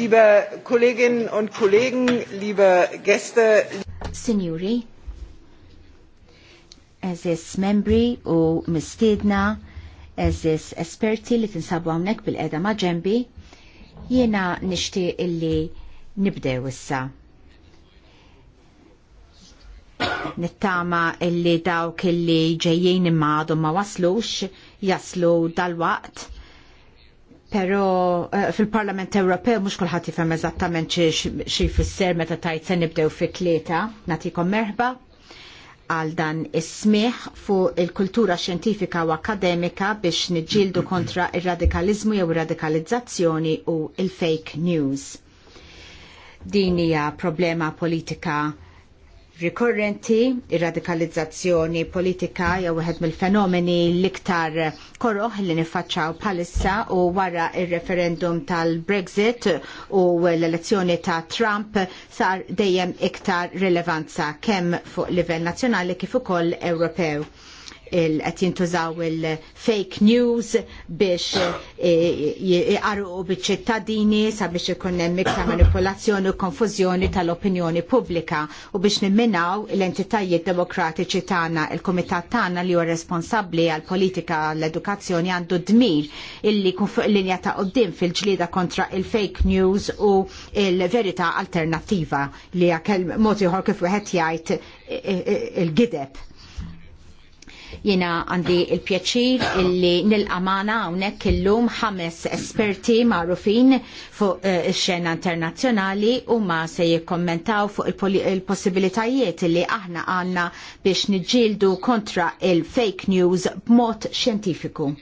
liebe Kolleginnen und Kollegen, liebe Gäste. Signori, eżis membri u mistiedna, eżis esperti li tinsabu għamnek bil-edha maġembi, jiena nishti illi nibdew issa. Nittama illi dawk illi ġejjien imma għadhom ma waslux jaslu dal-waqt Pero eh, fil-Parlament Ewropew mhux kulħadd jifhem eżattament xi jfisser meta tajt se nibdew fi tlieta. Natikom merħba għal dan is smigħ fuq il-kultura xjentifika u akademika biex niġġieldu kontra r radikalizmu jew radikalizzazzjoni u il-fake news. Din hija problema politika rikorrenti, ir-radikalizzazzjoni politika jew wieħed mill-fenomeni l-iktar koroħ li niffaċċaw bħalissa u wara ir-referendum tal-Brexit u l-elezzjoni ta' Trump sar dejjem iktar rilevanza kemm fuq livell nazzjonali kif ukoll Ewropew qed jintużaw il-fake news biex jqarqu eh, biċ-ċittadini sabiex ikun hemm iktar manipolazzjoni u konfużjoni tal-opinjoni pubblika u biex nimminaw l-entitajiet demokratiċi tagħna il-kumitat tagħna li huwa responsabbli għal politika l-edukazzjoni għandu dmir illi kun fuq linja ta' qoddim fil-ġlieda kontra il-fake news u il-verità alternattiva li għakel mod ieħor kif wieħed jgħid eh, eh, il-gideb Jena għandi il-pjaċir illi nil-amana għonek illum ħames esperti marufin fuq eh, xena internazzjonali u ma se jikkommentaw fuq il-possibilitajiet illi aħna għanna biex nġildu kontra il-fake news b'mod xjentifiku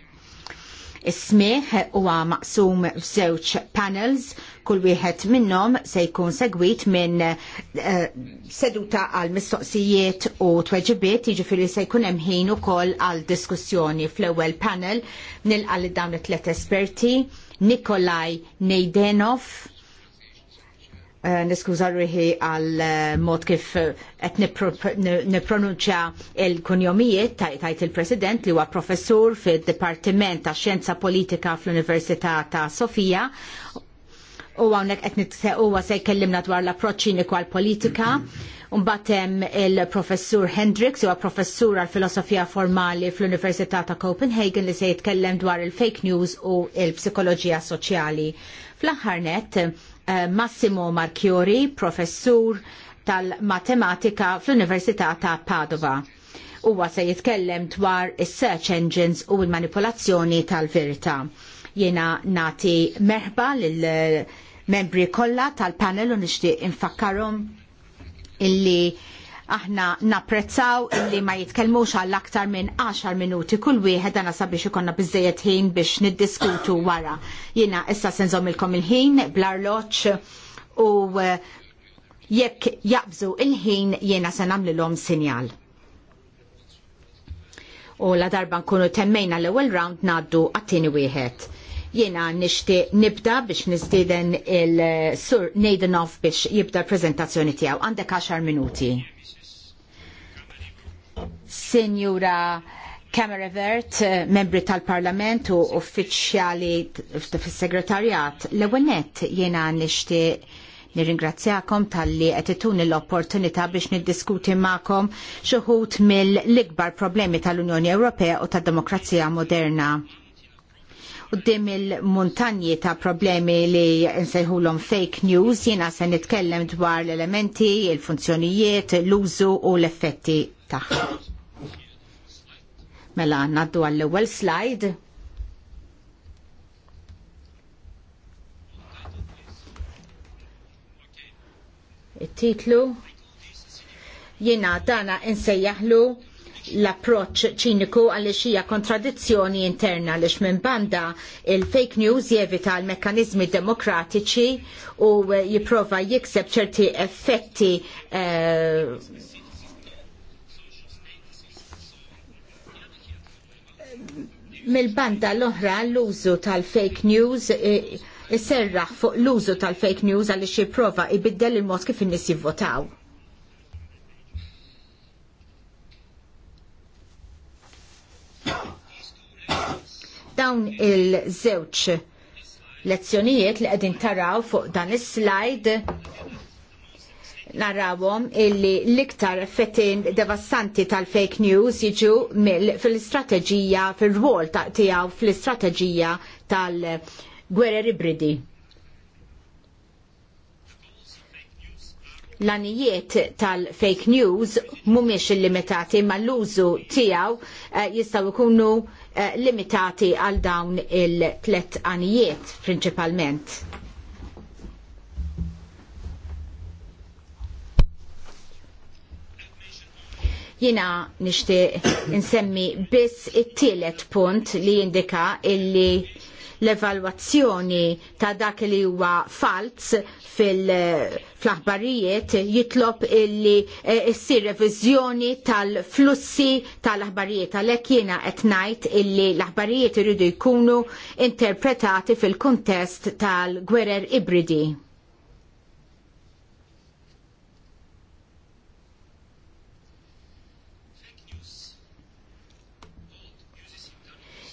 is smigħ huwa maqsum f'żewġ panels, kull wieħed minnhom se jkun segwit minn uh, seduta għal mistoqsijiet u tweġibiet, jiġifieri se jkun hemm ħin ukoll għal diskussjoni fl-ewwel panel nilqa' li dawn it-tliet esperti Nikolaj Nejdenov Eh, niskuża ruħi għal eh, mod kif eh, qed nippronunċja l-kunjomijiet tajt il-President li huwa professur fid-Dipartiment ta' Xjenza Politika fl-Università ta' Sofija. U hawnhekk qed huwa se jkellimna dwar l approċċi iniku politika. Mbagħad hemm il-professur Hendrix huwa professur għal filosofija formali fl-Università ta' Copenhagen li se jitkellem dwar il-fake news u l psikoloġija soċjali. Fl-aħħar nett Eh, Massimo Marchiori, professur tal-matematika fl-Università ta' Padova. Huwa se jitkellem dwar is-search engines u l-manipolazzjoni tal-verità. Jiena nati merħba lill eh, membri kollha tal-panel u nixtieq infakkarhom illi Aħna napprezzaw illi ma jitkellmux għall aktar minn 10 minuti kull wieħed għana sabiex ikonna biżejjed ħin biex niddiskutu wara. Jiena issa senżom ilkom il-ħin blarloċ u eh, jekk jaqbżu il-ħin jiena se nagħmlilhom sinjal. U la darba nkunu temmejna l-ewwel round ngħaddu għat-tieni wieħed. Jiena nishti nibda biex nistieden il-Sur Nadenov biex jibda l-prezentazzjoni tiegħu. Għandek 10 minuti. Signora Kamerevert, eh, membri tal-Parlament u uffiċjali fis-segretarjat, l-ewwel jiena nixtieq Nirringrazzjakom tal-li għetetuni l-opportunità biex niddiskuti ma'kom xuħut mill-ikbar problemi tal-Unjoni Ewropea u tad-demokrazija moderna. Uddim il-muntanji ta' problemi li nsejħulhom fake news jiena se nitkellem dwar l-elementi, il-funzjonijiet, l-użu u l-effetti tagħha. Mela ngħaddu għall-ewwel slide. It-titlu jiena dana insejjaħlu l-approċ ċiniku għaliex hija kontradizzjoni interna għaliex minn banda il-fake news jevita l-mekkanizmi demokratiċi u jiprofa jikseb ċerti effetti eh, mill-banda l-oħra l-użu tal-fake news e, serraħ fuq l-użu tal-fake news għalli xie prova ibiddel il-mod kif n-nis jivvotaw. Dawn il-żewġ lezzjonijiet li qegħdin taraw fuq dan is-slide narawhom illi l-iktar fetin devastanti tal-fake news jiġu fil-istrateġija, fil-rwol tiegħu fil-istrateġija tal-gwerer ibridi. l-anijiet tal-fake news mumiex limitati ma l-użu tiegħu eh, jistgħu jkunu eh, limitati għal dawn il-tlet anijiet prinċipalment Jina nixtieq insemmi biss it-tielet punt li jindika illi l-evalwazzjoni ta' dak li huwa falz fil-aħbarijiet jitlob illi eh, issir reviżjoni tal-flussi tal-aħbarijiet għalhekk jiena qed ngħid illi l-aħbarijiet iridu jkunu interpretati fil-kuntest tal-gwerer ibridi.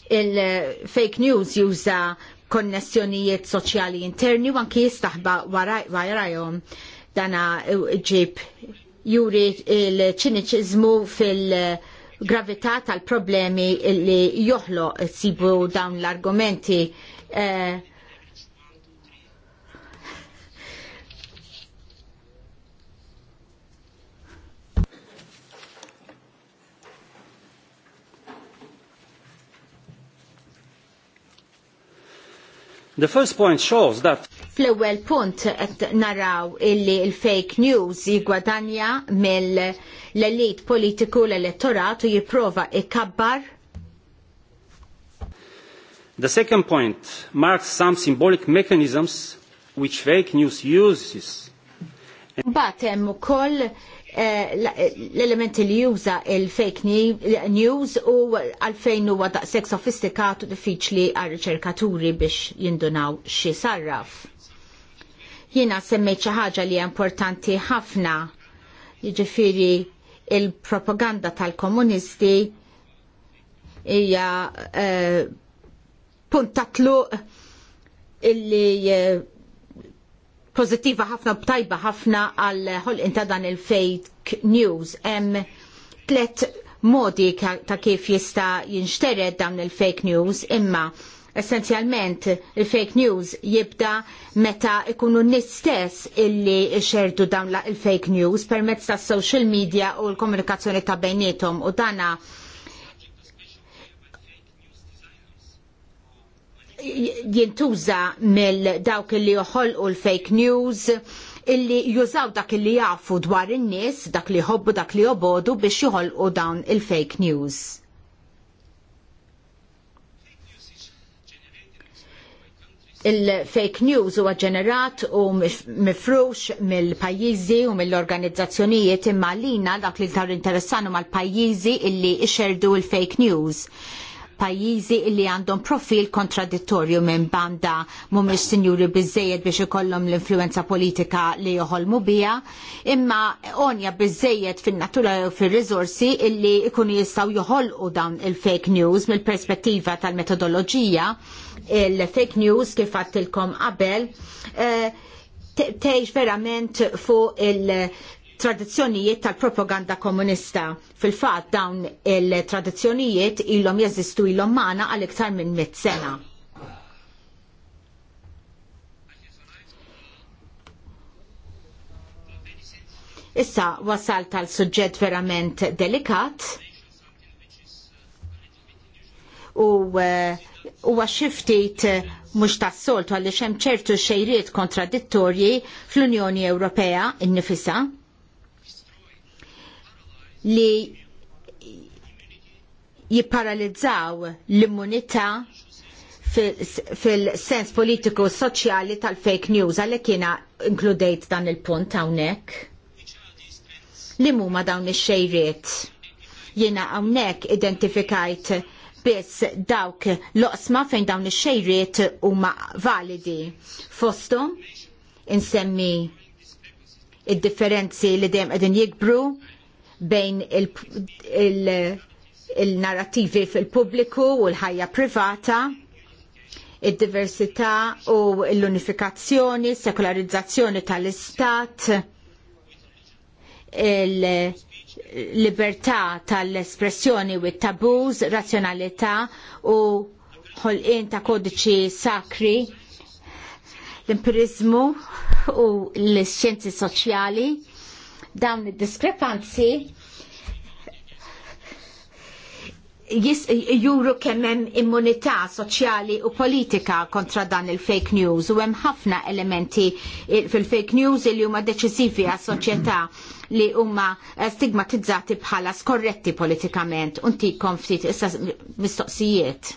il-fake news juża konnessjonijiet soċjali interni u anki jistaħba warajom dana ġib juri il-ċiniċizmu fil-gravità tal-problemi li joħloq sibu dawn l-argumenti. Eh, The first point shows that Fl-ewwel punt qed naraw illi l-fake news jigwadanja mill-elit politiku l-elettorat u jipprova ikkabbar The second point marks some symbolic mechanisms which fake news uses. Mbagħad hemm ukoll Eh, l-elementi li juża il-fake news u għalfejn huwa sek sofistikat u diffiċli għar-riċerkaturi biex jindunaw xi sarraf. Jiena semmejt xi ħaġa li hija importanti ħafna, jiġifieri il-propaganda tal-komunisti hija uh, eh, puntatluq illi uh, pozittiva ħafna b'tajba ħafna għal ħolqin ta' dan il-fake news. Hemm tlet modi ta' kif jista' jinxtered dawn il-fake news imma essenzjalment il-fake news jibda meta ikunu nis stess illi xerdu dawn il-fake news permezz ta' social media u l-komunikazzjoni ta' bejnietom u dana jintuża mill dawk li joħolqu l-fake news illi jużaw dak illi jafu dwar in-nies, dak li jħobbu, dak li jobodu biex joħolqu dawn il-fake news. il-fake news huwa ġenerat u mifrux mill-pajjiżi u mill-organizzazzjonijiet imma lina dak li tar interessanu mal-pajjiżi illi ixerdu il-fake news pajjiżi li għandhom profil kontradittorju minn banda mhumiex sinjuri biżejjed biex ikollhom l-influenza politika li joħolmu biha, imma onja biżejjed fin-natura u fir-riżorsi illi jkunu jistgħu joħolqu dawn il-fake news mill-perspettiva tal-metodoloġija il-fake news kif għattilkom qabel eh, tgħix verament fuq il- tradizzjonijiet tal-propaganda komunista. Fil-fatt dawn il-tradizzjonijiet ilhom jeżistu ilhom magħna għal iktar minn mit sena. Issa wasal tal-suġġett verament delikat u eh, huwa xi ftit eh, mhux tas-soltu għaliex hemm ċertu xejriet kontradittorji fl-Unjoni Ewropea innifisha. nifisa li jipparalizzaw l-immunità fil-sens politiku soċjali tal-fake news għalhekk kiena inkludejt dan il-punt hawnhekk. Li huma dawn ix-xejriet jiena hawnhekk identifikajt biss dawk loqsma fejn dawn ix-xejriet huma validi. Fostom insemmi id-differenzi li dejjem qegħdin jikbru bejn il-narrativi il, il fil-pubbliku u l-ħajja privata, id-diversità u l-unifikazzjoni, s-sekularizzazzjoni tal-istat, il- libertà tal-espressjoni u tabuż, razzjonalità u ħolqien ta' kodiċi sakri, l-empirizmu u l-xjenzi soċjali, dawn id-diskrepanzi juru kemmem immunità soċjali u politika kontra dan il-fake news u hemm ħafna elementi fil-fake news li huma deċisivi għas soċjetà li huma stigmatizzati bħala skorretti politikament. Unti ftit issa mistoqsijiet.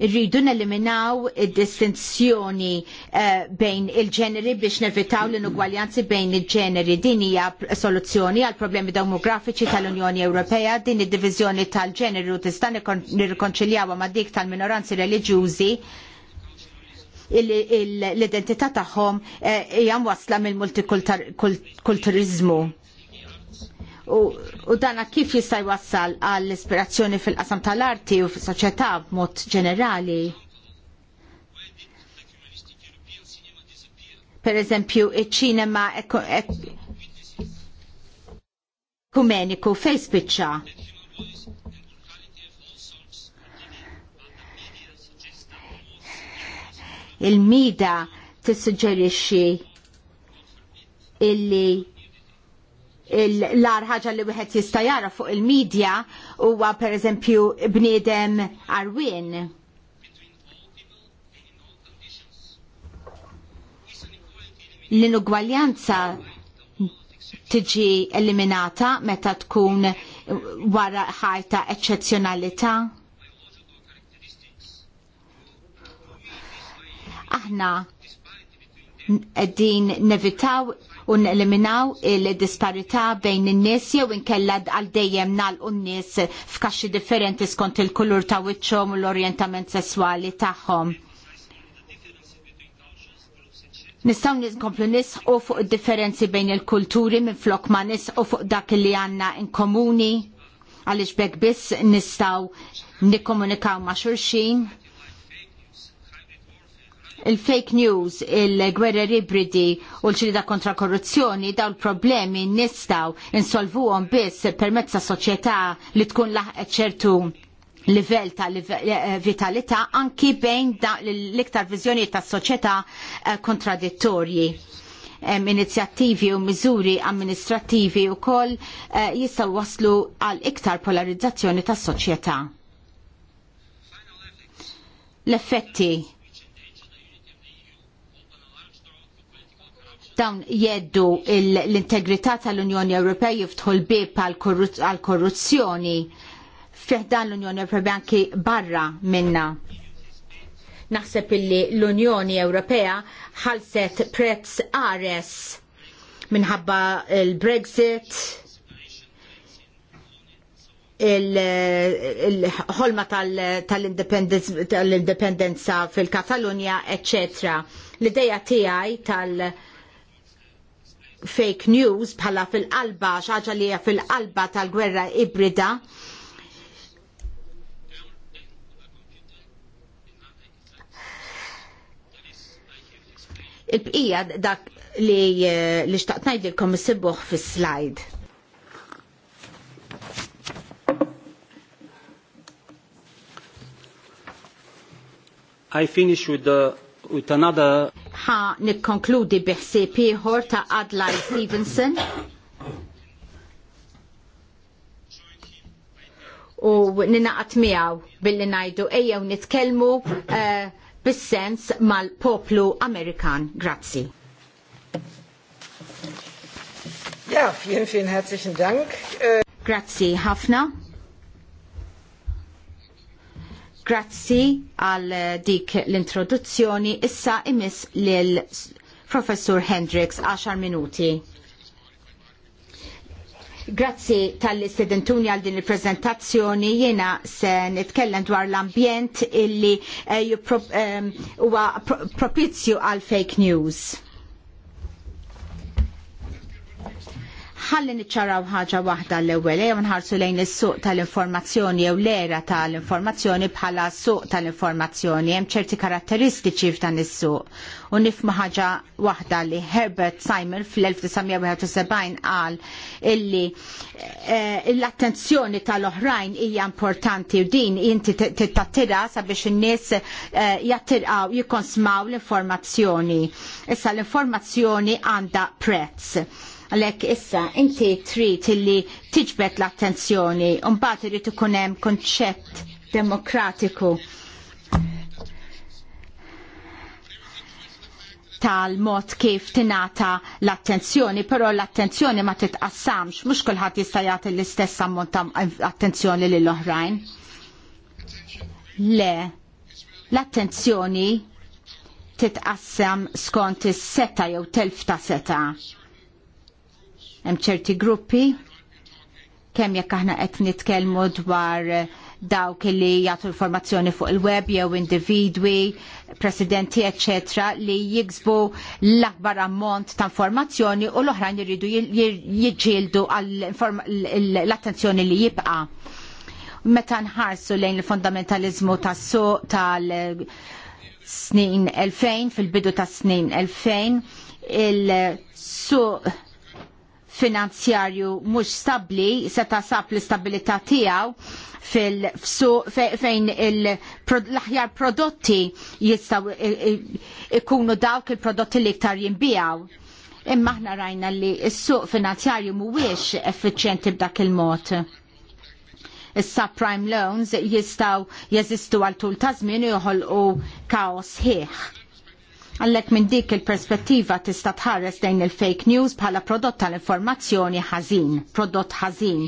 Irridu neliminaw id-distinzjoni eh, bejn il-ġeneri biex nevitaw l-inugwaljanzi bejn il-ġeneri. Din hija soluzzjoni għal problemi demografiċi tal-Unjoni Ewropea, din id-diviżjoni tal-ġeneri u tista' nirrikonċiljawha ma' dik tal-minoranzi reliġjużi l-identità tagħhom eh, hija wasla mill multikulturiżmu u dana kif jista' jwassal għall-ispirazzjoni fil-qasam tal-arti u fis-soċjetà b'mod ġenerali. per eżempju, il-ċinema ekumeniku fej spiċċa. Il-mida tissuġġerixxi illi l-ar ħaġa li wieħed jista' jara fuq il-medja huwa pereżempju bniedem arwien. L-inugwaljanza tiġi eliminata meta tkun wara ħajta eċċezzjonalità. Aħna qegħdin nevitaw u neliminaw il-disparità bejn in-nies jew inkella għal dejjem nagħlqu n-nies f'kaxxi differenti skont il-kulur ta' wiċċhom u l-orjentament sesswali tagħhom. Nistgħu nkomplu nisħu fuq id-differenzi bejn il-kulturi minflok ma u fuq dak li għandna inkomuni għaliex bekk biss nistgħu nikkomunikaw ma' xulxin il-fake news, il gwerra ibridi u l-ċrida kontra korruzzjoni, daw l-problemi nistaw insolvuhom biss permezz ta' soċjetà li tkun laħqet ċertu livell ta' eh, eh, vitalità anki bejn l-iktar vizjoni ta' soċjetà eh, kontradittorji inizjattivi u miżuri amministrattivi u koll jistaw waslu għal iktar polarizzazzjoni tas soċjetà. L-effetti dawn jeddu l-integrità tal-Unjoni Ewropej jiftħu l-bib għall korruzzjoni fiħdan l-Unjoni Ewropej anki barra minna. Naħseb illi l-Unjoni Ewropea ħalset prezz ares minħabba l brexit il-ħolma tal independenza fil-Katalunja, eccetera. L-ideja tiegħi tal-, -tal fake news bħala fil-qalba, xaġa li fil-qalba tal-gwerra ibrida. Il-bqija dak li, eh, li xtaqt ngħidilkom sibuħ fil slide I finish with, the, with another ħa nikkonkludi biħsieb ieħor ta' Adlai Stevenson. U ninaqat miegħu billi ngħidu ejjew nitkellmu eh, bis-sens mal-poplu Amerikan. Grazzi. Ja, vielen, vielen herzlichen Dank. Äh, Grazzi ħafna. Grazzi għal dik l-introduzzjoni. Issa imis lil Professur Hendrix 10 minuti. Grazzi tal-istedentuni għal din il-prezentazzjoni jiena se nitkellem dwar l-ambjent illi eh, eh, huwa uh, propizju għal fake news ħalli niċċaraw ħaġa waħda l-ewwel jew nħarsu lejn is-suq tal-informazzjoni jew l-era tal-informazzjoni bħala suq tal-informazzjoni hemm ċerti karatteristiċi f'dan is-suq u nifhmu ħaġa waħda li Herbert Simon fl-1971 qal illi eh, l-attenzjoni tal-oħrajn hija importanti u din inti tittattira sabiex in-nies eh, jattirqaw jikkonsmaw l-informazzjoni. Issa l-informazzjoni għandha prezz Għalhekk issa inti trid illi tiġbed l-attenzjoni un mbagħad irid ikun hemm konċett demokratiku tal-mod kif tingħata l-attenzjoni, però l-attenzjoni ma titqassamx, mhux kulħadd jista' jagħti l-istess ammont ta' attenzjoni lill oħrajn. Le, l-attenzjoni titqassam skont is-seta jew telf ta' seta hemm ċerti gruppi kemm jekk aħna qed nitkellmu dwar eh, dawk li jagħtu informazzjoni fuq il-web jew individwi, presidenti, etc. li jiksbu l-akbar ammont ta' informazzjoni u l-oħrajn jiridu jiġġieldu l-attenzjoni li jibqa' meta nħarsu lejn il-fundamentalizmu tas-suq tal-snin 2000 fil-bidu tas-snin 2000 il-suq finanzjarju mhux stabbli se tasab l-istabilità tiegħu fejn l-aħjar prodotti jistgħu e, e, ikunu dawk il-prodotti li iktar jinbijaw. Imma aħna rajna li s-suq finanzjarju mhuwiex effiċjenti b'dak il-mod is-subprime loans jistgħu jeżistu għal tul ta' żmien u joħolqu kaos ħieħ Għallek minn dik il-perspettiva tista' tħares dejn il-fake news bħala prodott tal-informazzjoni ħażin, prodott ħażin.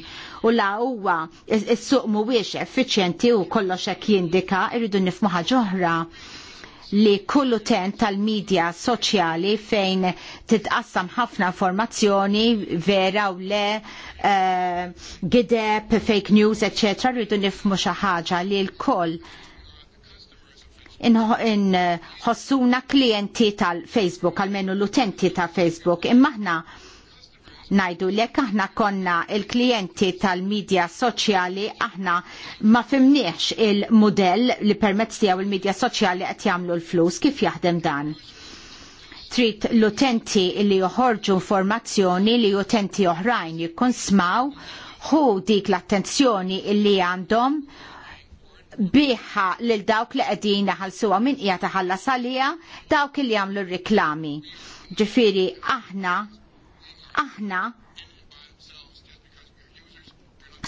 U la huwa is-suq mhuwiex effiċjenti u kollox hekk jindika irridu nifmu ħaġa li kull utent tal-medja soċjali fejn titqassam ħafna informazzjoni vera u le uh, gideb, fake news, eccetera, rridu nifmu xi ħaġa li l-koll inħossuna in uh, klienti tal-Facebook, għalmenu l-utenti tal-Facebook, imma ħna najdu lek aħna konna il-klienti tal-medja soċjali aħna ma fimniex il-modell li permezz tiegħu il-medja soċjali qed jagħmlu l-flus kif jaħdem dan. Trid l-utenti li joħorġu informazzjoni li utenti oħrajn jikkonsmaw hu dik l-attenzjoni li għandhom biħa lil dawk li qegħdin naħalsuha min hija taħallas salija dawk li jagħmlu r-riklami. Ġifieri aħna aħna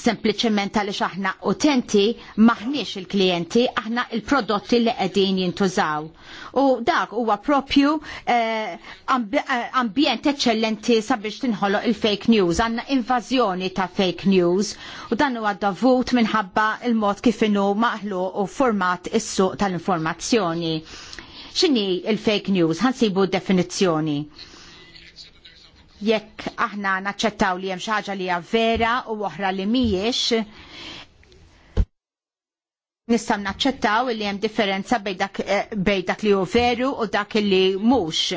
sempliċement għaliex aħna utenti maħniex il-klijenti, aħna il-prodotti li qegħdin jintużaw. U dak huwa propju eh, eh ambjent eċċellenti sabiex tinħoloq il-fake news, għandna invażjoni ta' fake news u dan huwa dovut minħabba il-mod kif inhu maħluq u format is-suq tal-informazzjoni. X'inhi il-fake news? Ħansibu definizzjoni jekk aħna naċċettaw li hemm xi ħaġa li hija vera u oħra li mhijiex, nistgħu naċċettaw li hemm differenza bejn dak, eh, li hu veru u dak li mhux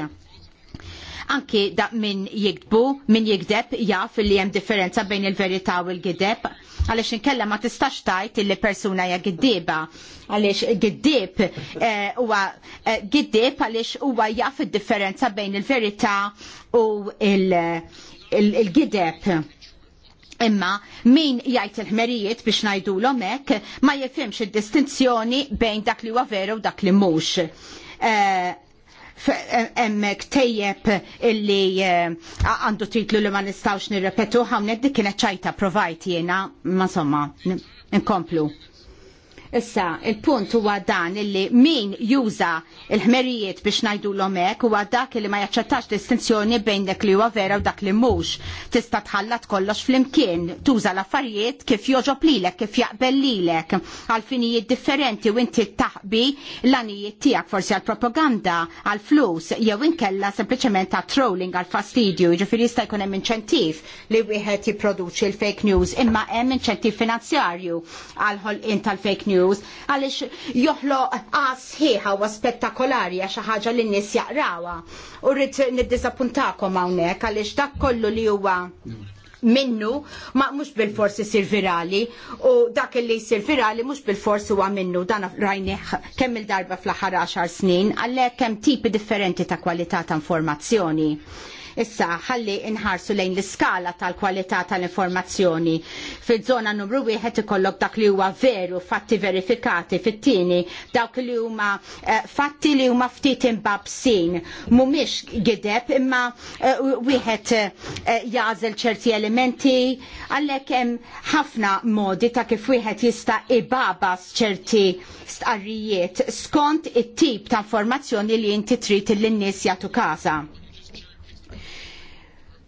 Anki da min jikdbu, min jikdeb jaf li hemm differenza bejn il-verità u l-gideb, għaliex inkella ma tistax tajt li persuna hija giddeba, għaliex giddib eh, huwa eh, giddib għaliex huwa jaf id-differenza bejn il-verità u il-gideb. Imma min jgħid il-ħmerijiet biex ngħidulhom hekk ma jifhimx id-distinzjoni bejn dak li huwa veru u dak li mhux. Eh, emmek tejjeb illi eh, għandu titlu li ma nistawx nirrepetu hawnhekk dik kienet ċajta provajt jiena ma somma nkomplu. Issa, il-punt huwa dan illi min juża il-ħmerijiet biex najdu l-omek huwa dak li ma jaċċettax distinzjoni bejn dak li huwa vera u dak li mhux. Tista' tħallat kollox flimkien, tuża l-affarijiet kif joġob lilek, kif jaqbel lilek, għal finijiet differenti u inti taħbi l-anijiet tiegħek forsi għal propaganda, għal flus, jew inkella sempliċement għal trolling għal fastidju, jiġifieri jista' jkun hemm inċentiv li wieħed jipproduċi l-fake news, imma hemm inċentiv finanzjarju għal ħolqien tal-fake news Andrews, għaliex joħlo qas u spettakolari għax ħaġa l n-nies jaqrawha. U rrid niddisappuntakom hawnhekk għaliex dak kollu li huwa minnu ma mhux bil-forsi sir virali u dak li sir virali mhux bil-forsi huwa minnu dan rajniħ kemm il-darba fl-aħħar 10 snin għalhekk hemm tipi differenti ta' kwalità ta' informazzjoni. Issa ħalli inħarsu lejn l-iskala tal-kwalità tal-informazzjoni. fil żona numru wieħed ikollok dak li huwa veru, fatti verifikati, fit-tieni dawk li huma eh, fatti li huma ftit imbabsin. Mhumiex gideb imma eh, wieħed eh, jażel ċerti elementi għalhekk hemm ħafna modi ta' kif wieħed jista' ibabas ċerti stqarrijiet skont it-tip ta' informazzjoni li inti trid lin-nies jagħtu każa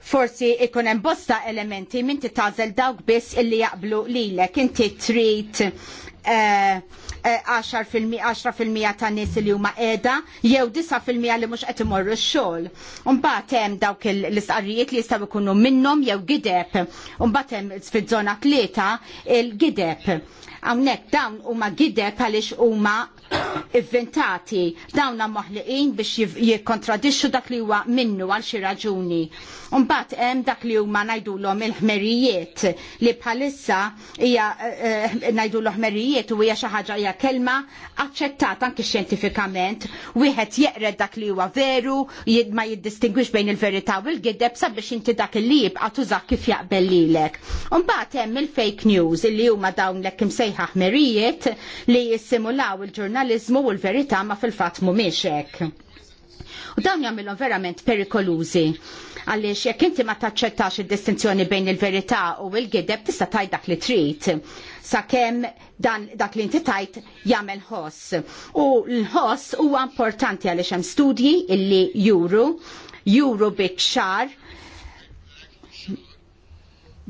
forsi ikun hemm bosta elementi minn titażel dawk biss illi jaqblu lilek inti trid uh, eh, 10% eh, ta' nies li huma qiegħda jew 9% li mhux qed imorru x-xogħol. Imbagħad hemm dawk l-istqarrijiet li jistgħu jkunu minnhom jew gideb. mbagħad hemm fiż-żona tlieta il-gideb Hawnhekk dawn huma gideb għaliex huma inventati dawn moħliqin biex jikkontradixxu dak li huwa minnu għal xi raġuni. Mbagħad hemm dak li huma ngħidulhom il-ħmerijiet li bħalissa hija eh, eh, ngħidulhom ħmerijiet u hija xi ħaġa hija kelma aċċettata anke xjentifikament, wieħed jeqred dak li huwa veru, ma jiddistingwix bejn il-verità u l-gideb sabiex inti dak il jibqa' tużak kif jaqbel lilek. Mbagħad hemm il-fake news illi huma dawn l imsej sejħa ħmerijiet li jissimulaw il-ġurnalizmu u l-verità ma fil-fatt mhumiex hekk. U dawn jagħmilhom verament perikolużi għaliex jekk inti ma taċċettax id-distinzjoni bejn il-verità u l-gideb tista' tajt dak li trid sakemm dan dak li inti tajt jagħmel ħoss. U l-ħoss huwa importanti għaliex hemm studji illi juru juru biċ-ċar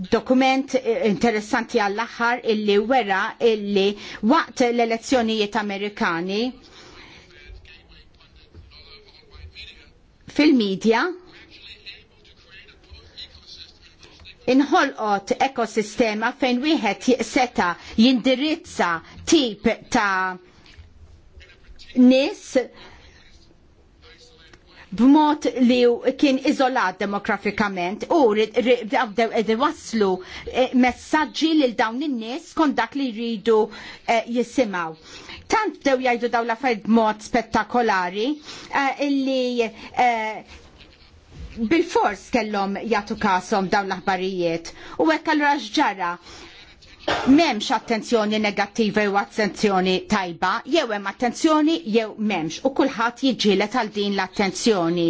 dokument eh, interessanti għall-aħħar illi wera illi waqt l-elezzjonijiet Amerikani fil-medja inħolqot ekosistema fejn wieħed seta jindirizza tip ta' nis b'mod li kien iżolat demografikament u waslu eh, messaġġi lil dawn in-nies kont dak li jridu eh, jisimaw. Tant bdew jgħidu dawn l-affarijiet b'mod spettakolari eh, illi bil-fors kellhom jagħtu kasom dawn l-aħbarijiet u hekk għal raġġara memx attenzjoni negattiva jew attenzjoni tajba, jew hemm attenzjoni jew memx u kulħadd jiġġielet għal din l-attenzjoni.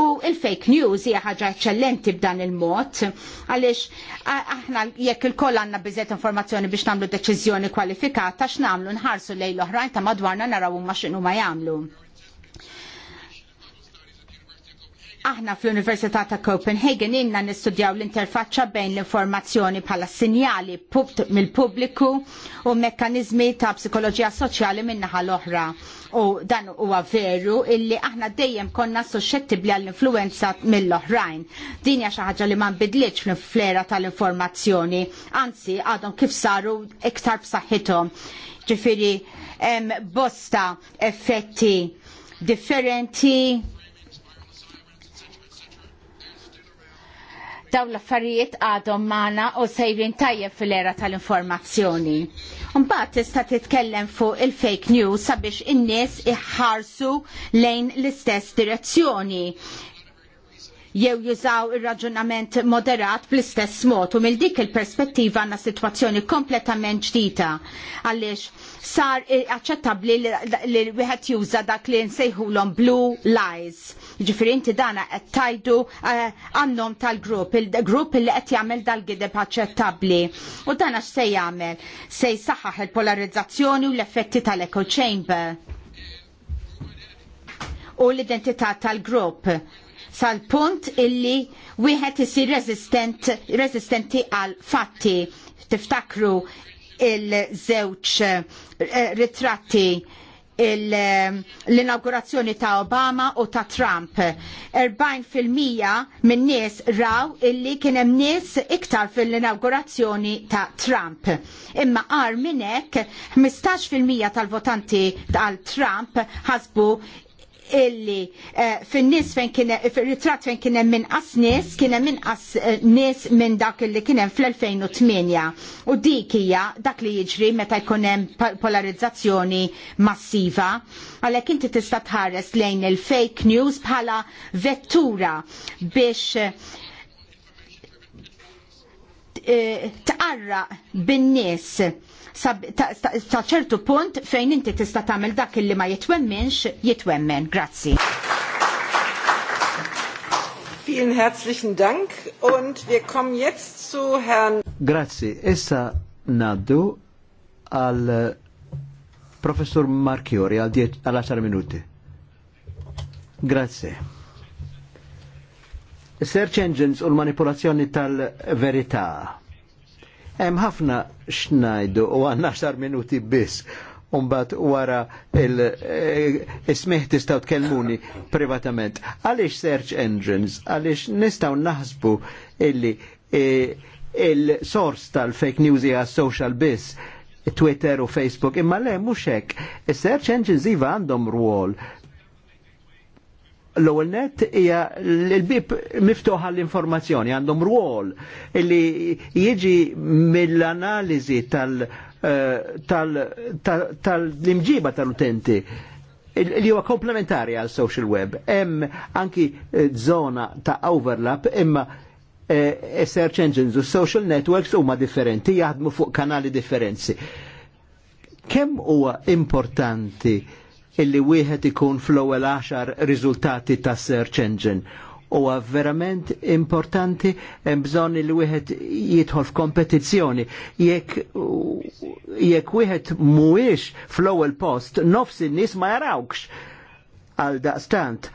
U il-fake news hija ħaġa eċċellenti b'dan il-mod għaliex aħna jekk il-koll għandna biżejt informazzjoni biex nagħmlu deċiżjoni kwalifikata x'nagħmlu nħarsu lejn l-oħrajn ta' madwarna naraw huma x'inhuma jagħmlu. Aħna fl-Università ta' Copenhagen inna nistudjaw l-interfaċċa bejn l-informazzjoni bħala sinjali mill-pubbliku u mekkanizmi ta' psikoloġija soċjali min-naħa l-oħra. U dan huwa veru illi aħna dejjem konna suscettibbli għall-influenza mill-oħrajn. Din hija xi ħaġa li ma nbidlitx fl-flera tal-informazzjoni, anzi għadhom kif saru iktar b'saħħithom. Ġifieri bosta effetti differenti dawn l-affarijiet għadhom Mana u sejrin tajjeb fil-era tal-informazzjoni. Mbagħad tista' titkellem fuq il-fake news sabiex in-nies iħarsu lejn l-istess direzzjoni jew jużaw ir-raġunament moderat bl-istess mod u mill dik il-perspettiva għandna sitwazzjoni kompletament ġdida għaliex sar aċċettabbli li wieħed juża dak li nsejħulhom blue lies ġifirinti inti dana qed tajdu eh, għannom uh, tal-grupp, il-grupp li qed jagħmel dal-gideb aċċettabbli. U dana x'se jagħmel? Se jsaħħaħ il-polarizzazzjoni u l-effetti tal-echo chamber u l-identità tal-grupp sal-punt illi wieħed isir resistent, resistenti għal fatti. Tiftakru il-żewġ eh, ritratti Ehm, l-inaugurazzjoni ta' Obama u ta' Trump. 40% minn nies raw illi kien hemm nies iktar fil-inaugurazzjoni ta' Trump. Imma għar minn hekk 15% tal-votanti tal-Trump ħasbu illi eh, fin-nies fejn kien fir-ritratt fejn kien hemm inqas nies kien hemm inqas eh, nies minn dak illi kien hemm fl-2008. U dik hija dak li jiġri meta jkun hemm polarizzazzjoni massiva. Għalhekk inti tista' tħares lejn il-fake news bħala vettura biex eh, taqarraq bin-nies ta' ċertu punt fejn inti tista' tagħmel dak illi ma jitwemminx jitwemmen. Grazzi. Vielen herzlichen Dank und wir kommen jetzt zu Herrn Grazzi. Essa naddu al Professor Marchiori għal 10 minuti. Grazie. Search engines u manipolazzjoni tal-verità Hemm ħafna xnajdu u għandna xar minuti biss. Umbat wara il-ismiħ eh, tistaw tkellmuni privatament. Għaliex search engines, għaliex nistaw naħsbu illi eh, il-sors tal-fake news hija social biss Twitter u Facebook, imma le muxek, il search engines iva għandhom rwol l-ewwel net hija l-bib miftuħ għall-informazzjoni għandhom rwol li jiġi mill-analiżi tal-imġiba eh, tal-utenti li huwa komplementari għal social web. Hemm anki żona eh, ta' overlap imma e search engines u social networks huma differenti, jaħdmu fuq kanali differenzi. Kemm huwa importanti illi wieħed ikun fl-ewwel għaxar riżultati ta' search engine. Huwa verament importanti hemm bżonn li wieħed jidħol f'kompetizzjoni. Jekk jekk wieħed mhuwiex fl-ewwel post, nofs in-nies ma jarawkx għal daqstant.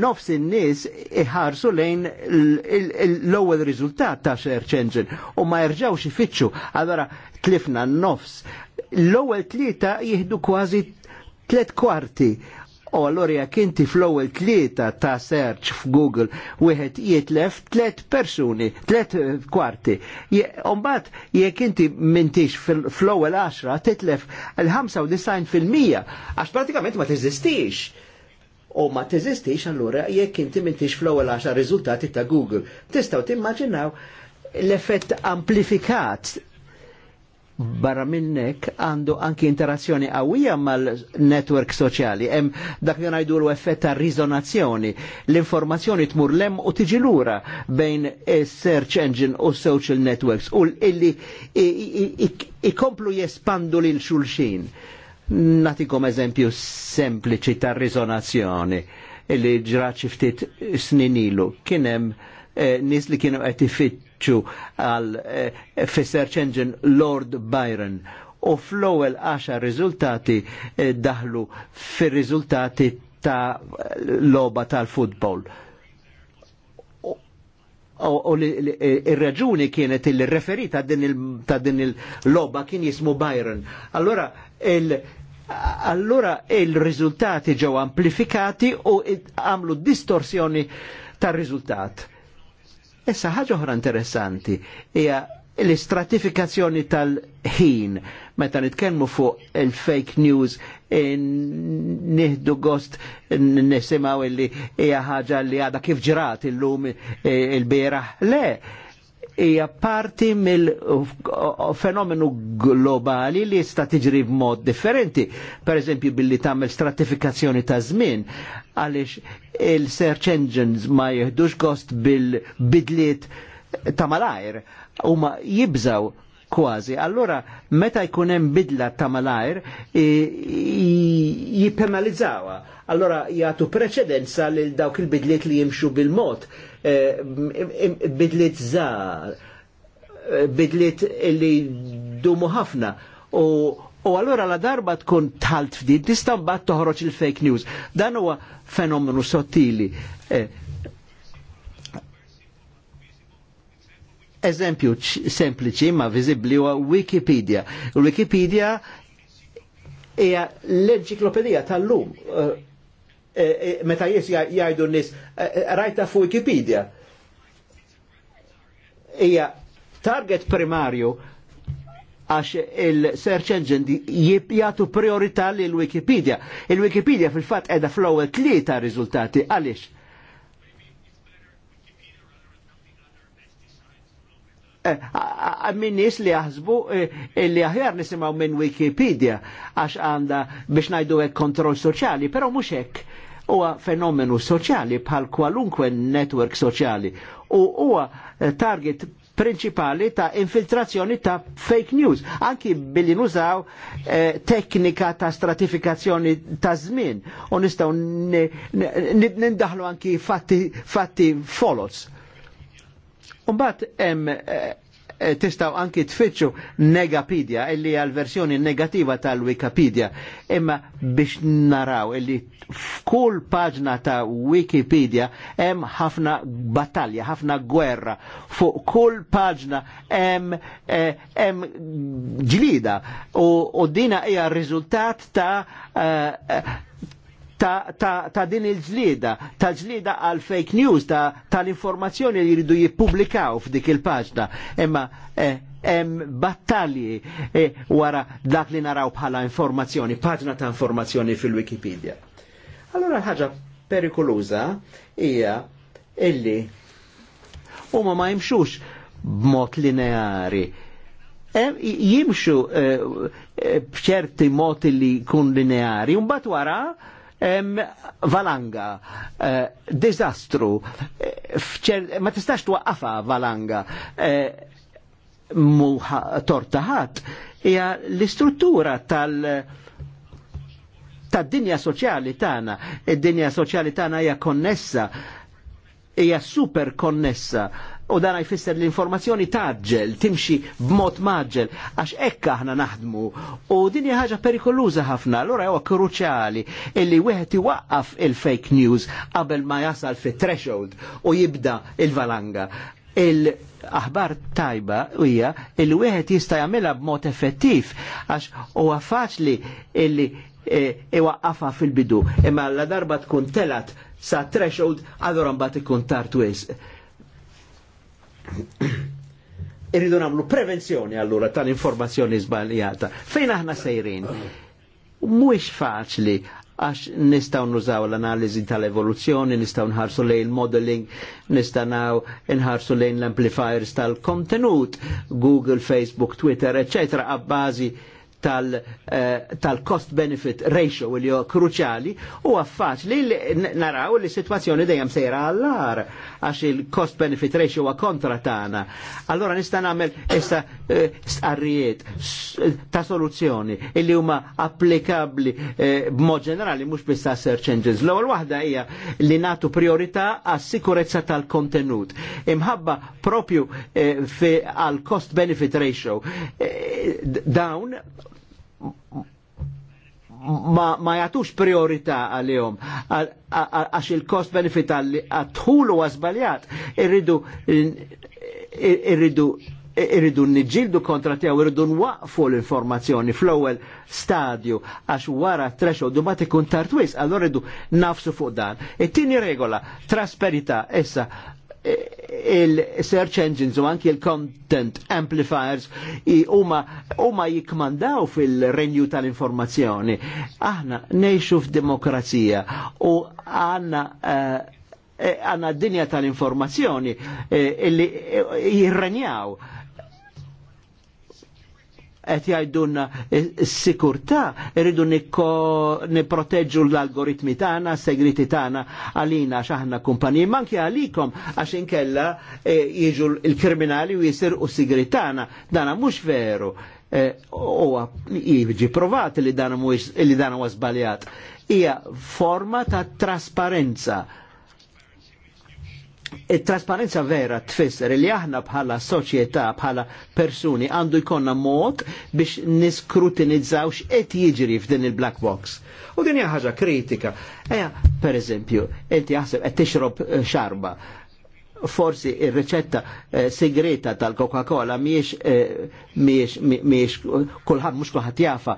Nofs in-nies iħarsu lejn l-ewwel riżultat ta' search engine u ma jerġgħux ifittxu. Allora tlifna n-nofs l-ewwel tlieta jieħdu kważi tlet kwarti U allora jekk inti fl-ewwel tlieta ta' search f'Google wieħed jitlef tliet persuni, tliet eh, kwarti. Umbagħad jekk inti m'intix fl-ewwel 10 titlef il-95% għax pratikament ma teżistix. U ma teżistix allura jekk inti m'intix fl-ewwel 10 riżultati ta' Google. Tistgħu timmaġinaw l-effett amplifikat barra minnek għandu anki interazzjoni għawija mal-network soċjali. Hemm dak li ngħidu l-effett ta' rizonazzjoni. L-informazzjoni tmur lem u tiġi lura bejn search engine u social networks u illi ikomplu jespandu lil xulxin. Natikom eżempju sempliċi ta' rizonazzjoni illi ġraċi ftit sninilu. Kienem eh, nis li kienu għetifit ċu għal eh, fi search engine Lord Byron u fl-ewwel 10 riżultati eh, daħlu fir-riżultati ta' loba tal-futbol. U il-raġuni eh, kienet il-referi ta' din il-loba kien jismu Byron. Allora il- Allora il-riżultati ġew amplifikati u għamlu distorsjoni tar-riżultat Issa ħaġa oħra interessanti hija l-istratifikazzjoni tal-ħin meta nitkellmu fuq il-fake news nieħdu gost nisimgħu illi hija ħaġa li għadha kif ġrat illum eh, il-bieraħ. Le, hija parti mill-fenomenu globali li jista' tiġri b'mod differenti, per eżempju billi tagħmel stratifikazzjoni ta' żmien għaliex il-search engines ma jeħdux gost bil-bidliet ta' malajr huma jibżaw kważi. Allora, meta jkun hemm bidla ta' malajr, jippenalizzawha. Allora, jagħtu preċedenza lil dawk il-bidliet li jimxu bil-mod Eh, bidlit żgħar, eh, bidlit illi dumu ħafna u U allora la darba tkun talt fdin, tistan bat toħroċ il-fake news. Dan huwa fenomenu sottili. Eh, eżempju sempliċi ma viżibbli huwa Wikipedia. Wikipedia hija l-enċiklopedija tal-lum. Uh, Eh, eh, meta jis jajdu nis eh, rajta fu Wikipedia. Ija target primarju għax il-search engine di jibjatu priorità l-Wikipedia. Il-Wikipedia fil-fat edha flow ewwel tlieta rizultati, għalix? Eh, minn nis li jahzbu eh, li aħjar nisimaw minn Wikipedia għax għanda biex najdu għek kontrol soċjali, però mhux hekk huwa fenomenu soċjali bħal kwalunkwe network soċjali u huwa eh, target prinċipali ta' infiltrazzjoni ta' fake news, anki billi nużaw eh, teknika ta' stratifikazzjoni ta' żmien u nistaw nindaħlu anki fatti, fatti follows. Umbat hemm eh, eh, tistaw anki tfittxu Negapedia, illi għal versjoni negativa tal-Wikipedia. Imma biex naraw illi f'kull paġna ta' Wikipedia hemm ħafna battalja, ħafna gwerra. Fuq kull paġna hemm eh, hemm ġlida u, u dina hija riżultat ta' uh, ta', ta, ta din il-ġlida, ta' ġlida għal fake news, ta', ta l-informazzjoni li jridu jippubblikaw f'dik il-paġna. Imma eh, battalji eh, wara dak li naraw bħala informazzjoni, paġna ta' informazzjoni fil-Wikipedia. Allora ħaġa perikoluża hija illi huma ma jimxux b'mod lineari. jimxu eh, bċerti eh, li kun lineari, un wara valanga, eh, dizastru, eh, eh, ma tistax tuqqafa valanga, muħa tortaħat, hija l-istruttura tal- ta' dinja soċjali tana, id-dinja soċjali tana hija konnessa, hija super konnessa u dan jfisser l-informazzjoni taġġel, timxi b'mod maġġel, għax ekk aħna naħdmu u din hija ħaġa perikoluża ħafna, allura huwa kruċjali illi wieħed iwaqqaf il-fake news qabel ma jasal fit-threshold u jibda il-valanga. Il aħbar tajba hija illi wieħed jista' jagħmilha b'mod effettiv għax huwa faċli illi e, iwaqqafha fil-bidu imma la darba tkun telat sa threshold allura mbagħad ikun tard wisq Irridu namlu prevenzjoni allura tal-informazzjoni sbaljata. Fejn aħna sejrin? Mhuwiex faċli għax nistaw nużaw l-analizi tal-evoluzzjoni, nistaw nħarsu lejn il-modeling, nistanaw nħarsu lejn l-amplifiers tal-kontenut, Google, Facebook, Twitter, eccetera, għabbażi Eh, tal-cost benefit ratio li jo kruċali u għaffaċ li naraw li situazzjoni dejjem sejra għallar għax il-cost benefit ratio għa kontra tana. Allora nista namel issa eh, starrijiet ta' soluzzjoni illi huma applikabli eh, b'mod ġenerali mhux bista' search engines. L-ewwel waħda hija li natu priorità għas sikurezza tal-kontenut. Imħabba propju għal cost benefit ratio dawn ma, ma jatux priorità għalihom għax il-kost benefit għadħulu għazbaljat irridu irridu irridu nġildu kontra tiegħu irridu nwaqfu l-informazzjoni fl ewel stadju għax wara threshold ma tikun tartwis, għallu irridu nafsu fuq dan. It-tieni e regola, trasperita, essa, il-search engines u anki il-content amplifiers huma jikmandaw fil-renju tal-informazzjoni. Aħna nejxu f'demokrazija u għanna eh, eh, għanna d-dinja tal-informazzjoni eh, illi jirrenjaw qed jgħidulna s-sikurtà irridu nipproteġġu l-algoritmi tagħna, s segreti tagħna għalina għax aħna kumpaniji, manki għalikom għax inkella e, jiġu l-kriminali u jisir u s-segriti tagħna. Dana mhux veru e, U jiġi provat li dan huwa żbaljat. Hija forma ta' trasparenza Il-trasparenza vera tfisser li aħna bħala soċjetà, bħala persuni għandu jkonna mod biex niskrutinizzaw x'qed jiġri f'din il-black box. U din hija ħaġa kritika. Eja, per eżempju, inti jaħseb qed tixrob eh, xarba. Forsi ir-riċetta eh, segreta tal-Coca-Cola miex eh, miex miex kulħadd mhux kulħadd jafa.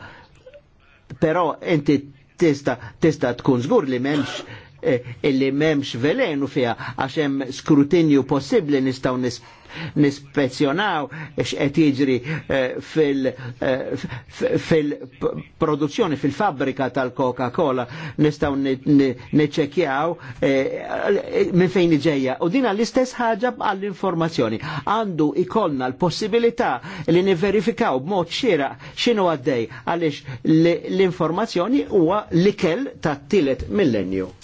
Però inti tista tista tkun żgur li m'hemmx Eh, illi memx velenu fija għax hemm skrutinju possibbli nistgħu nispezzjonaw x'qed jiġri eh, eh, fil-produzzjoni fil-fabbrika tal-Coca-Cola nistgħu niċċekjaw minn fejn ġejja. U dina l-istess ħaġa għall-informazzjoni. Għandu ikollna l-possibilità li niverifikaw b'mod xira x'inhu għaddej għaliex l-informazzjoni huwa l-ikel tat-tielet millennju.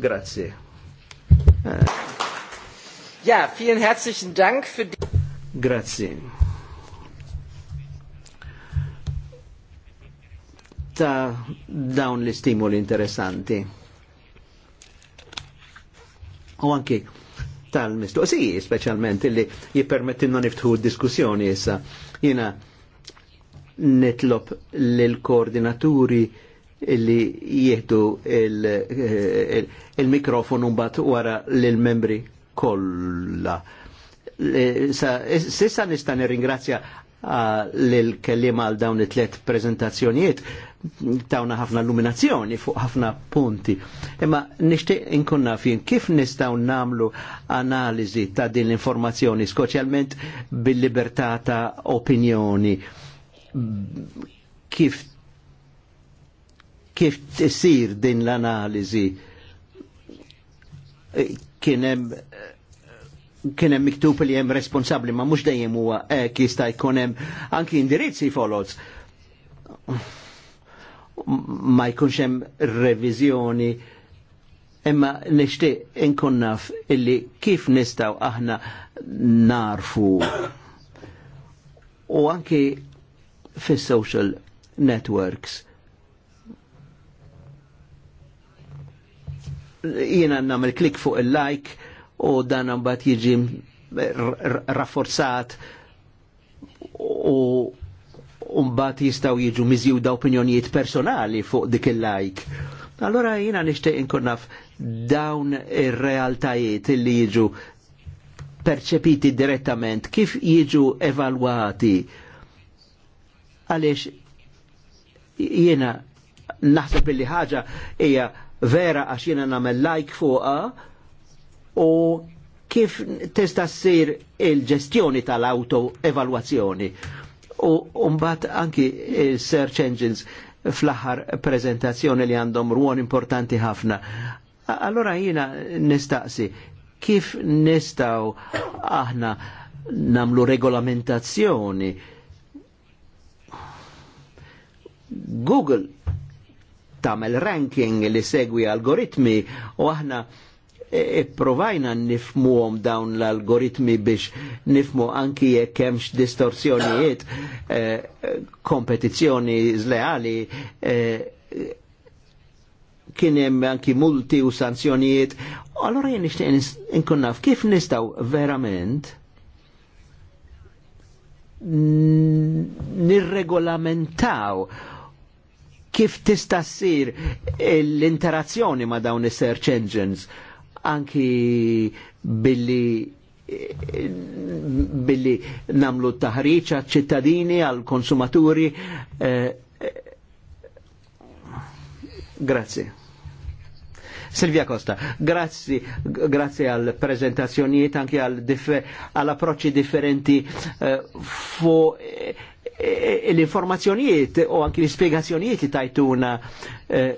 Grazie. Ja, vielen herzlichen Dank für die... Grazie. Ta' dawn li stimoli interessanti. U anki tal-mistoqsiji, specialment, illi jippermettinna niftħu diskussjoni issa. Jina nitlob l-koordinaturi illi jieħdu il-mikrofonu mbagħad wara lil membri kollha. Sissa nista' nirringrazzja l-kellima għal dawn it-tlet prezentazzjonijiet tawna ħafna illuminazzjoni fuq ħafna punti. Imma nixtieq inkunna fin kif nistgħu namlu analiżi ta' din l-informazzjoni, speċjalment bil-libertà ta' opinjoni. Kif kif tisir din l-analiżi e, kienem kienem miktub li jem responsabli ma mux dejjem huwa ek jista' jkun hemm anki indirizzi folots. Ma jkunx hemm revizjoni. imma nishti inkunnaf naf illi kif nistaw aħna narfu u anki fis-social networks jiena nagħmel klik fuq il-like u dan mbagħad jiġi rafforzat u mbagħad jistgħu jiġu miżjuda opinjonijiet personali fuq dik il-like. Allora jiena nixtieq inkun naf dawn ir-realtajiet li jiġu perċepiti direttament, kif jiġu evalwati. Għaliex jiena naħseb li ħaġa hija vera għax jena nagħmel like fuqa u kif tista' ssir il-ġestjoni tal-auto evalwazzjoni. U mbagħad anki il-search engines fl-aħħar prezentazzjoni li għandhom ruol importanti ħafna. Allora jina nistaqsi kif nistaw aħna namlu regolamentazzjoni Google Tamel ranking li segwi algoritmi u aħna e, e, provajna e, nifmuhom dawn l-algoritmi biex nifmu anki jekk hemmx distorsjonijiet e, kompetizzjoni zleali kien hemm anki multi u sanzjonijiet. Allora jien nixtieq inkun naf kif nistgħu verament nirregolamentaw kif tista' ssir l-interazzjoni ma' dawn is-search engines anki billi billi namlu taħriċ għal ċittadini, għal konsumaturi. Eh, eh, Grazie. Silvia Costa, grazzi, grazzi għal prezentazzjonijiet, anki għal, dif differenti uh, fu Eh, l-informazzjonijiet u anki l spiegazzjonijiet li tajtuna eh,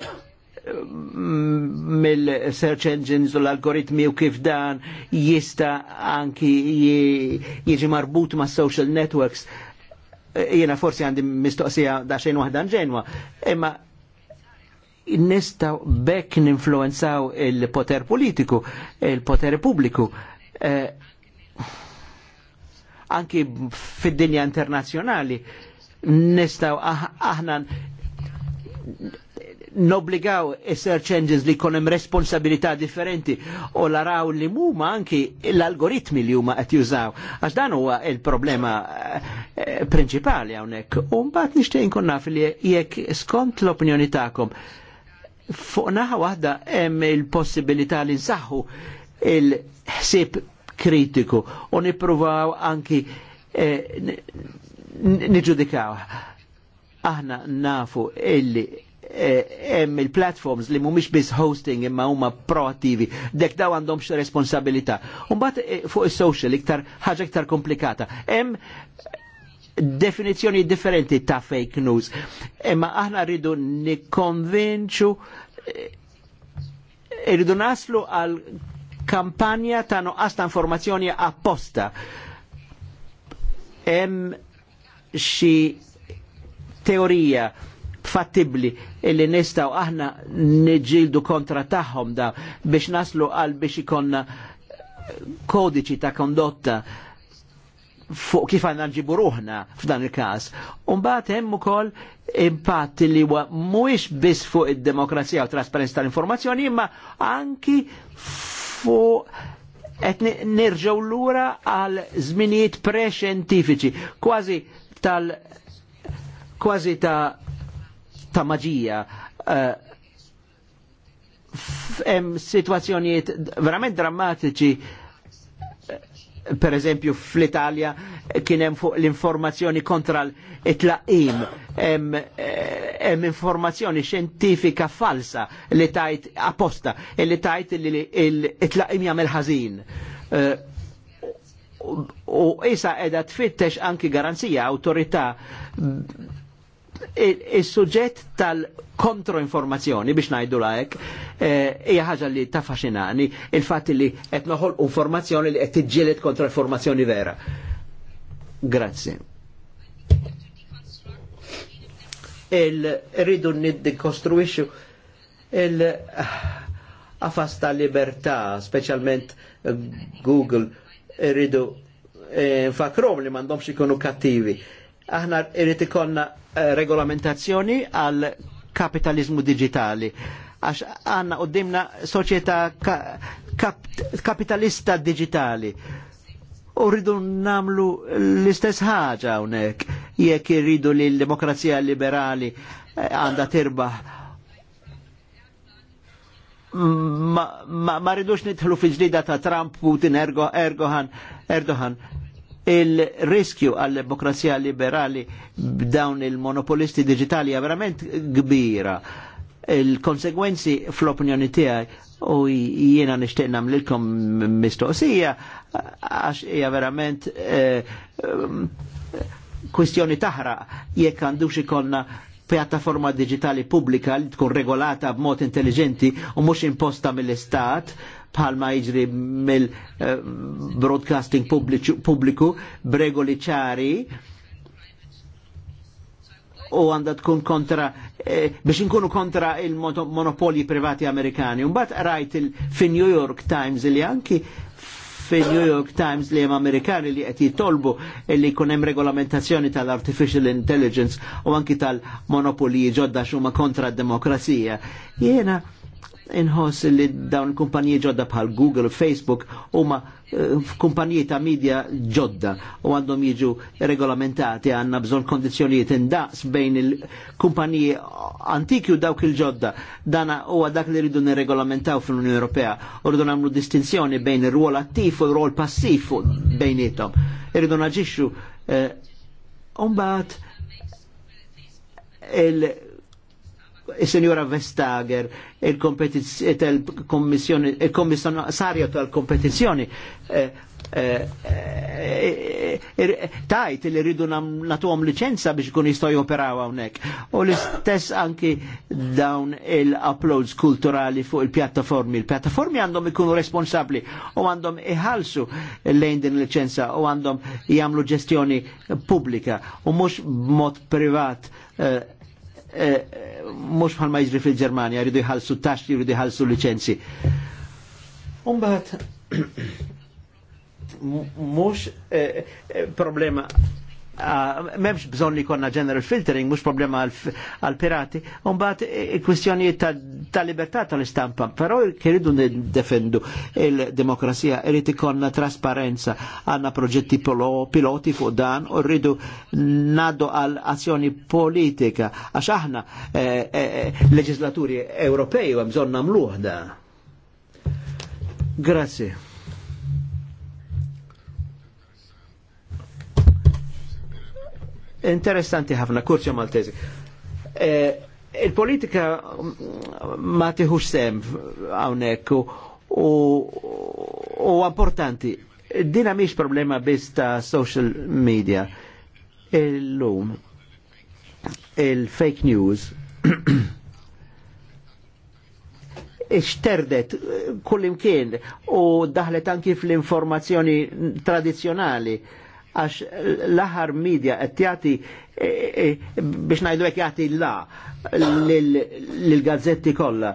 mm, mill-search engines u l-algoritmi u kif dan jista anki jiġi marbut ma' social networks eh, jiena forsi għandi mistoqsija da xejn waħda ġenwa, imma nistaw bekk ninfluenzaw il-poter politiku, il-poter pubbliku. Eh, anki fid-dinja internazzjonali nistaw ah, aħna nobligaw search changes li konem responsabilità differenti u raw li muma anki l-algoritmi li huma qed jużaw. Għax dan huwa il-problema eh, prinċipali hawnhekk. U mbagħad nixtieq inkun naf li jekk skont l-opinjoni tagħkom fuq naħa waħda hemm il-possibilità li nsaħħu il-ħsieb kritiku u nipruvaw anki eh, niġudikaw. Aħna nafu illi eh, hemm il-platforms li mhumiex biss hosting imma huma proattivi, dek daw għandhom xi responsabilità. Umbagħad eh, fuq is-social iktar ħaġa iktar komplikata. Hemm definizzjoni differenti ta' fake news. Imma aħna rridu nikkonvinċu eh, irridu naslu għal kampanja ta' noqqas ta' informazzjoni apposta. Hemm xi teorija fattibli illi nistaw aħna niġildu kontra tagħhom da biex naslu għal biex ikonna kodiċi ta' kondotta fuq kif għanna nġibu ruħna f'dan il-kas. Umbat hemm ukoll impatt li huwa mhuwiex biss fuq id-demokrazija u trasparenza tal-informazzjoni, imma anki et qed l-ura għal zminijiet pre-xjentifiċi, kważi tal kważi ta' ta' maġija. Hemm eh, uh, situazzjonijiet verament drammatiċi per eżempju fl-Italja kien hemm fuq l-informazzjoni kontra l-tlaqim eh, hemm informazzjoni xjentifika falsa li tajt apposta li tajt li l-tlaqim jagħmel ħażin. Eh, u isa qiegħda tfittex anki garanzija awtorità il-suġġett il suġġett tal kontroinformazzjoni biex najdu lajk eh, hija ħaġa li tafaxinani il-fatt li qed noħol informazzjoni li qed tiġġieled kontra informazzjoni vera. Grazzi. Il-ridu niddikostruixxu il-qafas tal-libertà, speċjalment Google, irridu e, eh, fakrom li m'għandhomx ikunu kattivi aħna irrid ikonna eh, regolamentazzjoni għal kapitalizmu digitali għax għanna qoddimna soċjetà kapitalista digitali. U rridu namlu l-istess ħaġa hawnhekk jekk irridu li l-demokrazija liberali eh, għandha tirbaħ ma, ma, ma ridux nidħlu fi ġlida ta' Trump, Putin, Ergo, Erdogan, Erdogan il-riskju għall-demokrazija liberali b'dawn il-monopolisti digitali hija verament kbira. Il-konsegwenzi fl-opinjoni tiegħi u jiena nixtieq nagħmlilkom mistoqsija għax hija verament eh, kwistjoni taħraq jekk għandux ikollna pjattaforma digitali pubblika li tkun regolata b'mod intelligenti u mhux imposta mill-istat Palma jiġri mill-broadcasting eh, pubbliku bregoli ċari u għanda tkun kontra eh, biex nkunu kontra il-monopoli privati amerikani. Umbat rajt fi New York Times li anki fi New York Times li jem amerikani li qed jitolbu li kunem regolamentazzjoni tal-artificial intelligence u anki tal-monopoli ġodda xuma kontra d-demokrazija. Jena inħoss li dawn kumpanijiet ġodda bħal Google u Facebook huma eh, kumpaniji ta' media ġodda u għandhom jiġu regolamentati għandna bżonn kondizjonijiet indaqs bejn il-kumpaniji antiki u dawk il-ġodda. Dana huwa dak li rridu nirregolamentaw fl-Unjoni Ewropea u rridu nagħmlu distinzjoni bejn ir-rwol attiv u r-rwol passiv bejnietom. Irridu naġixxu eh, il Signora Vestager, il-kommissarju tal-kompetizjoni, eh, eh, eh, tajt li rridu natuhom licenza biex kun jistoj operaw hawnhekk. U l-istess anki dawn il-uploads kulturali fuq il-pjattaformi. Il-pjattaformi għandhom ikunu responsabli u għandhom iħalsu lejn din licenza u għandhom jagħmlu ġestjoni publika u mux mod privat. Uh, Eh, mhux bħal ma jiġri fil-Ġermanja jridu jħallsu taxxi, jridu jħallsu liċenzi. Umbagħad mhux eh, eh, problema Ah, memx bżon li konna general filtering, mux problema għal-pirati, unbat kwistjonijiet tal-libertà tal-istampa, però kiridu defendu il-demokrasija, irrit ikonna trasparenza, għanna proġetti piloti fuq dan, u rridu naddu għal azzjoni politika, għax aħna eh, eh, leġislaturi europei u għemżon namluħda. Grazie. interessanti ħafna, kurċa Maltesi. Eh, il-politika ma tiħux sem għawnek u, u, importanti. Dina miex problema biz ta' social media. Il-lum, il-fake news, ixterdet kullimkien u daħlet anki fl-informazzjoni tradizjonali għax l-aħar media qed jagħti eh, eh, biex ngħidu jagħti la lill-gazzetti kollha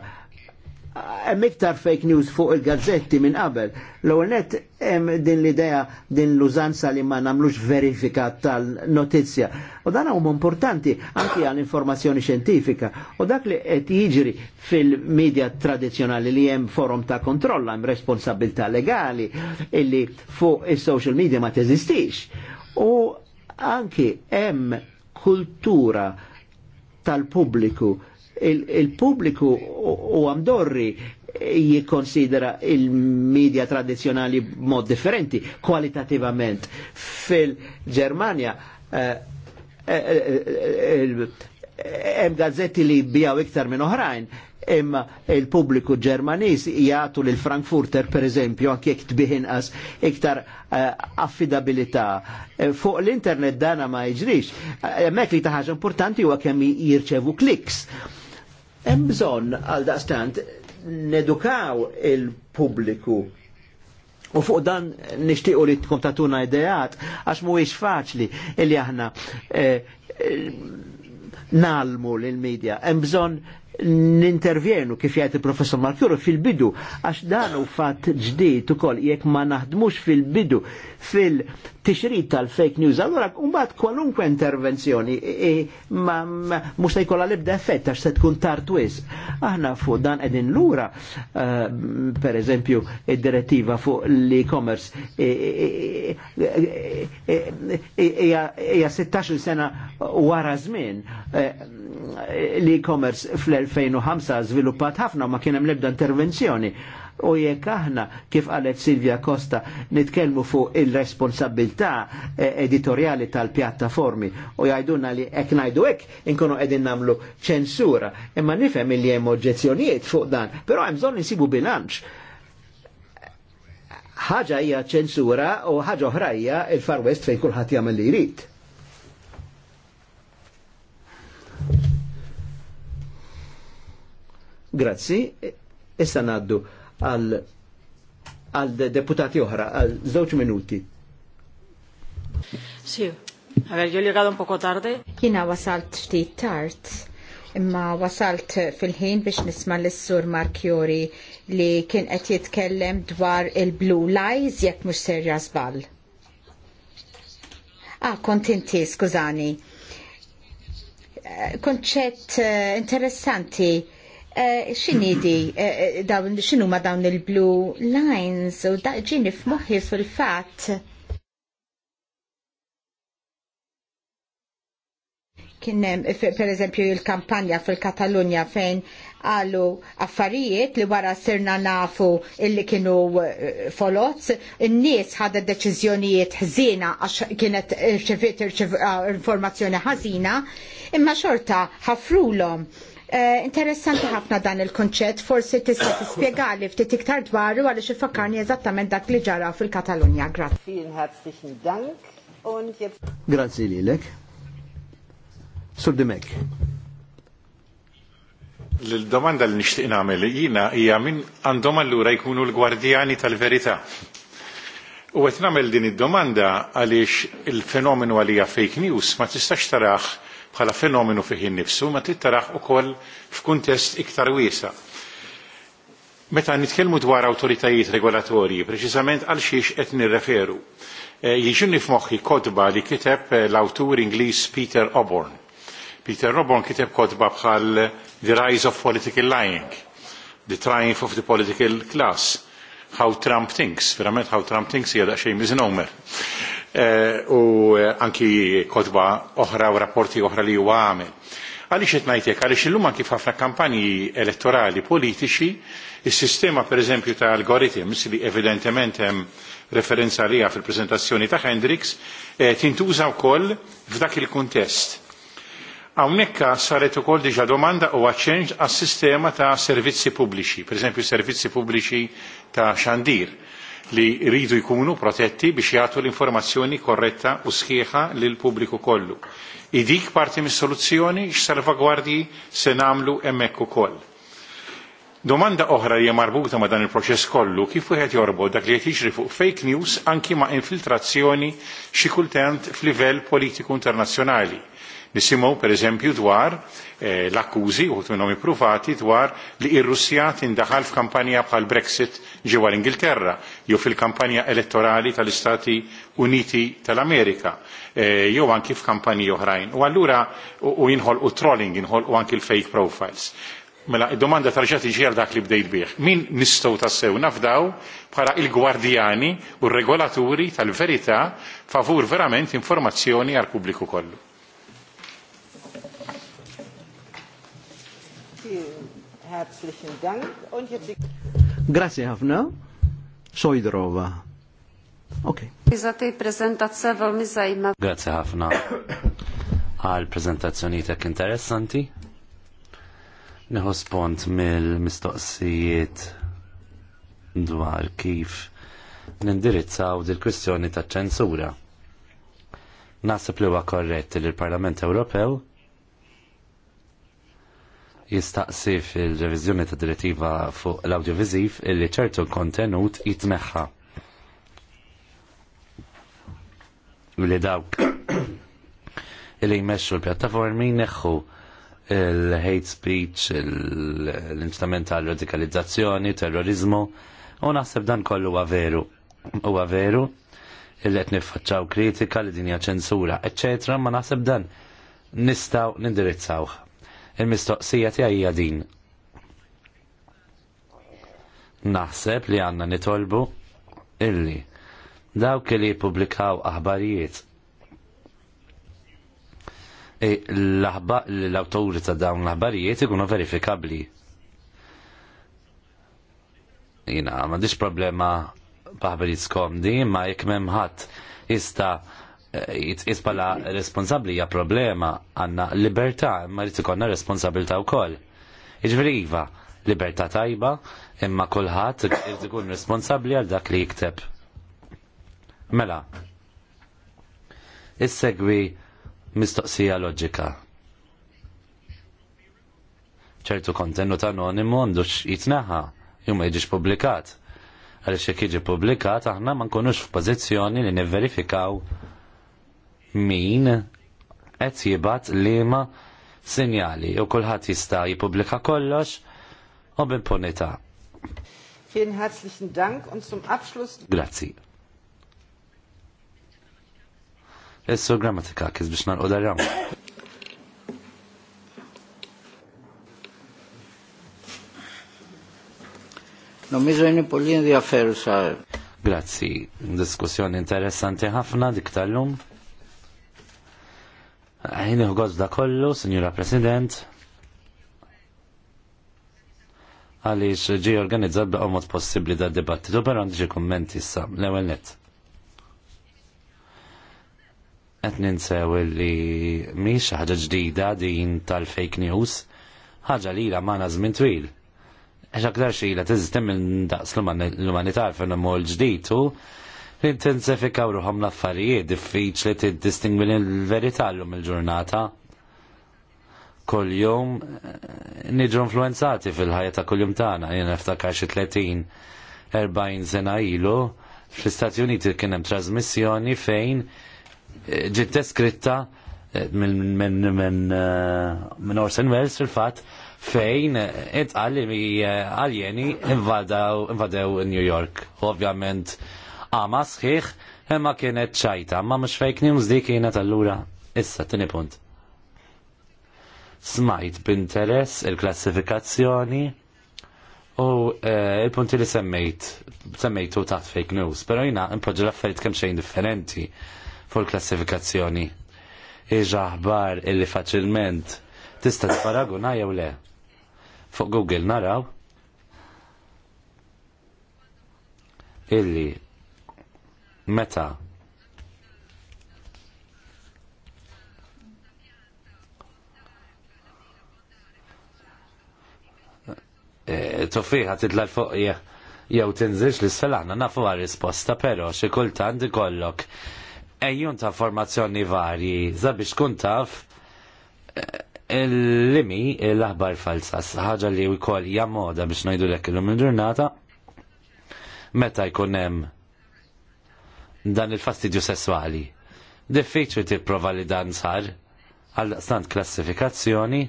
hemm iktar fake news fuq il-gazzetti minn qabel. L-ewwel net hemm din l-idea din l-użanza li ma nagħmlux verifika tal-notizja. U dan huma importanti anki għall informazzjoni xjentifika. U dak li qed jiġri fil-medja tradizzjonali li hemm forum ta' kontroll hemm responsabilità legali illi fuq is-social media ma teżistix. U anki hemm kultura tal-pubbliku il-pubbliku u għamdorri jikonsidera il-medja tradizjonali mod differenti, kwalitativament. Fil-Germania, eh, eh, eh, hemm gazzetti li bijaw iktar minn oħrajn, imma il-pubbliku ġermanis jgħatu lil frankfurter per eżempju anke jekk tbiħinqas iktar uh, affidabilità. Uh, Fuq l-internet dana ma jġrix. Hemmhekk li ta' ħaġa importanti huwa kemm jirċevu kliks Uh, Hemm bżonn għal daqstant nedukaw il-pubbliku u fuq dan nixtiequ li tkun tatuna ideat għax mhuwiex faċli li aħna eh, eh nalmu l-medja. Hemm bżonn nintervjenu kif jgħid il-professor Markjuro fil-bidu għax dan u fatt ġdid ukoll jekk ma naħdmux fil-bidu fil-tixrid tal-fake news allura mbagħad kwalunkwe intervenzjoni e, ma mhux se jkollha l effett għax se tkun tard wisq. Aħna fuq dan qegħdin lura uh, per eżempju id-direttiva fuq l-e-commerce hija e, e, 16 sena wara żmien eh, l-e-commerce fl-2000 2005 żviluppat ħafna ma kien hemm l-ebda intervenzjoni. U jekk aħna, kif qalet Silvia Costa, nitkellmu fuq il-responsabilità eh, editoriali tal-pjattaformi u jgħiduna li hekk ngħidu hekk inkunu qegħdin nagħmlu ċensura. Imma nifhem milli hemm oġġezzjonijiet fuq dan, però hemm bżonn insibu bilanċ ħaġa hija ċensura u ħaġa oħra hija il-Far West fejn kulħadd jagħmel li jrid. Grazzi, issa naddu għal għal deputati oħra, għal żewġ minuti. Sì, għaver ġoli un poko tardi. Jina wasalt ftit tard, imma wasalt fil-ħin biex nisma l-sur Markjori li kien qed jitkellem dwar il-blue lies jekk mhux serja żball. Ah, kontinti, skużani. Eh, konċett eh, interessanti Eh, xinidi eh, eh, xinu ma dawn il-blue lines u daġġini f'moħħi fil-fat kienem per eżempju il-kampanja fil-Katalunja fejn għallu affarijiet li wara sirna nafu illi kienu folots, n-nies ħadda deċizjonijiet ħzina għax kienet irċevit ah, informazzjoni ħażina, imma xorta ħafrulhom Eh, interessanti ħafna dan il-konċett, forsi tista' tispjegali ftit iktar dwaru għaliex ifakkarni eżattament dak li ġara fil-Katalunja. Grazzi. Grazzi lilek. Surdimek. L-domanda li nixtieq nagħmel jiena hija min għandhom allura jkunu l-gwardjani tal-verità. U qed nagħmel din id-domanda għaliex il-fenomenu għalija fake news ma tistax taraħ bħala fenomenu fih nifsu ma tittaraħ ukoll f'kuntest iktar wiesa. Meta nitkellmu dwar awtoritajiet regolatorji, preċiżament għal xiex qed nirreferu. E, Jiġuni f'moħħi kodba li kiteb l-awtur Ingliż Peter Oborn. Peter Oborn kiteb kodba bħal The Rise of Political Lying, The Triumph of the Political Class, How Trump Thinks, verament How Trump Thinks hija daqsxejn omer. Eh, u eh, anki kotba oħra u rapporti oħra li huwa għamel. Għaliex qed ngħidlek għaliex illum anki fafna kampanji elettorali politiċi il sistema pereżempju ta' algoritms li evidentement hemm referenza lija fil-prezentazzjoni ta' Hendrix eh, tintuża wkoll f'dak il-kuntest. Hawnhekk saret ukoll diġà domanda u għacċenġ għas-sistema ta' servizzi pubbliċi, pereżempju servizzi pubbliċi ta' xandir li jridu jkunu protetti biex jagħtu l-informazzjoni korretta u sħiħa l pubbliku kollu. Idik parti mis-soluzzjoni x'salvagwardji se nagħmlu hemmhekk ukoll. Domanda oħra li marbuta ma' dan il-proċess kollu kif wieħed jorbod dak li qed jiġri fuq fake news anki ma' infiltrazzjoni xi kultant f'livell politiku internazzjonali Nisimgħu pereżempju dwar eh, l-akkużi uħut minnhom provati dwar li il russija tindaħal f'kampanja bħal Brexit ġewwa l-Ingilterra jew fil-kampanja elettorali tal-Istati Uniti tal-Amerika eh, jew anki f'kampanji oħrajn. U allura u jinħolqu trolling, u anki l-fake profiles. Mela, domanda tarġati iġer dak li bdejt bih. Min nistow tassew nafdaw bħala il-gwardjani u regolaturi tal-verità favur verament informazzjoni għal pubbliku kollu. Herzlichen Dank. Und jetzt... Grazie ħafna. Sojdrova. Ok. Za tej velmi zajma. Grazie ħafna. Għal prezentazzjoni tek interessanti. Neħu spont mill-mistoqsijiet dwar kif nindirizzaw dil-kwistjoni ta' ċensura. Nasib li huwa korrett li l-Parlament Ewropew jistaqsi fil-reviżjoni ta' direttiva fuq l-audiovisiv illi ċertu kontenut jitmeħħa. Li dawk illi jmexxu l-pjattaformi neħħu il-hate speech, l-instrument għal radikalizzazzjoni, terrorizmu, u naħseb dan kollu huwa veru. Huwa veru illi qed kritika li dinja ċensura, eċċetra, ma naħseb dan nistgħu nindirizzawh Il-mistoqsija tiegħi hija din. Naħseb li għandna nitolbu illi dawk li jippubblikaw aħbarijiet e, l-awtori ta' dawn l-aħbarijiet ikunu verifikabbli. Jina, ma problema b'aħbarijiet skomdi, ma jekk ħadd jista' jitqis bħala responsabbli problema għandna libertà imma rrid ikollna responsabilità wkoll. Iġveri jiva, libertà tajba imma kulħadd irid ikun responsabbli għal dak li jikteb. Mela, issegwi mistoqsija loġika. ċertu kontenut anonimu għandux jitneħħa, jew ma jiġix publikat. Għaliex jekk jiġi publikat aħna ma nkunux f'pożizzjoni li nivverifikaw min qed jibgħat liema sinjali u kulħadd jista' jippubblika kollox u b'impunità. Vielen herzlichen Dank und zum Abschluss. Grazzi. Issu grammatika kif biex narqu darram. Νομίζω είναι πολύ ενδιαφέρουσα. Grazzi, diskussjoni interessanti ħafna dik tal-lum. Għajni u kollu, Signora President, għalix ġi organizzat b'għu mod possibli da' dibattitu, pero għandi kommenti issa, l-ewel net. Qed ninsew li miex ħaġa ġdida din tal-fake news, ħaġa li la magħna żmien twil. Eċa aktar xi la tiżistem minn daqs l umanitar fenomol ġdid nintensifikaw ruħom l-affarijiet diffiċli tiddistingwi il verità l-lum il-ġurnata. Kol-jum eh, niġu influenzati fil-ħajja ta' kol-jum tagħna, jena niftakar xi 30 40 sena ilu fl-Istati Uniti kien hemm trasmissjoni fejn eh, ġiet deskritta eh, minn min, min, min Orson Welles fil-fatt fejn għalli mi għaljeni invadew New York. Ovvjament Ama sħiħ imma kienet ċajta, ma mux fake news di kienet allura issa tini punt. Smajt b'interess il-klassifikazzjoni u eh, il-punti li semmejt, u taħt fake news, pero jina impoġġi l-affarijiet kemm xejn differenti fuq il-klassifikazzjoni. Iġa illi faċilment tista' tparaguna jew le. Fuq Google naraw illi Meta? Eh, Tuffiħa titla fuq jew li s sfelana nafu għal risposta, pero xi kultant ikollok ejjun ta' formazzjoni varji, sabiex tkun taf eh, il-limi l-aħbar falsa, ħaġa li wkoll hija moda biex najdu l illum il-ġurnata, meta jkun hemm dan il-fastidju sessuali. Diffiċli tipprova li dan sar għal stant klassifikazzjoni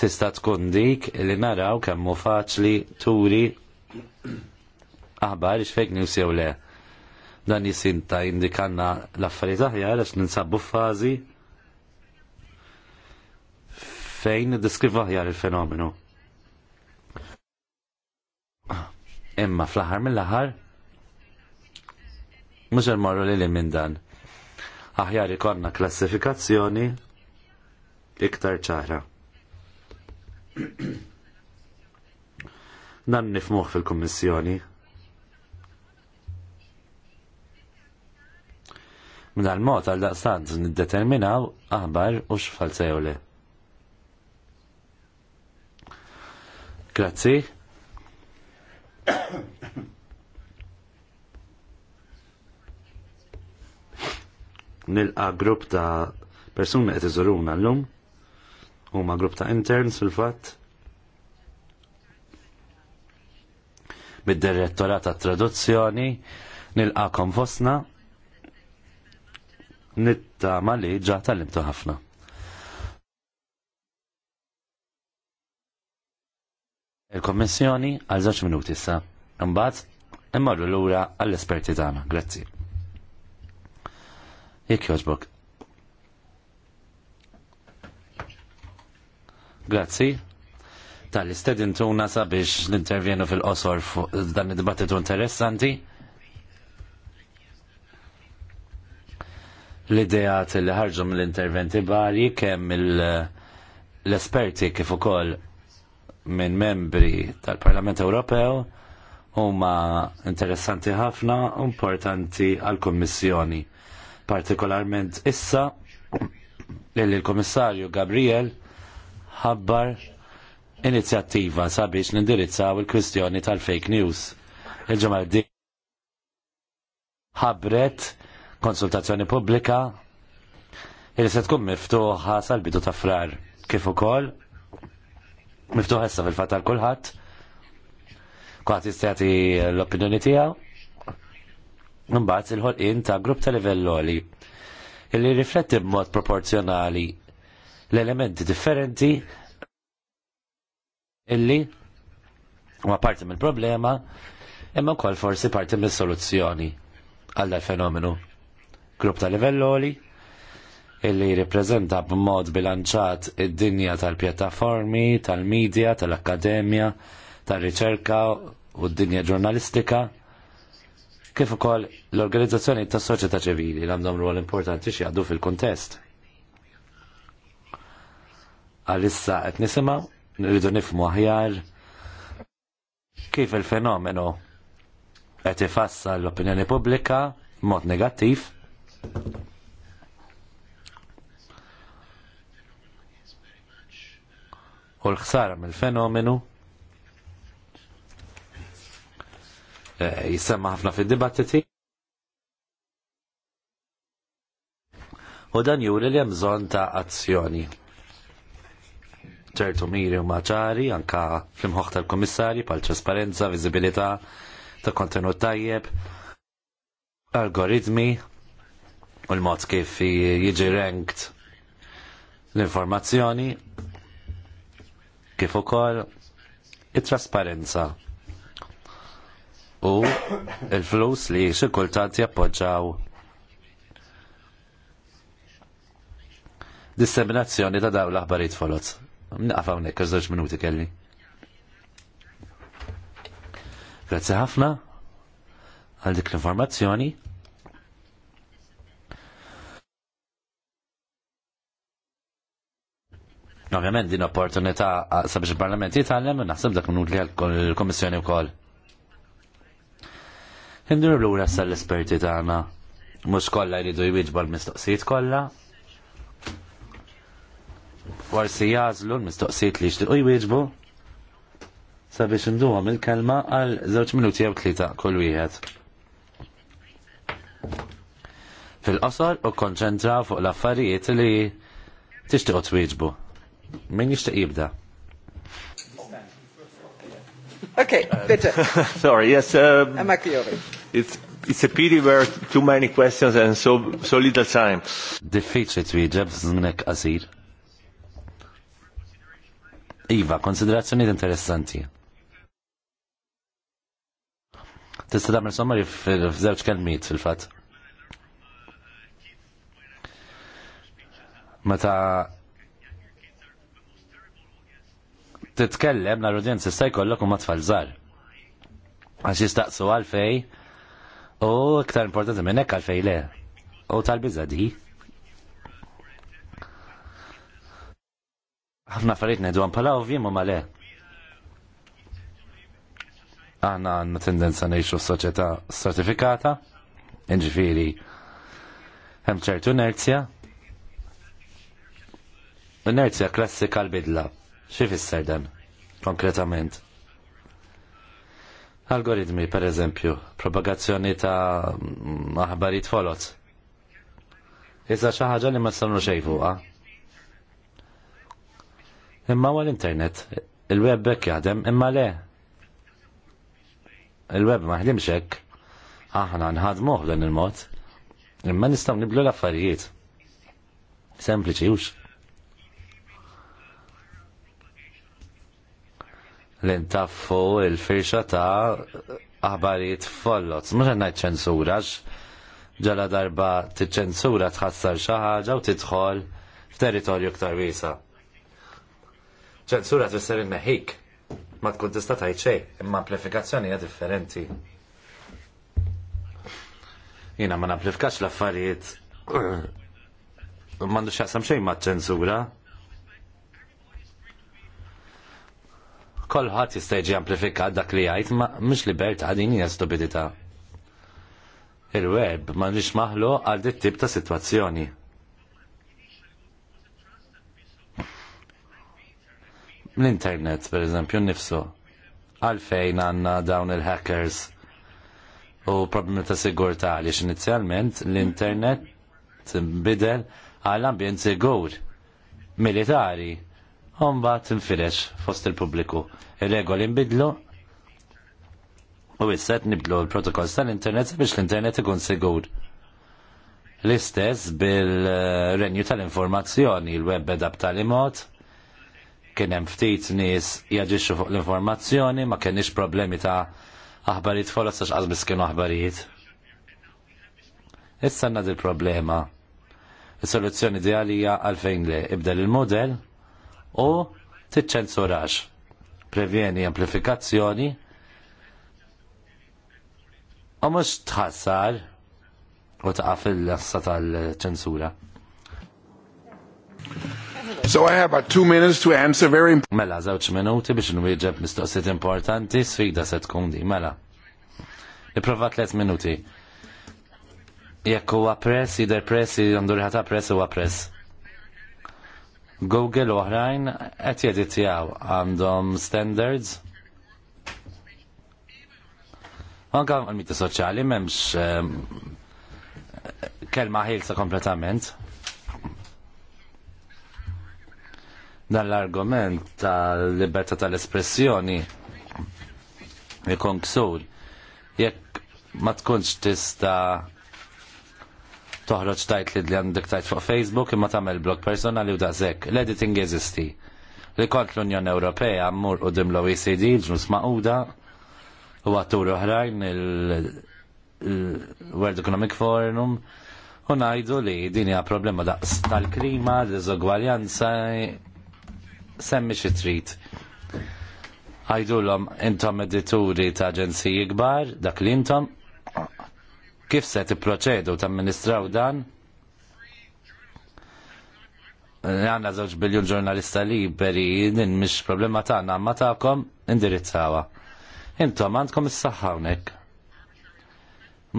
tista' tkun dik li naraw kemm hu faċli turi aħbar x'fake news jew le. Dan jisinta jindikanna l-affarijiet aħjar għax ninsabu f'fażi fejn diskriva aħjar il-fenomenu. Imma fl-aħħar mill-aħħar Mħuġer marru li li minn dan. Aħjar ikonna klassifikazzjoni iktar ċara. dan nifmuħ fil-kommissjoni. Minn għal-mod għal-daqstant niddeterminaw aħbar u xfalsew Grazie. Grazzi. nilqa grupp ta' persuni qed iżuruna llum huma grupp ta' interns fil fat mid-direttorat ta' traduzzjoni nilqakom fosna nittama li ġa tal-imtu ħafna. Il-Kommissjoni għal żewġ minuti issa. Imbagħad immorru lura għall-esperti tagħna. Grazzi. Jekk jogħġbok. Grazzi. Tal-istedintuna sabiex l-intervjenu fil-qosor fuq dan id-dibattitu interessanti. l idea li ħarġu mill-interventi bari kemm l-esperti kif ukoll minn membri tal-Parlament Ewropew huma interessanti ħafna u importanti għal kummissjoni partikolarment issa illi il komissarju Gabriel ħabbar inizjattiva sabiex nindirizzaw il-kwistjoni tal-fake news. Il-ġemar ħabret konsultazzjoni pubblika li se tkun miftuħa sal-bidu ta' frar kif ukoll miftuħa issa fil-fatt kulħadd. Kwaħt jistati l-opinjoni tiegħu mbagħad il-ħolqien ta' grupp ta' livell illi rifletti b'mod proporzjonali l-elementi differenti illi ma parti mill problema imma wkoll forsi parti mill soluzzjoni għal fenomenu grupp ta' livelloli illi jirrippreżenta b'mod bilanċat id-dinja tal-pjattaformi, tal-medja, tal-akkademja, tal-riċerka u d-dinja ġurnalistika kif ukoll l-organizzazzjoni tas soċjetà ċivili li għandhom rwol importanti xi għaddu fil-kuntest. Għalissa qed nisimgħu nridu nifhmu aħjar kif il-fenomenu qed ifassa l-opinjoni pubblika mod negattiv u l-ħsara mill-fenomenu Eh, jisemma ħafna fid-dibattiti. U dan juri li hemm bżonn ta' azzjoni. ċertu miri u maċari, anka fl-imħoħ tal-komissari, pal trasparenza, viżibilità ta' kontenut tajjeb, algoritmi, u l-mod kif jiġi ranked l-informazzjoni, kif ukoll it-trasparenza u il-flus li xi kultant jappoġġaw disseminazzjoni ta' daw l-aħbarijiet folot. Naqaf hawnhekk kazzoġ żewġ minuti kelli. Grazzi ħafna għal dik l-informazzjoni. Ovvjament din opportunità sabiex il-Parlament jitgħallem naħseb dak minut li l kommissjoni wkoll. Indur l-ura sal-esperti tagħna. Mhux kollha jridu jwieġba l-mistoqsijiet kollha. Forsi jażlu l-mistoqsijiet li jixtiequ jwieġbu sabiex imduhom il-kelma għal żewġ minuti jew tlieta kull wieħed. Fil-qosor u konċentra fuq l-affarijiet li tixtiequ twieġbu. Min jixtieq jibda? Okay, bitte. Sorry, yes. Um, It's, it's a pity where too many questions and so, so little time. Diffiċli twieġeb żminek qasir. Iva, konsiderazzjoni interessanti. Tista' tagħmel sommari f'żewġ kelmiet fil-fatt. Meta titkellem l-arudjenzi sta jkollok huma tfal żgħar. Għax jistaqsu għalfej U iktar importanti minn hekk għalfejn le. U tal-biża di. Ħafna affarijiet ngħidu bħala ovvji ma le. Aħna għandna tendenza ngħixu f'soċjetà stratifikata, jiġifieri hemm ċertu inerzja. Inerzja klassika l-bidla. Xi fisser dan konkretament? Algoritmi, per eżempju, propagazzjoni ta' aħbarijiet folot. Iżda xi ħaġa li ma sanu xejn fuqha. Imma huwa l-internet, il-web hekk jaħdem, imma le. Il-web ma ħdimx hekk. Aħna nħadmuh dan il-mod. Imma nistgħu niblu l-affarijiet. Sempliċi hux. li ntaffu il-firxa ta' aħbarijiet follot. Mux għannajt ċensura, ġala darba t-ċensura tħassar xaħġa u tidħol f'territorju ktar wisa. ċensura tfisser il-meħik, ma tkun tista' tgħid xejn, imma amplifikazzjoni hija differenti. Jiena ma namplifikax l-affarijiet m'għandux xaqsam xejn ma' ċensura. kolħat jista' jiġi amplifikat dak li jgħid ma mux libertà din hija stupidità. Il-web ma nix maħlu għal dit tip ta' sitwazzjoni. L-internet, per eżempju, nifsu. Għalfejn għanna dawn il-hackers u problemi ta' sigurta għaliex inizjalment l-internet bidel għal ambjent sigur militari mbagħad infilex fost il-pubbliku. Ir-regoli nbidlu u issa qed nibdlu l-protokoll tal-internet biex l-internet ikun sigur. L-istess bil-renju tal-informazzjoni l-web beda b'tali mod kien hemm ftit nies jaġixxu fuq l-informazzjoni ma kienx problemi ta' aħbarijiet fola sax biss kienu aħbarijiet. Issa għandna il problema Is-soluzzjoni ideali hija għalfejn le ibdel il-modell u tiċċensurax. Prevjeni amplifikazzjoni u mhux tħassar u taqaf il lassa tal-ċensura. So I have about two minutes to answer very important. Mela, żewġ minuti biex nwieġeb mistoqsit importanti, sfida se tkun di, mela. Iprova tliet minuti. Jekk huwa press, jidher press, għandu riħata press huwa press. Google oħrajn qed jeditjaw għandhom standards. Anka għal mita soċjali m'hemmx eh, kelma ħilsa kompletament. Dan l-argument tal-libertà tal-espressjoni ikun ksur jekk ma tkunx tista' toħroġ tajt li għandek tajt fuq Facebook imma tagħmel blog personali u dażek, L-editing jeżisti. Li kont l-Unjoni Ewropea mmur e u dim l-OECD, ġnus maquda, u għattur oħrajn il-World Economic Forum, u najdu li din hija problema daqs tal-klima, diżugwaljanza, semmi xi trid għajdu l-om intom edituri ta' ġenziji gbar, dak li intom, kif se tipproċedu ta' ministraw dan? Għanna żewġ biljun ġurnalista liberi, din mhix problema tagħna, ma tagħkom indirizzawa. Intom għandkom is-saħħa hawnhekk.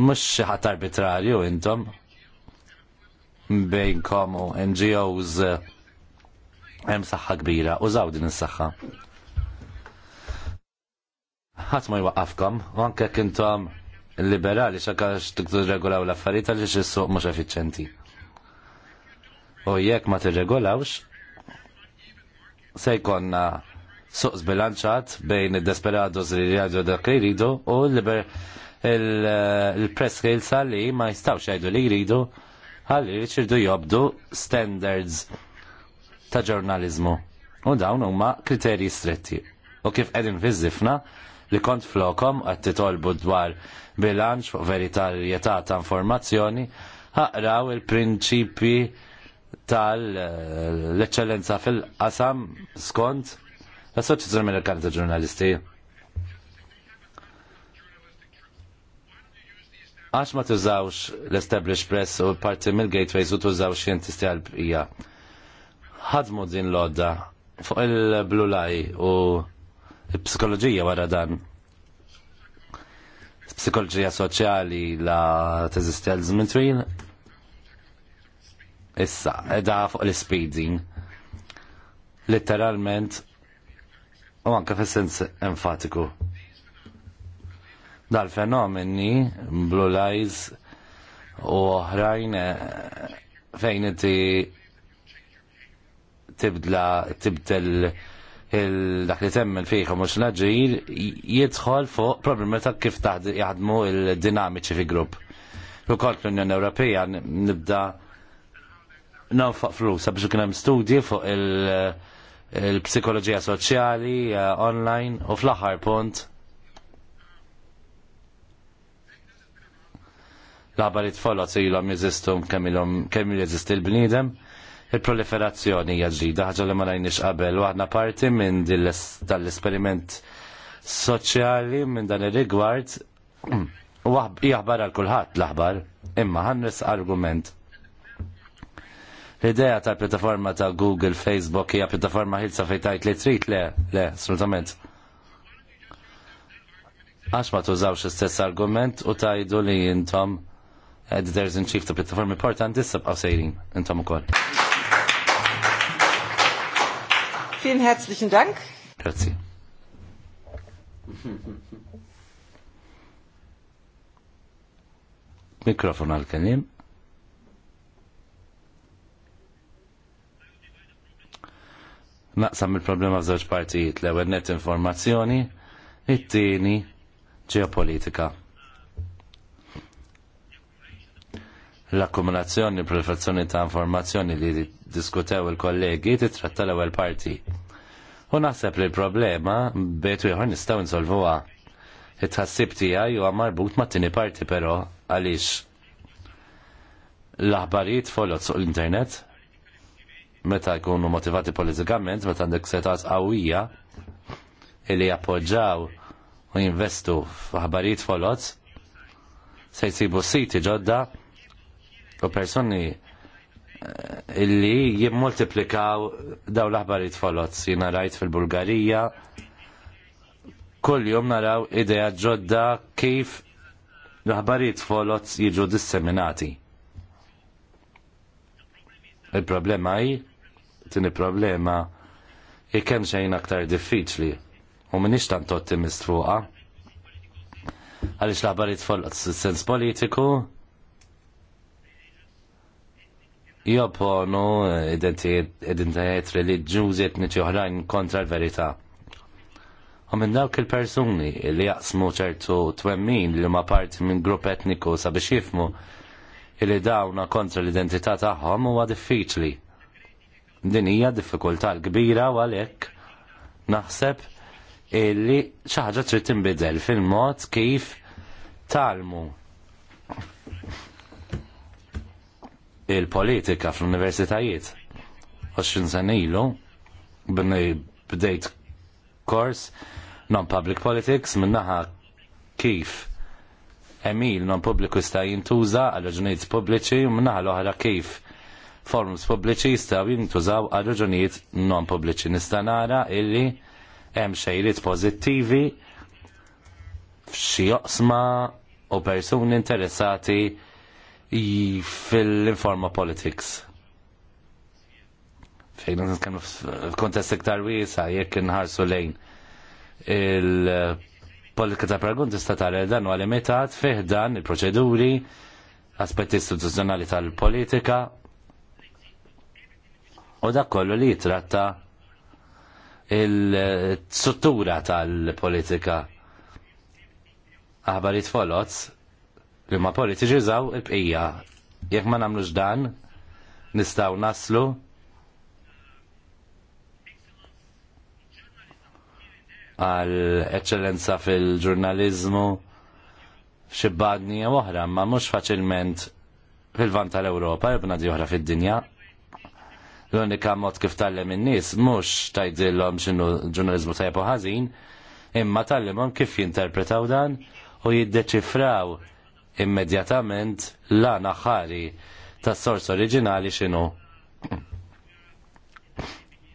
Mhux xi ħadd arbitrarju intom Bejn komu, NGOs hemm saħħa kbira, użaw din is-saħħa. Ħadd ma jwaqafkom, u anke kintom liberali xakax t-regolaw l-affarijiet għal xissuq mhux effiċenti. U jekk ma tirregolawx, se jkollna suq zbilanċat bejn id-desperados li jgħidu dak li jridu u eh, l-press scale li ma jistawx jgħidu li jridu għalli ċirdu jobdu standards ta' ġurnalizmu. U dawn huma kriterji stretti. U kif qegħdin fiż-żifna, li kont flokom għat titolbu dwar bilanċ fuq veritarjetà ta' informazzjoni ħaqraw il-prinċipi tal-eċċellenza fil-qasam skont l-Assoċjazzjoni Amerikana ta' Ġurnalisti. Għax ma tużawx l-Established Press u parti mill-gateways u tużaw xjentisti għal-bqija. Ħadmu din l-odda fuq il-Blue Lie u psikoloġija wara dan. psikologija soċjali la teżisti għal żmien Issa, edha fuq l-speeding. Literalment, u anke fis-sens enfatiku. Dal-fenomeni, blue lies u oħrajn eh, fejn inti tibdla tibdel il-dak li temmen u mux naġir jidħol fuq problemi ta' kif taħd jaħdmu il-dinamiċi fi grupp. U kol l-Unjoni Ewropea nibda fuq flus biex kien hemm studji fuq il-psikoloġija soċjali eh, online u fl-aħħar punt l-ħabarit folot ilhom jeżistu kemm jeżisti l-bniedem il-proliferazzjoni hija ġdida, ħaġa li ma rajniex qabel u għadna parti minn tal-esperiment soċjali minn dan ir-rigward u jahbar għal kulħadd l-aħbar, imma ħanres argument. L-idea tal-pjattaforma ta' Google, Facebook hija pjattaforma ħilsa fejtajt li trid le, le, assolutament għax ma tużawx istess argument u tajdu li jintom editors in chief ta' pittaformi portanti sabqaw sejrin intom u koll. Vielen herzlichen Dank. Grazie. Mikrofon għal-kelim. Naqsam il-problema zoċ partijiet l-ewwel net informazzjoni, it tini ġeopolitika. l-akkumulazzjoni, prefazzjoni ta' informazzjoni li diskutew il-kollegi titratta l-ewwel parti. U naħseb li l-problema bejtu ieħor nistgħu insolvuha. It-ħassib tiegħi marbut mat-tieni parti però għaliex l-aħbarijiet folot fuq l-internet meta jkunu motivati politikament, meta għandek setat qawwija li jappoġġaw u jinvestu f'aħbarijiet folot se jsibu siti ġodda u personi eh, illi jimmultiplikaw daw l folot. Jina rajt fil-Bulgarija, kull jom naraw ideja ġodda kif l folot jiġu disseminati. Il-problema hi, tini problema, jikem xejn aktar diffiċli u minix tant ottimist fuqa. Għalix l-aħbarijiet folot sens politiku, jopponu identitajiet reliġjużi etniċi oħrajn kontra l-verità. U minn dawk il-persuni li jaqsmu ċertu twemmin li ma parti minn grupp etniku sabiex jifmu li dawna kontra l-identità tagħhom huwa diffiċli. Din hija diffikultà kbira u għalhekk naħseb illi xi ħaġa trid tinbidel fil-mod kif talmu il-politika fl-universitajiet. 20 sena ilu, bdejt kors non-public politics minnaħa kif emil non-publiku sta jintuża għal raġunijiet pubbliċi u minnaħa l-oħra kif forms pubbliċi jistaw jintużaw għal raġunijiet non-pubbliċi. Nista nara illi hemm xejriet pożittivi f'xi joqsma u persuni interessati fil-informa politics. Fejn nitkellmu f'kontest iktar wiesa jekk inħarsu lejn il-politika ta' pragun tista' tara dan huwa limitat fih dan il-proċeduri, aspetti istituzzjonali tal-politika u dak kollu li jitratta il-struttura tal-politika aħbarit folots, li ma politiċi żaw il-bqija. Jekk ma nagħmlux dan, nistgħu naslu għal eċċellenza fil-ġurnalizmu xibbadni oħra, ma mhux faċilment fil-vant tal-Ewropa, b'nadi oħra fid-dinja. L-unika mod kif tallem in-nies mhux tgħidilhom x'inhu ġurnalizmu tajjeb u ħażin, imma tallimhom kif jinterpretaw dan u jiddeċifraw immedjatament la naħari ta' sors oriġinali xinu.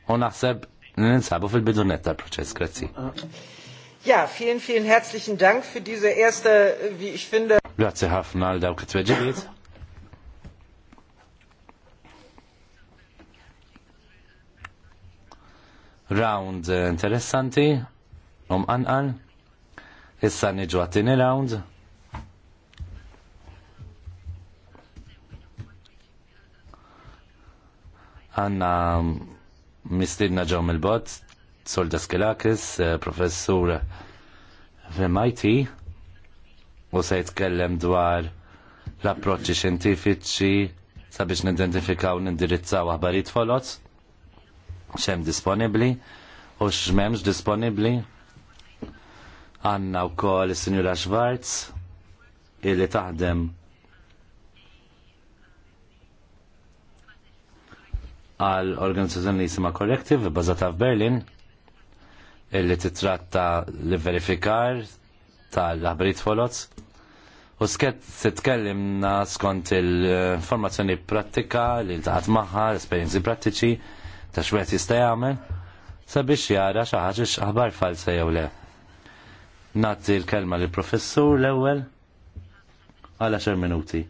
U naħseb ninsabu fil-bidunet tal-proċess, grazzi. Ja, vielen, vielen herzlichen Dank für diese erste, wie ich finde. Grazie ħafna għal dawk it-tweġibiet. Round eh, interessanti, um anqal. Issa niġu għattini round. Għanna mistidna ġew mil bot Solda Skelakis, eh, professur MIT, u se jitkellem dwar l-approċċi xjentifiċi sabiex nidentifikaw nindirizzaw għabarit folot, xem disponibli u x'memx disponibli. Għanna wkoll is-Sinjura Schwarz illi taħdem għal organizzazzjoni li jisima Collective bbażata f'Berlin illi titratta li verifikar tal-ħabrit folots u sket titkellimna skont il-formazzjoni prattika li ltaqat magħha, l-esperjenzi prattiċi ta' xwet jista' jagħmel sabiex jara xi ħaġa x'aħbar falsa jew le. Nagħti l-kelma lill professur l-ewwel għala xer minuti.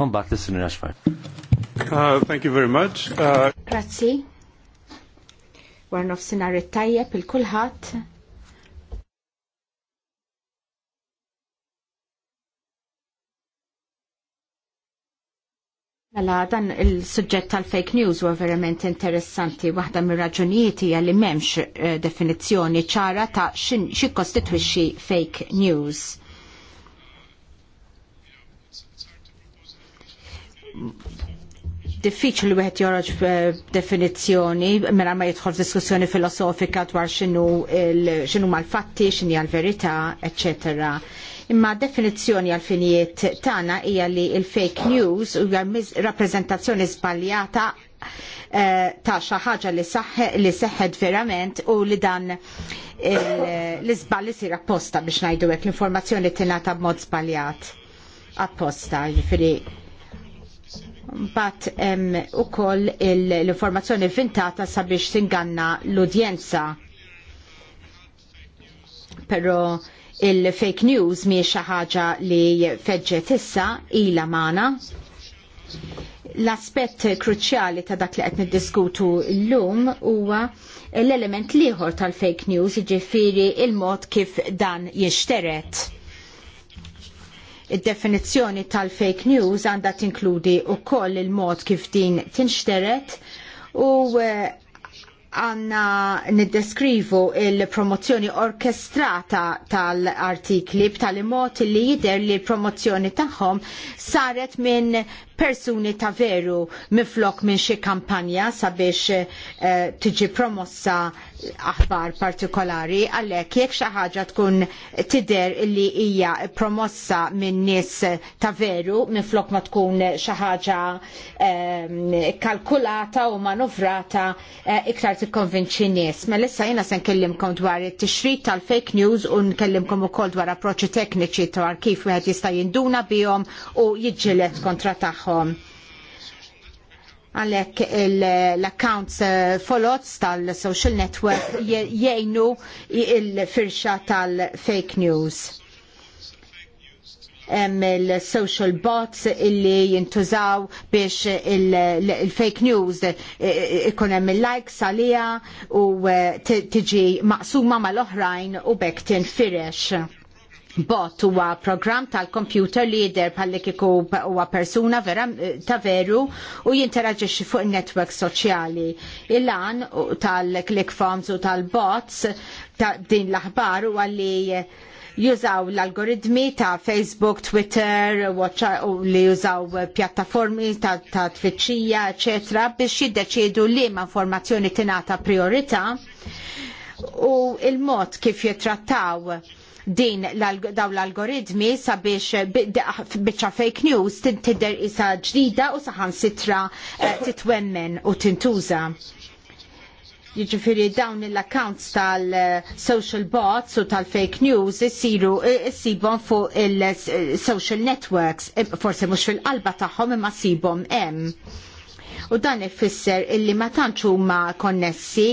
Uh, thank you very much. Uh, Grazzi. Warnof sinar it-tajjeb il-kulħat. Mela dan il-suġġett tal-fake news huwa verament interessanti. Waħda mir-raġunijiet hija li m'hemmx eh, definizzjoni ċara ta' xi kostitwixxi fake news diffiċli li wieħed joroġ definizzjoni mela ma jidħol diskussjoni filosofika dwar x'inhu x'inhu mal-fatti, x'inhi għall-verità, eċetera. Imma definizzjoni għal finijiet tagħna hija li l-fake news huwa rappreżentazzjoni żbaljata eh, ta' xi ħaġa li seħħet verament u li dan l-iżball isir apposta biex ngħidu hekk l-informazzjoni tingħata b'mod żbaljat apposta, jiġifieri Bat hemm u koll l-informazzjoni vintata sabiex tinganna l-udjenza. Pero il-fake news mi ħaġa li feġġet issa ila mana. L-aspett kruċjali ta' dak li qed niddiskutu llum huwa l-element liħor tal-fake news, jiġifieri il-mod kif dan jixteret. Id-definizzjoni tal-fake news għandha tinkludi wkoll il-mod kif din tinxteret u eh, għanna niddeskrivu il-promozzjoni orkestrata tal-artikli b'tali mod li jider li l-promozzjoni tagħhom saret minn persuni ta' veru miflok minn xi kampanja sabiex eh, tiġi promossa aħbar partikolari għalhekk jekk xi ħaġa tkun tidher li hija promossa minn nies ta' veru minflok ma tkun xi ħaġa ehm, kalkulata u manuvrata eh, iktar tikkonvinċi nies. Ma mela issa jiena se nkellimkom dwar it-tixrid tal-fake news u nkellimkom ukoll dwar approċċi tekniċi dwar kif wieħed jista' jinduna bihom u jiġġieled kontra tagħhom għalek l-accounts eh, folots tal-social network jgħinu il-firxa tal-fake news. Hemm il-social bots illi jintużaw biex il-fake news eh, ikun hemm il-likes salija u eh, tiġi maqsuma mal-oħrajn u bekk tinfirex bot huwa program tal-computer leader palli kiku huwa persuna vera ta' veru u jinteraġixxi fuq in-netwerk soċjali. Il-lan tal-click forms u tal-bots ta' din l-aħbar huwa li jużaw l-algoritmi ta' Facebook, Twitter, u li jużaw pjattaformi ta', ta tfittxija, eċetera, biex jiddeċiedu li ma' informazzjoni tingħata priorità u il-mod kif jitrattaw din daw l-algoritmi sabiex biċċa fake news tintider isa ġdida u saħan sitra eh, titwemmen u tintuża. Jiġifieri dawn l-accounts tal-social bots u tal-fake news isiru issibhom fuq il-social networks, eh, forsi mhux fil-qalba tagħhom imma sibhom hemm u dan ifisser illi ma tantx huma konnessi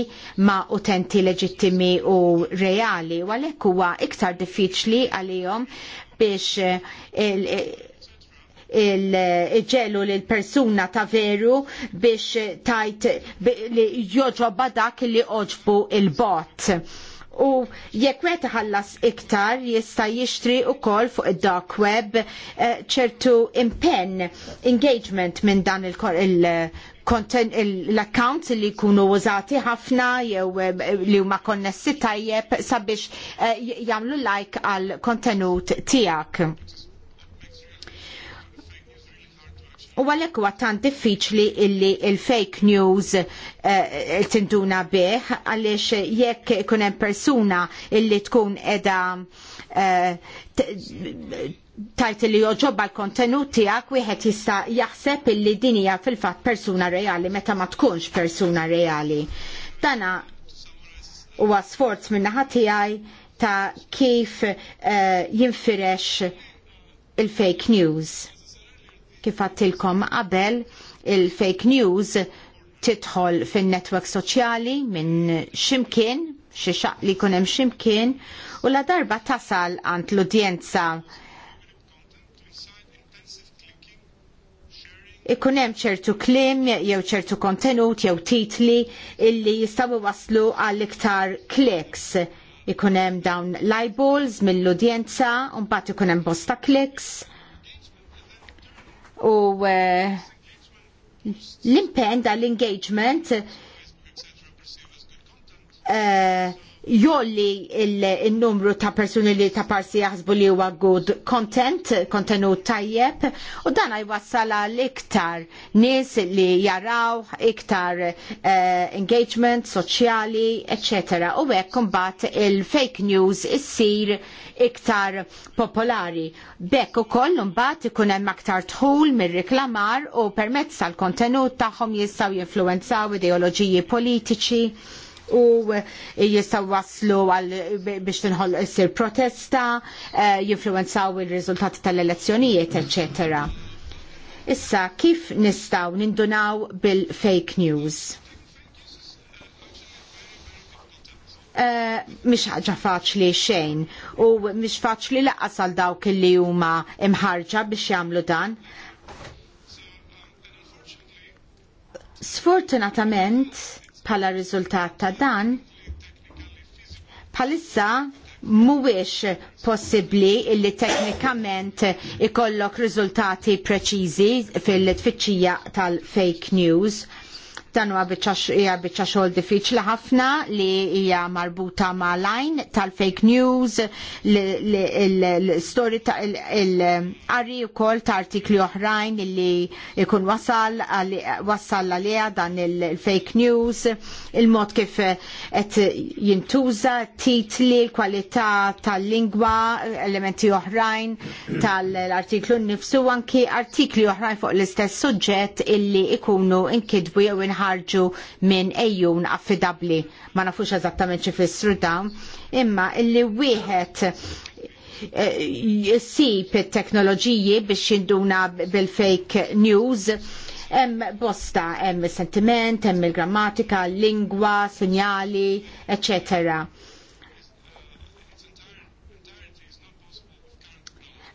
ma utenti leġittimi u reali u għalhekk huwa iktar diffiċli għalihom biex il-ġelu eh, il, il, persuna ta' veru biex tajt li joġobba dak li oġbu il-bot u jekk wieħed ħallas iktar jista' jixtri wkoll fuq id-dark web eh, ċertu impenn engagement minn dan l-account li jkunu użati ħafna jew eh, li huma konnessi tajjeb sabiex eh, jagħmlu like għal kontenut tiegħek U għalhekk huwa tant diffiċli illi il-fake news eh, eh, tinduna bih għaliex jekk ikun hemm persuna illi tkun edha eh, tajt li joġobba l-kontenut tiegħek wieħed jista jaħseb illi din hija fil fatt persuna reali meta ma tkunx persuna reali. Dana huwa sforz min-naħa tiegħi ta' kif uh, jinfirex il-fake news. Kif għattilkom qabel il-fake news titħol fin-netwerk soċjali minn ximkien, xi xaq li jkun hemm ximkien, u la darba tasal għand l-udjenza ikun hemm ċertu kliem jew ċertu kontenut jew titli illi jistgħu waslu għal iktar kliks. Ikun hemm dawn l-eyeballs mill-udjenza u mbagħad ikun hemm bosta kliks u eh, l-impen l engagement eh, jolli il-numru ta' persuni li ta' parsi jaħsbu li huwa good content, kontenut tajjeb, u dan jwassal l iktar nies li jaraw, iktar uh, engagement soċjali, etc. U hekk imbagħad il-fake news issir iktar popolari. Bekk ukoll mbagħad ikun hemm aktar tħul mir-riklamar u permezz tal-kontenut tagħhom jistgħu jinfluwenzaw ideoloġiji politiċi u eh, jistaw waslu għal biex tinħol issir protesta, eh, jinfluenzaw il-riżultati tal-elezzjonijiet, etc. Issa, kif nistaw nindunaw bil-fake news? Eh, mish ħaġa faċli xejn u mish faċli laqas għal dawk li huma imħarġa biex jagħmlu dan. Sfortunatament, Pala riżultat ta' dan, palissa mhuwiex possibbli illi teknikament ikollok riżultati preċiżi fil-tfittxija tal-fake news Dan huwa biċċa biċċa xogħol diffiċli ħafna li hija marbuta ma' lajn tal-fake news, l-story ta' il-qari wkoll ta' artikli oħrajn li jkun wasal wassal għaliha dan il-fake news, il-mod kif qed jintuża titli, l-kwalità tal-lingwa, elementi oħrajn tal-artiklu nnifsu anki artikli oħrajn fuq l-istess suġġett illi ikunu inkidbu jew ħarġu minn ejjun affidabli. Ma nafux eżattament xifissru dawn, imma illi wieħed eh, jisib teknoloġiji biex jinduna bil-fake news. Hemm bosta, hemm sentiment, hemm il-grammatika, lingwa, sinjali, eccetera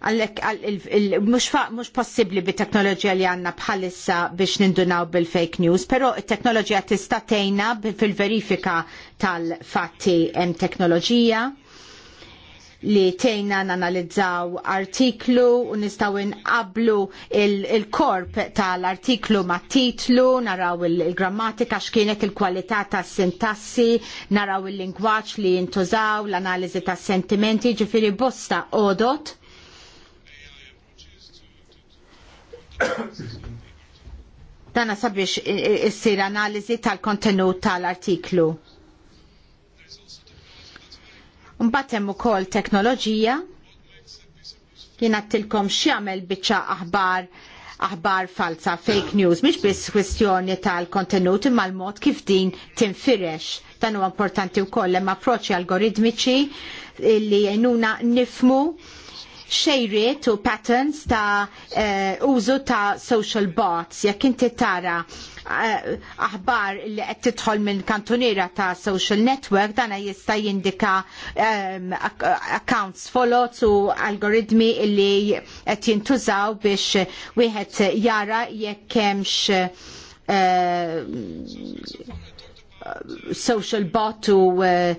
għallek mux possibli bi teknoloġija li għanna bħalissa biex nindunaw bil-fake news, pero teknoloġija tista' tejna fil-verifika tal-fatti hemm teknoloġija li tejna nanalizzaw artiklu u nistaw inqablu il-korp il tal-artiklu ma' titlu, naraw il-grammatika il x'kienet il-kwalità tas sintassi, naraw il-lingwaġġ li jintużaw, l-analiżi tas sentimenti, ġifiri bosta odot Dana sabiex issir analiżi tal-kontenut tal-artiklu. Mbagħad hemm ukoll teknoloġija jien tilkom x'jagħmel biċċa aħbar aħbar falsa, fake news, mhix biss kwestjoni tal-kontenut imma l-mod kif din tinfirex. Dan huwa importanti wkoll hemm approċċi algoritmiċi li jgħinuna nifmu xejriet u patterns ta' uh, użu ta' social bots. Jekk inti tara uh, aħbar li qed tidħol minn kantuniera ta' social network dana jista' jindika um, accounts followed u algoritmi li qed jintużaw biex wieħed jara jekk hemmx Uh, social bot u uh,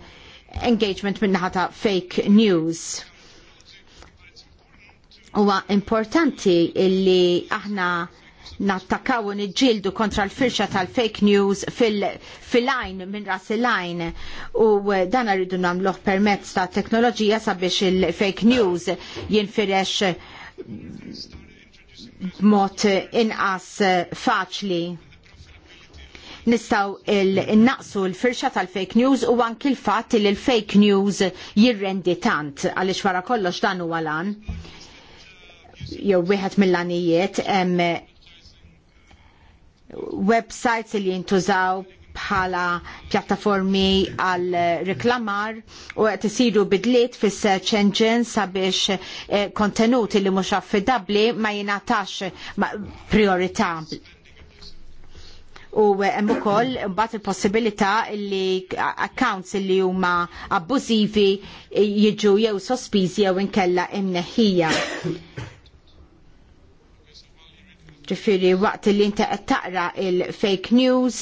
engagement minnaħa ta' fake news. Huwa importanti illi aħna nattakaw niġġieldu kontra l-firxa tal-fake news fil-lajn fil minn ras il-lajn u eh, dan rridu nagħmluh permezz ta' teknoloġija sabiex il-fake news jinfirex mod inqas eh, faċli nistaw il-naqsu l-firxa tal-fake news u anki l-fat li l-fake news jirrendi tant għalix wara kollox dan u għalan jew wieħed mill-għanijiet hemm eh, websites li jintużaw bħala pjattaformi għal reklamar u qed isiru bidliet fis search engine sabiex eh, kontenuti li mhux affidabbli ma jingħatax priorità. U eh, hemm ukoll mbagħad il-possibilità li accounts li huma abbużivi jiġu jew sospiżi jew inkella imneħħija ġifiri waqt li inti qed taqra il-fake news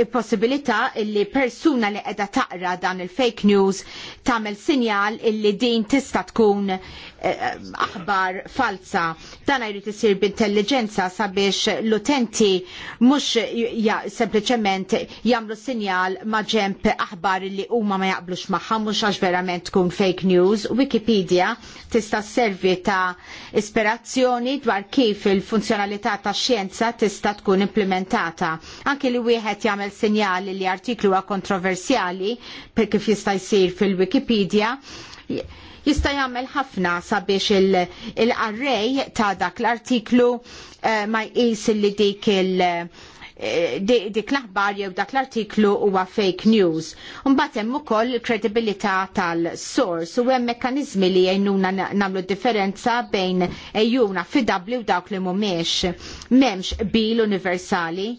il-possibilità illi persuna li qiegħda taqra dan il-fake news tagħmel sinjal illi din tista' tkun Eh, eh, aħbar falsa. Dan jrid isir b'intelligenza sabiex l-utenti mhux sempliċement jagħmlu sinjal ma' ġemp aħbar li huma ma jaqblux magħha mhux għax verament tkun fake news. Wikipedia tista' sservi ta' ispirazzjoni dwar kif il-funzjonalità tax xjenza tista' tkun implementata. Anke li wieħed jagħmel sinjali li artiklu huwa kontroversjali per kif jista' jsir fil-Wikipedia jista' jagħmel ħafna sabiex il-arrej ta' dak l-artiklu eh, ma jqis li dik il- eh, dik l-aħbar jew dak l-artiklu huwa fake news. Mbagħad hemm ukoll kredibilità tal-source u hemm mekkaniżmi li jgħinuna nagħmlu differenza bejn ejjuna fi u dawk li mhumiex. M'hemmx bil universali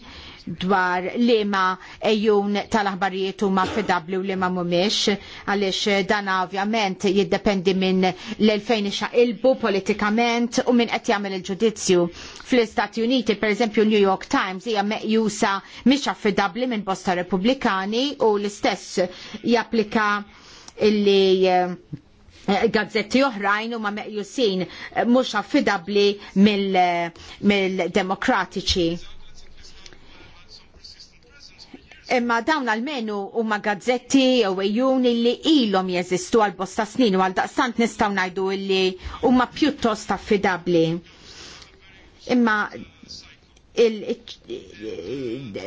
dwar liema ejjun tal-aħbarijiet huma fidabli u liema mhumiex għaliex eh, dan ovvjament jiddependi minn l-2000 xaqilbu politikament u minn qed jagħmel il-ġudizzju. Fl-Istati Uniti, pereżempju New York Times hija meqjusa mhix affidabbli minn bosta Repubblikani u l-istess japplika illi eh, gazzetti oħrajn huma meqjusin eh, mhux affidabbli mill-demokratiċi. Mil imma dawn għalmenu huma gazzetti jew ejjuni li ilhom jeżistu għal bosta snin u għal daqstant nistgħu ngħidu li huma pjuttost affidabbli. Imma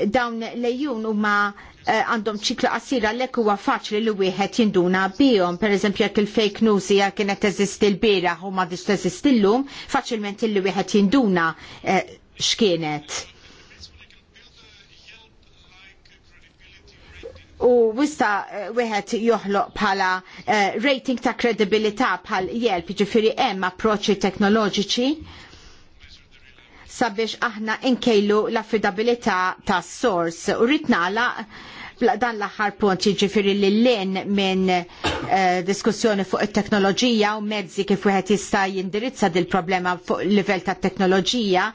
dawn lejjun huma eh, għandhom ċiklu qasira l-ek huwa faċli li wieħed jinduna bihom, pereżempju jekk il-fake news hija kienet teżisti l-bieraħ u ma diġ teżisti llum, faċilment li wieħed jinduna eh, x'kienet u wista eh, wieħed joħloq bħala eh, rating ta' kredibilità bħal jelp ġifiri hemm approċċi teknoloġiċi sabiex aħna nkejlu l-affidabilità tas source u rrit nagħlaq dan l-aħħar punt jiġifieri li l-lin minn eh, diskussjoni fuq it-teknoloġija u mezzi kif wieħed jista' jindirizza dil problema fuq il-livell tat-teknoloġija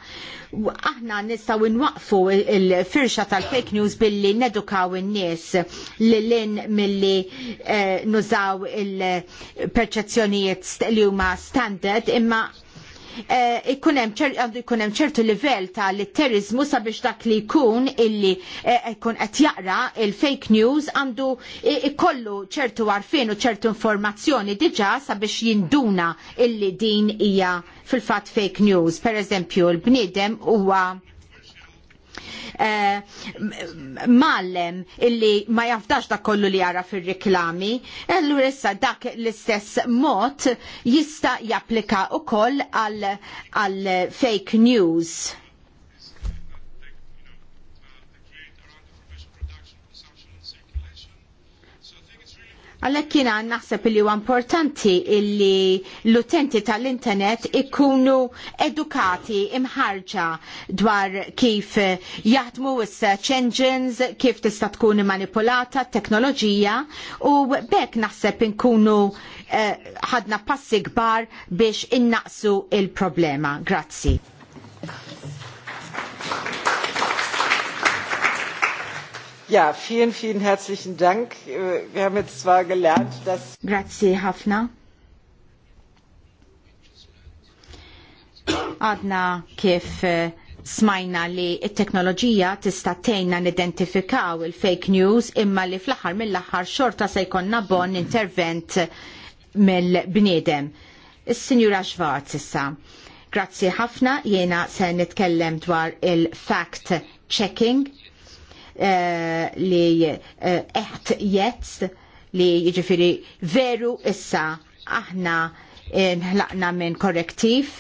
aħna nistgħu nwaqfu l firxa tal-fake news billi nedukaw in-nies li lin milli eh, nużaw il-perċezzjonijiet li huma standard imma Eh, għandu jkun ċertu livell ta' litterizmu sabiex dak li jkun illi eh, jkun qed jaqra il-fake news għandu ikollu ċertu għarfien u ċertu informazzjoni diġa' sabiex jinduna illi din hija fil-fatt fake news. Per eżempju, l-bniedem huwa Eh, mallem illi ma jafdax dak kollu li jara fil-reklami, e allura issa dak l-istess mod jista' japplika wkoll għal fake news. Għalhekk jiena naħseb li huwa importanti illi l-utenti tal-internet ikunu edukati imħarġa dwar kif jaħdmu is-search engines, kif tista' tkun manipulata t-teknoloġija u bekk naħseb inkunu eh, ħadna passi kbar biex innaqsu il-problema. Grazzi. Ja, vielen, vielen herzlichen Dank. Wir haben jetzt zwar gelernt, dass... Grazie, Hafna. Għadna kif eh, smajna li t-teknoloġija tista' tgħinna nidentifikaw il-fake news imma li fl-aħħar mill-aħħar xorta se jkollna bon intervent mill-bniedem. Is-Sinjura Schwarz issa. Grazzi ħafna jiena se nitkellem dwar il-fact checking Eh, li eh, eħt jetz li jiġifieri veru issa aħna eh, nħlaqna minn korrektiv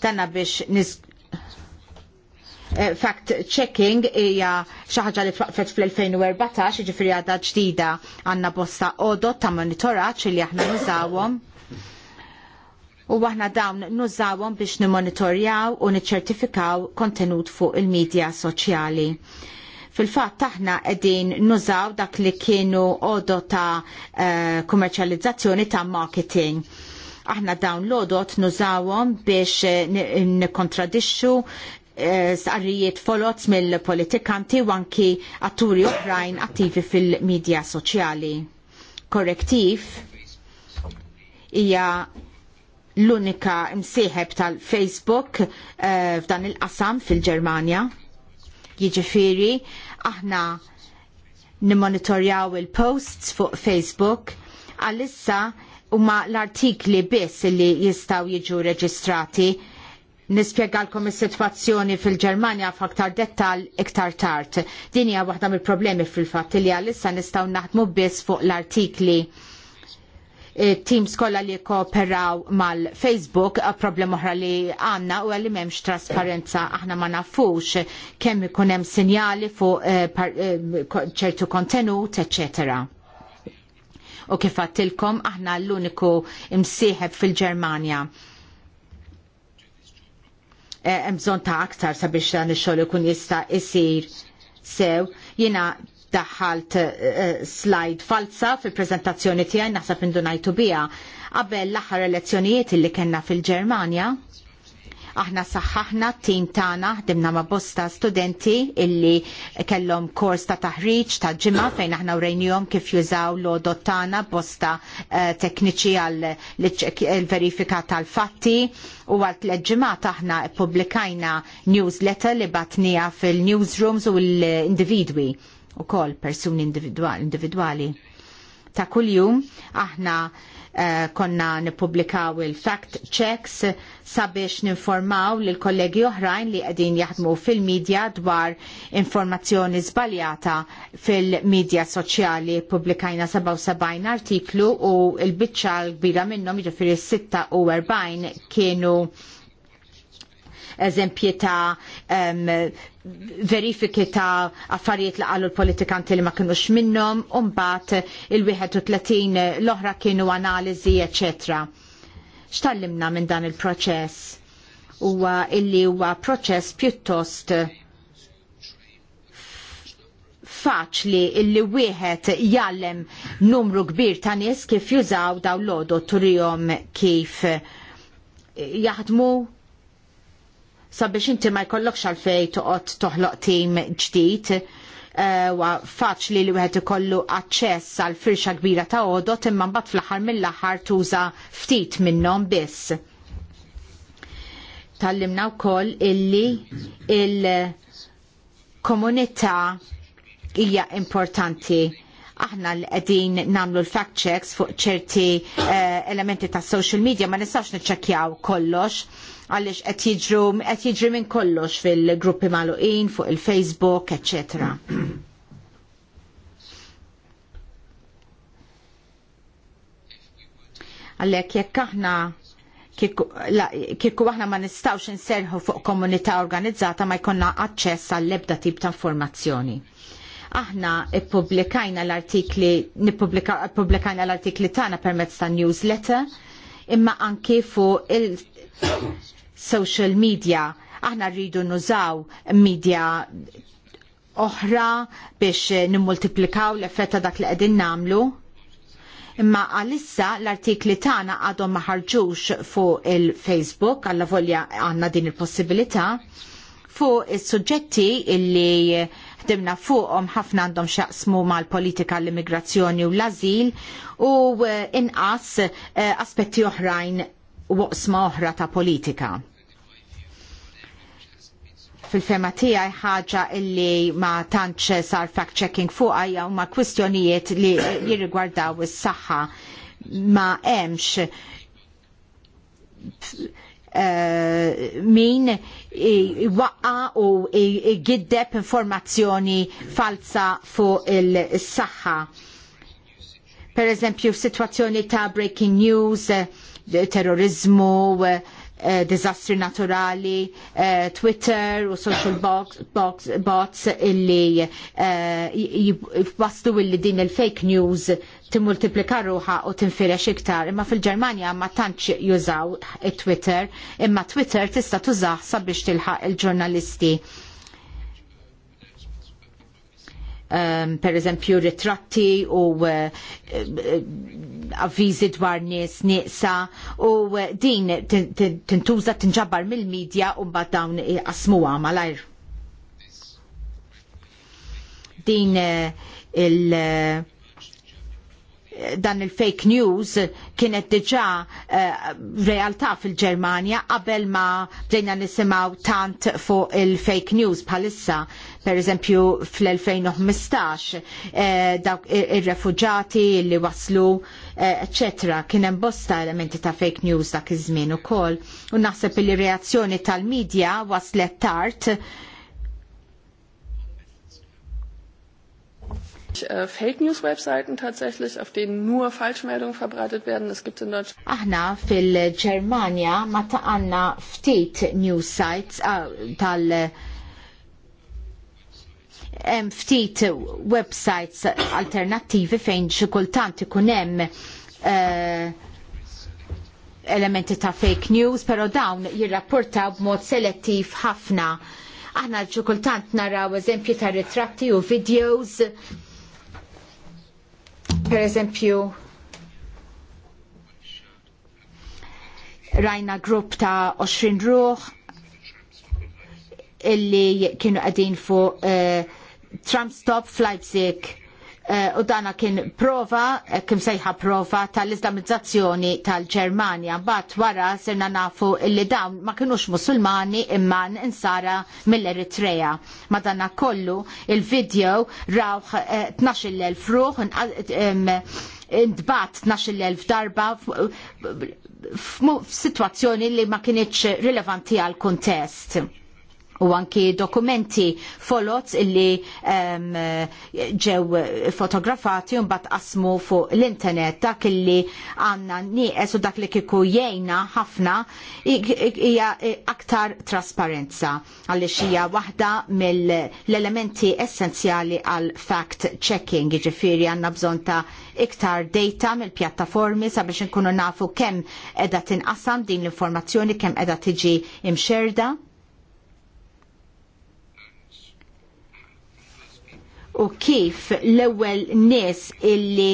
tanna biex niz fact checking hija xi ħaġa li twaqfet fl-2014 jiġifieri għadha ġdida għandna bosta odot ta' monitorat li aħna nużawhom u aħna dawn nużawhom biex nimonitorjaw u niċċertifikaw kontenut fuq il-medja soċjali fil-fat taħna edin nużaw dak li kienu odo ta' uh, ta' marketing. Aħna dawn l-odot nużawhom biex eh, nikontradixxu eh, sqarrijiet folots mill-politikanti u anki atturi oħrajn attivi fil-medja soċjali. Korrektiv hija l-unika msieħeb tal-Facebook eh, f'dan il-qasam fil-Ġermanja. Jiġifieri aħna nimmonitorjaw il-posts fuq Facebook għalissa huma l-artikli biss li jistgħu jiġu reġistrati nispjegalkom is-sitwazzjoni fil-Ġermanja f'aktar dettal iktar tard. Din hija waħda mill-problemi fil-fatt li għalissa nistgħu naħdmu biss fuq l-artikli teams kollha li kooperaw mal-Facebook problem oħra li għandna u li memx trasparenza aħna ma nafux kemm ikun hemm sinjali fuq eh, eh, ċertu kontenut, eccetera. U kif għattilkom aħna l-uniku imsieħeb fil-Ġermanja eh, hemm bżonn ta' aktar sabiex dan ix-xogħol ikun jista' jsir sew. Jiena daħalt eh, eh, slide falsa fil-prezentazzjoni tiegħi naħseb indunajtu bija qabel l-aħħar elezzjonijiet illi kellna fil-Ġermanja. Aħna saħħaħna tim tagħna ħdimna ma' bosta studenti illi kellhom kors ta' taħriġ ta' ġimgħa fejn aħna rejnijom kif jużaw l-odot tagħna bosta eh, tekniċi għal verifika tal-fatti u għal tleġġimat aħna publikajna newsletter li batnija fil-newsrooms u l-individwi u kol persuni individuali. Ta' kuljum aħna uh, konna nipublikaw il-fact checks sabiex ninformaw lil kollegi oħrajn li qegħdin jaħdmu fil-medja dwar informazzjoni żbaljata fil-medja soċjali publikajna 77 artiklu u l-biċċa l-kbira minnhom jiġifieri 46 kienu eżempji ta' um, verifiki ta' affarijiet li qalu l-politikanti li ma kinux minnhom, u mbagħad il-31 l-oħra kienu analiżi, eċetera. X'tallimna minn dan il-proċess? Huwa illi huwa proċess pjuttost faċli illi wieħed jallem numru kbir ta' nies kif jużaw dawn l-odot turihom kif jaħdmu sabiex inti ma jkollokx għalfej toqgħod toħloq tim ġdid huwa eh, faċli li wieħed ikollu aċċess għal firxa kbira ta' għodot imma mbagħad fl-aħħar mill-aħħar tuża ftit minnhom biss. Tallimna wkoll illi il-komunità hija importanti aħna l-qegħdin nagħmlu l-fact checks fuq ċerti uh, elementi ta' social media ma nistgħux niċċekkjaw kollox għaliex qed jiġru qed jiġri minn kollox fil-gruppi magħluqin fuq il-Facebook, eċċetera. Għalhekk jekk aħna kieku aħna ma nistawx inserħu fuq komunità organizzata ma jkonna aċċess għall-ebda tip ta' informazzjoni. Aħna ippubblikajna l-artikli, nippubblikajna l-artikli tagħna permezz ta' newsletter, imma anki fuq il-social media. Aħna rridu nużaw media oħra biex nimmultiplikaw l-effett ta' dak li qegħdin nagħmlu. Imma għalissa l-artikli tagħna għadhom ma ħarġux fuq il-Facebook, għalla volja għandna din il-possibilità, fuq is il suġġetti illi ħdimna fuqhom ħafna għandhom xaqsmu mal-politika l-immigrazzjoni u l-azil u eh, inqas eh, aspetti oħrajn waqsma oħra ta' politika fil-fema tiegħi ħaġa illi ma tantx sar fact-checking fuq hija huma kwistjonijiet li jirrigwardaw is-saħħa ma hemmx Eh, min waqqa u giddeb informazzjoni falsa fuq il-saħħa. Per eżempju, situazzjoni ta' breaking news, eh, terrorizmu, eh, Eh, diżastri dizastri naturali, uh, Twitter u social box, box, bots illi eh, uh, illi din il-fake news timmultiplika ruħa u tinfirex iktar. Imma fil-Ġermanja ma tantx jużaw it-Twitter, imma Twitter tista' tużaħ sabiex tilħaq il-ġurnalisti um, per eżempju ritratti u uh, uh avvizi dwar nies nieqsa u uh, din tintuża tinġabbar mill-medja u mbagħad dawn iqasmuha malajr. Din uh, il- uh, dan il-fake news kienet diġà uh, realtà fil-Ġermanja qabel ma bdejna nisimgħu tant fuq il-fake news bħalissa pereżempju fl-2015 uh, dawk ir refugġati il li waslu uh, eh, etc. kien hemm bosta elementi ta' fake news dak iż-żmien ukoll u naħseb li reazzjoni tal-medja waslet tard Äh, fake News Webseiten tatsächlich, auf denen nur Falschmeldungen verbreitet werden. Es gibt in Deutschland. Aħna fil-Germania ma taqanna ftit news sites äh, tal hemm ftit websites alternattivi fejn xi kultant ikun hemm äh, elementi ta' fake news, pero dawn jirrapportaw b'mod selettiv ħafna. Aħna ġi kultant naraw eżempji ta' ritratti u videos Per eżempju, rajna grupp ta' 20 ruħ illi kienu għadin fuq uh, eh, tram Stop Leipzig u dana kien prova, kim sejħa prova tal-islamizzazzjoni tal-Ġermanja. Bat wara sirna nafu illi dawn ma kienux musulmani imman insara mill-Eritrea. Madana kollu il-video rawħ 12.000 fruħ indbat 12.000 darba f-situazzjoni li ma kienieċ rilevanti għal kontest u anki dokumenti folots illi um, ġew fotografati un bat qasmu fuq l-internet dak illi għanna nieqes u dak li kiku jgħina ħafna hija aktar trasparenza għaliex hija waħda mill-elementi essenzjali għal fact checking ġifiri għanna bżon ta' iktar data mill-pjattaformi sabiex nkunu nafu kemm edha tinqasam din l-informazzjoni kemm edha tiġi imxerda u kif l-ewwel nies illi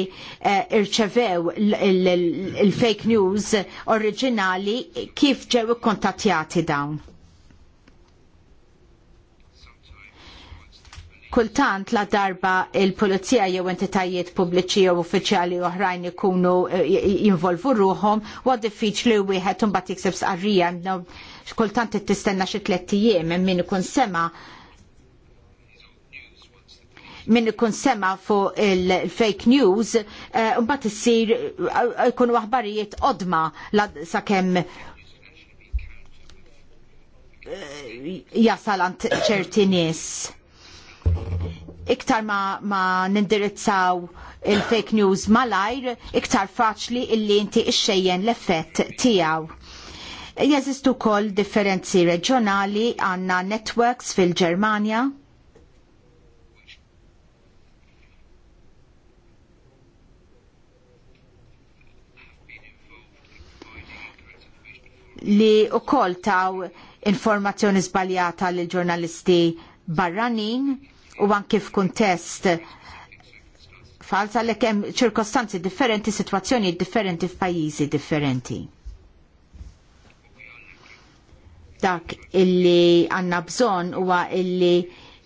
eh, irċevew il-fake news oriġinali kif ġew ikkontattjati dawn. kultant la darba il-polizija jew entitajiet pubbliċi jew uffiċjali oħrajn ikunu eh, jinvolvu ruhom huwa diffiċli wieħed imbagħad jikseb sqarrija kultant tistenna xi jiem hemm minn ikun sema min ikun sema fuq il-fake news, mbagħad eh, issir ikun eh, waħbarijiet odma sakemm eh, jasal għand ċerti nies. Iktar ma, nindirizzaw il-fake news malajr, iktar faċli illi inti xejjen l-effett tiegħu. Jeżistu wkoll differenzi reġjonali għandna networks fil-Ġermanja, li wkoll taw informazzjoni żbaljata lill ġurnalisti barranin u anke f'kuntest falsa l hemm ċirkostanzi differenti, sitwazzjonijiet differenti f'pajjiżi differenti. Dak illi għandna bżonn huwa illi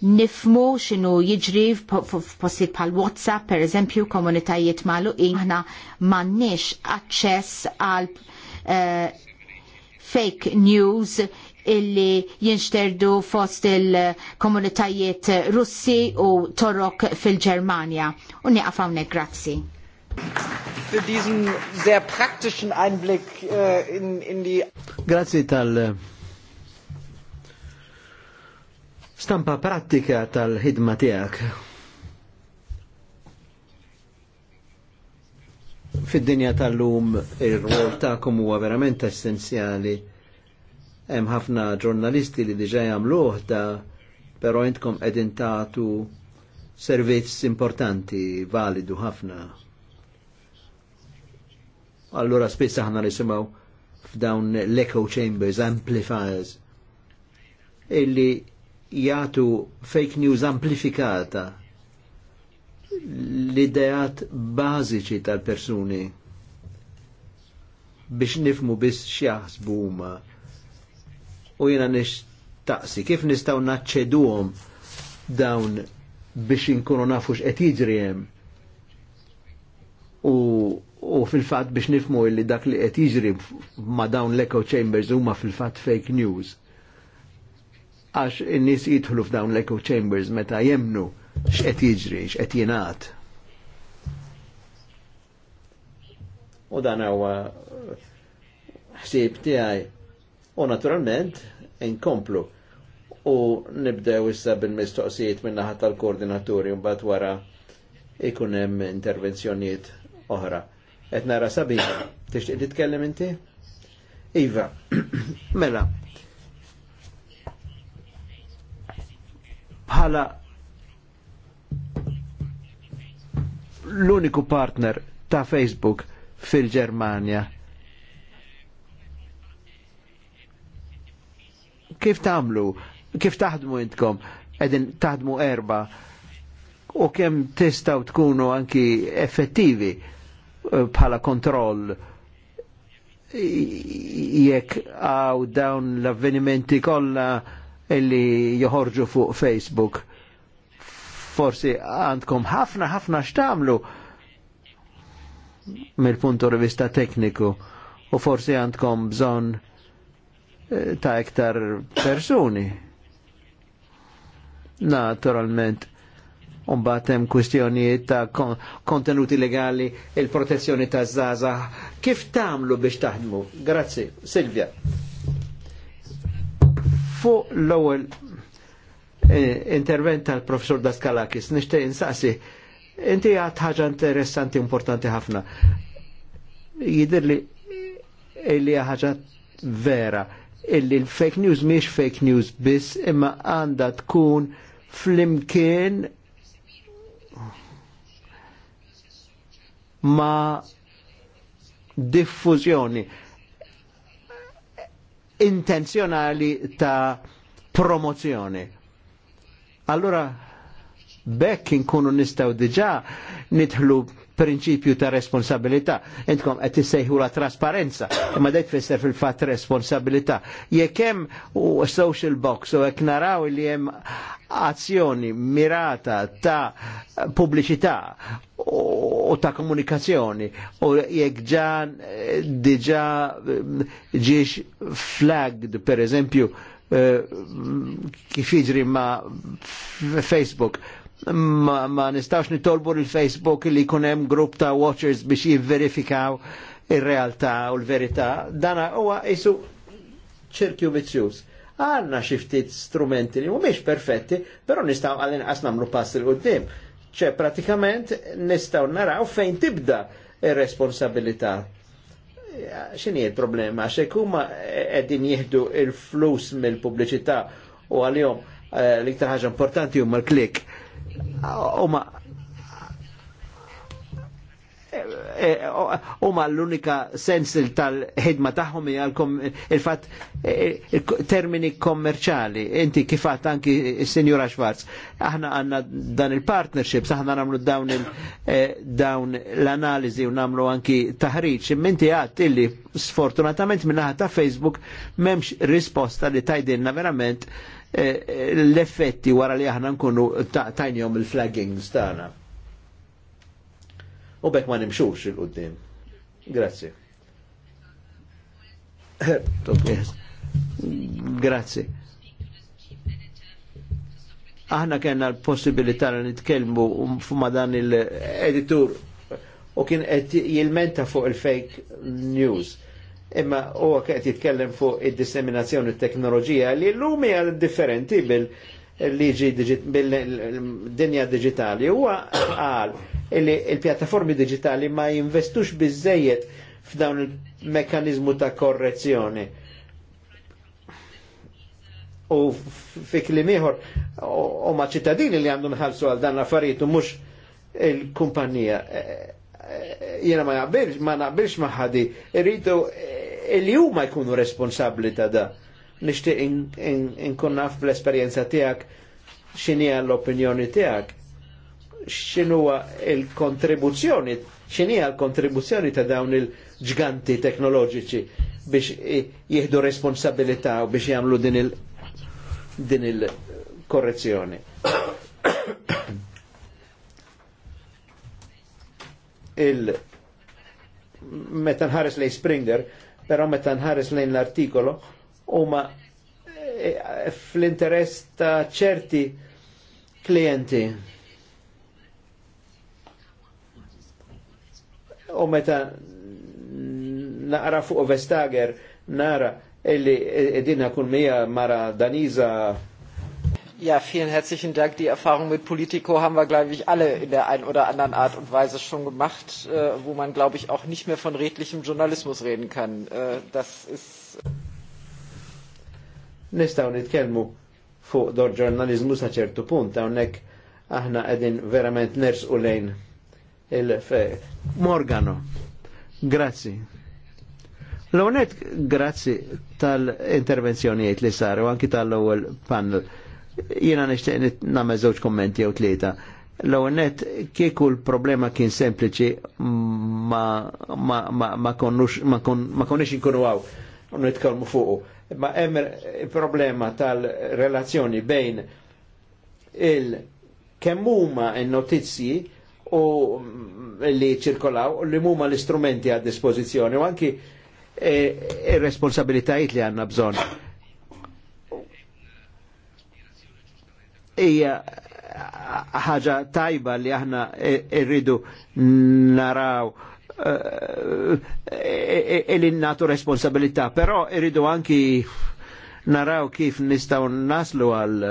nifmu xinu jiġri f'postijiet bħal WhatsApp, per eżempju, komunitajiet magħluqin aħna m'għandniex aċċess għal uh, fake news illi jinxterdu fost il-komunitajiet russi u torok fil-Germania. Unni għafawne, grazzi. Für diesen sehr praktischen Einblick uh, in, in die. Grazie tal äh, stampa pratica tal hidmatiak. fid-dinja tal-lum ir-rol ta'kom huwa verament essenzjali. Hemm ħafna ġurnalisti li diġa jagħmluh da però intkom qegħdin tagħtu servizz importanti, validu ħafna. Allura spiss aħna nisimgħu f'dawn l-echo chambers, amplifiers, illi jagħtu fake news amplifikata l-ideat bażiċi tal-persuni biex nifmu biss xjaħsbu huma. U jiena nixtaqsi kif nistgħu naċċeduhom dawn biex inkunu nafu x'qed jiġri hemm. U, u fil-fatt biex nifmu li dak li qed jiġri ma' dawn l-echo chambers huma fil-fatt fake news. Għax in-nies jidħlu f'dawn l-echo chambers meta jemnu x'qed jiġri, x'qed jingħad. U dan huwa ħsieb tiegħi. U naturalment inkomplu u nibdew issa bil-mistoqsijiet minn naħa tal-koordinaturi mbagħad wara ikun hemm intervenzjonijiet oħra. Qed nara sabiħa, tixtieq titkellem inti? Iva, mela. Bħala l-uniku partner ta' Facebook fil-Germania. Kif tamlu? Kif taħdmu intkom? Edin taħdmu erba u kem tistaw tkunu anki effettivi eh, bħala kontroll jekk għaw dawn l-avvenimenti kollha illi joħorġu fuq Facebook forsi għandkom ħafna ħafna xtamlu mill-punto rivista tekniku u forsi għandkom bżon eh, ta' iktar persuni. Naturalment, un batem kwistjonijiet ta' kontenuti legali, il-protezzjoni ta' zaza. Kif tamlu biex taħdmu? Grazzi, Silvia. Fu l-ewwel Eh, intervent tal-professor Daskalakis, nishtiq insaqsi, inti għat ħaġa interessanti importanti ħafna. Jidir li illi ħaġa vera, illi l-fake news miex fake news biss, imma għanda tkun flimkien ma diffużjoni intenzjonali ta' promozjoni. Allora bekk inkunu nistaw diġa nidħlu prinċipju ta' responsabilità. Intkom qed issejħu la trasparenza, imma dejt fisser fil-fatt responsabilità. Jekem hemm u social box u jekk naraw li hemm azzjoni mirata ta' pubbliċità u ta' komunikazzjoni u jekk ġan diġa eh, ġiex flagged per eżempju Eh, kif jiġri ma' Facebook ma, ma nistax nitolbu il facebook li kunem grupp ta' watchers biex jivverifikaw il-realtà u l-verità. Dana huwa isu ċerkju vizzjuż. Għanna xiftit strumenti li mhumiex perfetti, però nistaw għallin qas namlu pass il qoddim ċe pratikament nistaw naraw fejn tibda ir-responsabilità xini il-problema, x'ekuma huma qegħdin jieħdu il-flus mill-pubbliċità u għal-jom eh, l-iktar ħaġa importanti huma l-klik. Huma huma l-unika sens tal-ħidma tagħhom hija il-fatt termini kommerċali. Inti kifat anki Sinjura Schwarz. Aħna għandna dan il-partnerships, aħna nagħmlu dawn eh, dawn l-analiżi u nagħmlu anki taħriġ. Minti għadt illi sfortunatament minnaħa ta' Facebook m'hemmx risposta li tajdinna verament eh, l-effetti wara li aħna nkunu tajnjom il-flagging stana u bekk ma nimxux il-qoddim. Grazzi. Grazzi. Aħna kena l-possibilità li nitkellmu um, f'ma dan il-editur u kien qed jilmenta fuq il-fake news. Imma huwa qed jitkellem fuq id-disseminazzjoni t-teknoloġija li llum hija differenti bil-liġi bil-dinja digitali. Huwa qal il-pjattaformi digitali ma jinvestux bizzejiet f'dawn il-mekanizmu ta' korrezzjoni. U fi klimiħor, u ma' ċittadini li għandhom ħalsu għal dan l-affarijiet u mhux il-kumpanija. E, e, e, jiena ma jaqbilx, ma naqbilx ma' ħadi, irridu li huma jkunu responsabbli ta' da. Nixtieq inkun naf bl-esperjenza tiegħek x'inhi l-opinjoni tiegħek xinuwa il-kontribuzzjoni, xinija il kontribuzzjoni ta' dawn il-ġganti teknoloġiċi biex jihdu responsabilità u biex jamlu din il- din il-korrezzjoni. il metan nħares lej Springer, pero metan nħares lejn l-artikolo, u ma eh, fl-interess ta' ċerti klienti u meta naqra fuq Vestager nara illi edina kun mija mara Daniza. Ja, vielen herzlichen Dank. Die Erfahrung mit Politico haben wir, glaube ich, alle in der einen oder anderen Art und Weise schon gemacht, äh, wo man, glaube ich, auch nicht mehr von redlichem Journalismus reden kann. Äh, Das ist. Nistaw nitkellmu fuq dor ġurnalizmu sa ċertu punt, hawnhekk aħna qegħdin verament nersqu lejn il-Morgano. Grazzi. l onet grazzi tal-intervenzjonijiet li saru, anki tal ewwel panel. Jena nishtiq namel żewġ kommenti jew tlieta. l onet kieku l-problema kien sempliċi ma, ma, ma, ma konnux inkunu għaw, nitkalmu fuqu. Ma emmer il-problema tal-relazzjoni bejn il-kemmuma il-notizji il kemmuma il notizji u li ċirkolaw u li muma l-istrumenti għad dispożizzjoni u anki il-responsabilitajiet e, e li għanna bżon. Ija ħaġa tajba li aħna e, irridu naraw li natu responsabilità, però irridu anki naraw kif nistaw naslu għal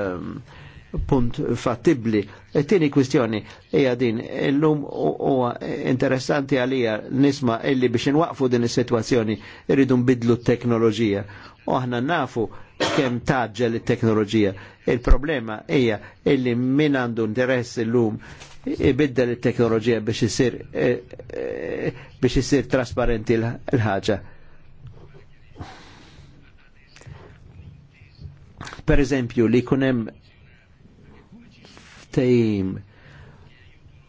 punt fattibli. E tini kwistjoni hija din illum huwa interessanti għalija nisma illi biex inwaqfu din is-sitwazzjoni irridu nbidlu t-teknoloġija. U aħna nafu kemm taġġel it-teknoloġija. Il-problema hija illi min għandu interess illum ibiddel it-teknoloġija biex isir e, e, biex isir trasparenti l-ħaġa. Per eżempju, li kunem ftejim.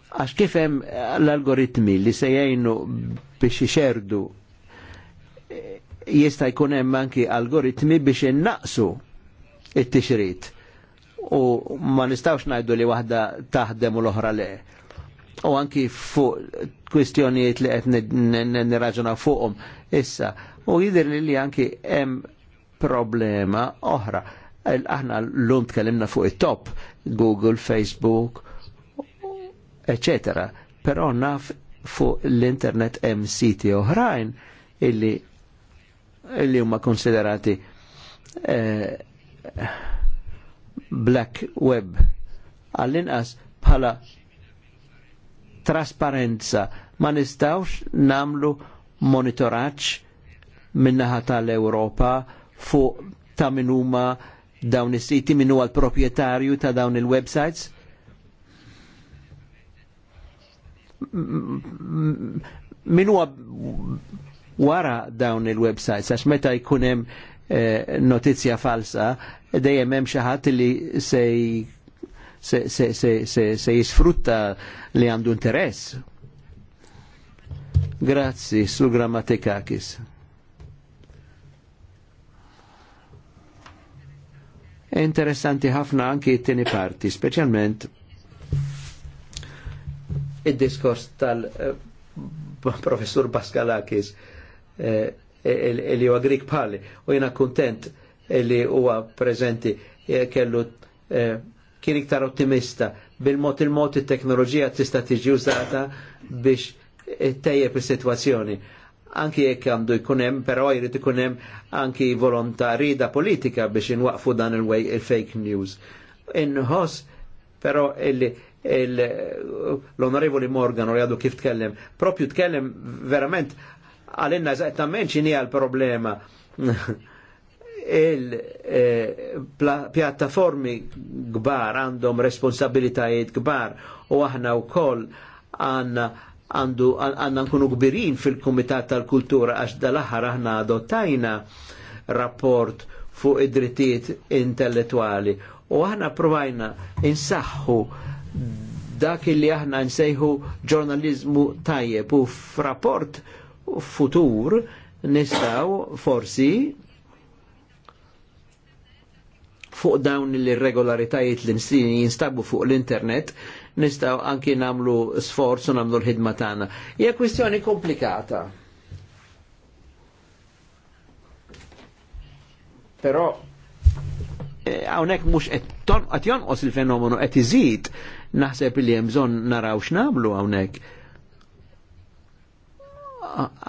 Għax kifem l-algoritmi li se jgħinu biex ixerdu jista jkunem manki algoritmi biex innaqsu it tixrit u ma nistawx najdu li wahda taħdem u l-oħra le. U anki fuq kwistjonijiet li qed nirraġuna fuqhom issa. U jidher li li anki hemm problema oħra aħna l-lum tkellimna fuq it-top, Google, Facebook, eccetera. Però naf fuq l-internet hemm siti oħrajn illi illi huma konsiderati eh, black web għall-inqas bħala trasparenza ma nistawx namlu monitoraċ minnaħa tal-Europa fuq ta' minuma huma dawn is-siti minn huwa l-proprjetarju ta' dawn il-websites? Min huwa wara dawn il-websites għax meta jkun hemm eh, notizja falsa dejjem hemm xi ħadd li se se, se jisfrutta li għandu interess. Grazzi, su grammatikakis. interessanti ħafna anki t-tini parti, specialment il-diskors tal-professur eh, il eh, li huwa Greek Pali u jena kontent li huwa prezenti eh, kellu kien iktar ottimista bil-mod il mot il-teknologija tista' tiġi użata biex tejjeb situazzjoni. sitwazzjoni anki jekk għandu jkun hemm, però jrid ikun hemm anki volontà rida politika biex inwaqfu dan il-way il-fake news. Inħoss però illi l-onorevoli Morgan u jadu kif tkellem, propju tkellem verament għalinna eżattament xini għal-problema. Il-pjattaformi eh, gbar għandhom responsabilitajiet gbar u aħna u koll għanna għandu għanna nkunu kbirin fil-Kumitat tal-Kultura għax dal-aħħar aħna adottajna rapport fuq id-drittijiet intellettuali u aħna provajna insaħħu dak li aħna nsejħu ġurnalizmu tajjeb u f'rapport futur nistaw forsi fuq dawn l-irregolaritajiet li jinstabu fuq l-internet nistaw anki namlu sforz u namlu l-ħidma tana. Ija kwistjoni komplikata. Però għawnek eh, mux mhux qed jonqos il-fenomenu qed iżid naħseb li jemżon naraw x'nablu hawnhekk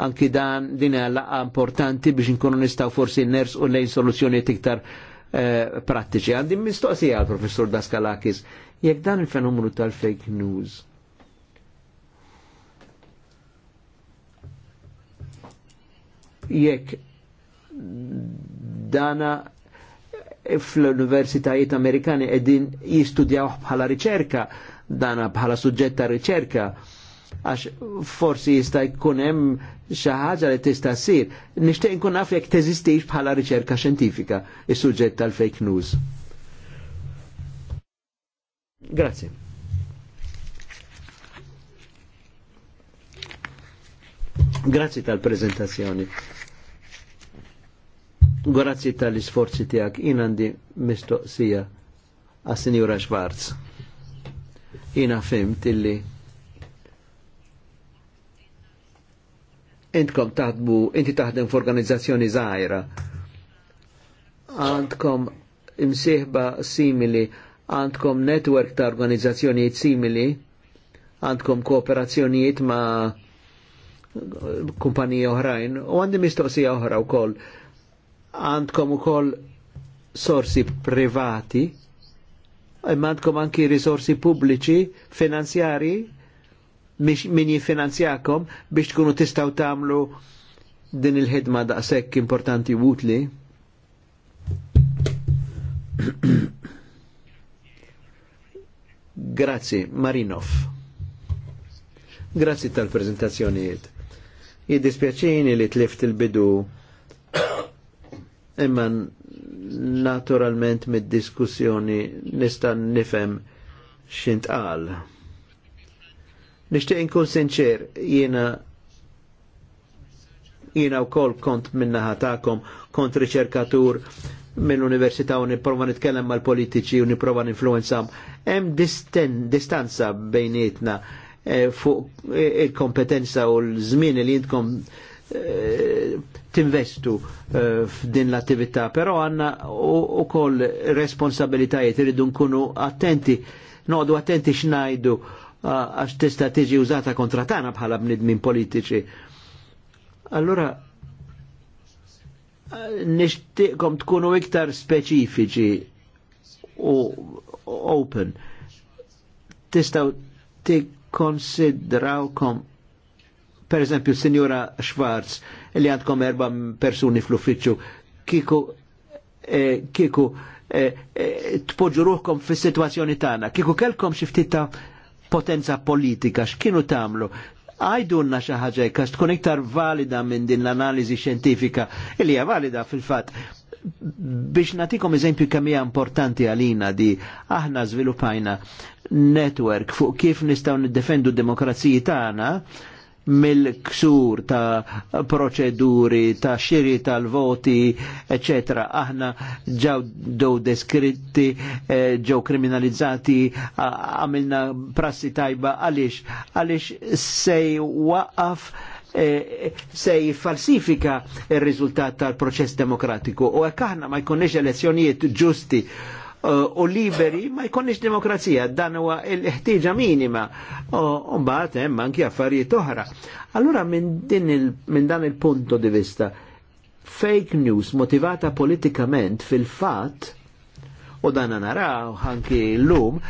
anki dan din laqa importanti biex nkunu nistaw forsi ners u lejn soluzzjoni iktar Eh, prattiċi. Għandim mistoqsija għal professor Daskalakis, jekk dan il-fenomenu tal-fake news. Jekk dana fl-universitajiet Amerikani edin jistudjaw bħala riċerka, dana bħala suġġetta riċerka, għax forsi jista' jkun hemm xi ħaġa li tista' ssir. Nixtieq nkun naf jekk teżistix bħala riċerka xjentifika is-suġġett tal-fake news. Grazie. Grazie tal-prezentazzjoni. Grazie tal-isforzi tiegħek Jien għandi mistoqsija għas-Sinjura Schwarz. Jina fimt illi intkom taħdmu, inti taħdem f'organizzazzjoni zaħira. Għandkom imsieħba simili, għandkom network ta' organizzazzjonijiet simili, għandkom kooperazzjonijiet ma' kumpaniji oħrajn, u għandi mistoqsija oħra u koll. Għandkom u koll sorsi privati, imma għandkom anki risorsi pubbliċi, finanzjari, min jifinanzjakom biex tkunu tistaw tamlu din il-ħidma daqshekk importanti utli. Grazzi, Marinov. Grazzi tal-prezentazzjonijiet. Jiddispjaċini li tlift il-bidu imma naturalment mid-diskussjoni nista' nifhem x'intqal. Nishtiq nkun sinċer, jiena jiena u kol kont minnaħa ta'kom, kont riċerkatur mill-Università u niprofa nitkellem mal politiċi u niprofa ninfluenzam. Hemm distanza bejnietna eh, fuq eh, il-kompetenza u l-żmien li jintkom eh, tinvestu eh, f'din l-attività, però għanna u koll responsabilitajiet irridu nkunu attenti, noqdu attenti xnajdu għax tista tiġi użata kontra tana bħala bnidmin politiċi. Allora nixtieqkom tkunu iktar speċifiċi u open. Tistaw tikkonsidrawkom per eżempju Signora Schwarz li għandkom erba persuni fl-uffiċċju kiku eh, kiku eh, eh, tpoġġu ruħkom fis-sitwazzjoni tagħna. Kieku kellkom xi ftit ta' potenza politika, x'kienu tagħmlu? għajdunna xaħġa jkax tkun iktar valida minn din l analiżi xjentifika, li hija valida fil fatt Biex natikom eżempju kemm hija importanti għalina di aħna żviluppajna network fuq kif nistgħu niddefendu d-demokrazija tagħna mill-ksur ta' proċeduri, ta' xiri tal-voti, ecc. Aħna ġew dow deskritti, eh, ġew kriminalizzati, għamilna prassi tajba għaliex, għaliex sej waqaf sej eh, se il-rizultat tal-proċess demokratiku u għek aħna ma jkunniex elezzjonijiet ġusti Eh, u liberi ma jkollniex demokrazija, dan huwa l-ħtieġa minima. U mbagħad hemm anke affarijiet oħra. Allura minn dan il-punto di vista fake news motivata politikament fil-fatt u dan naraw anki l-lum,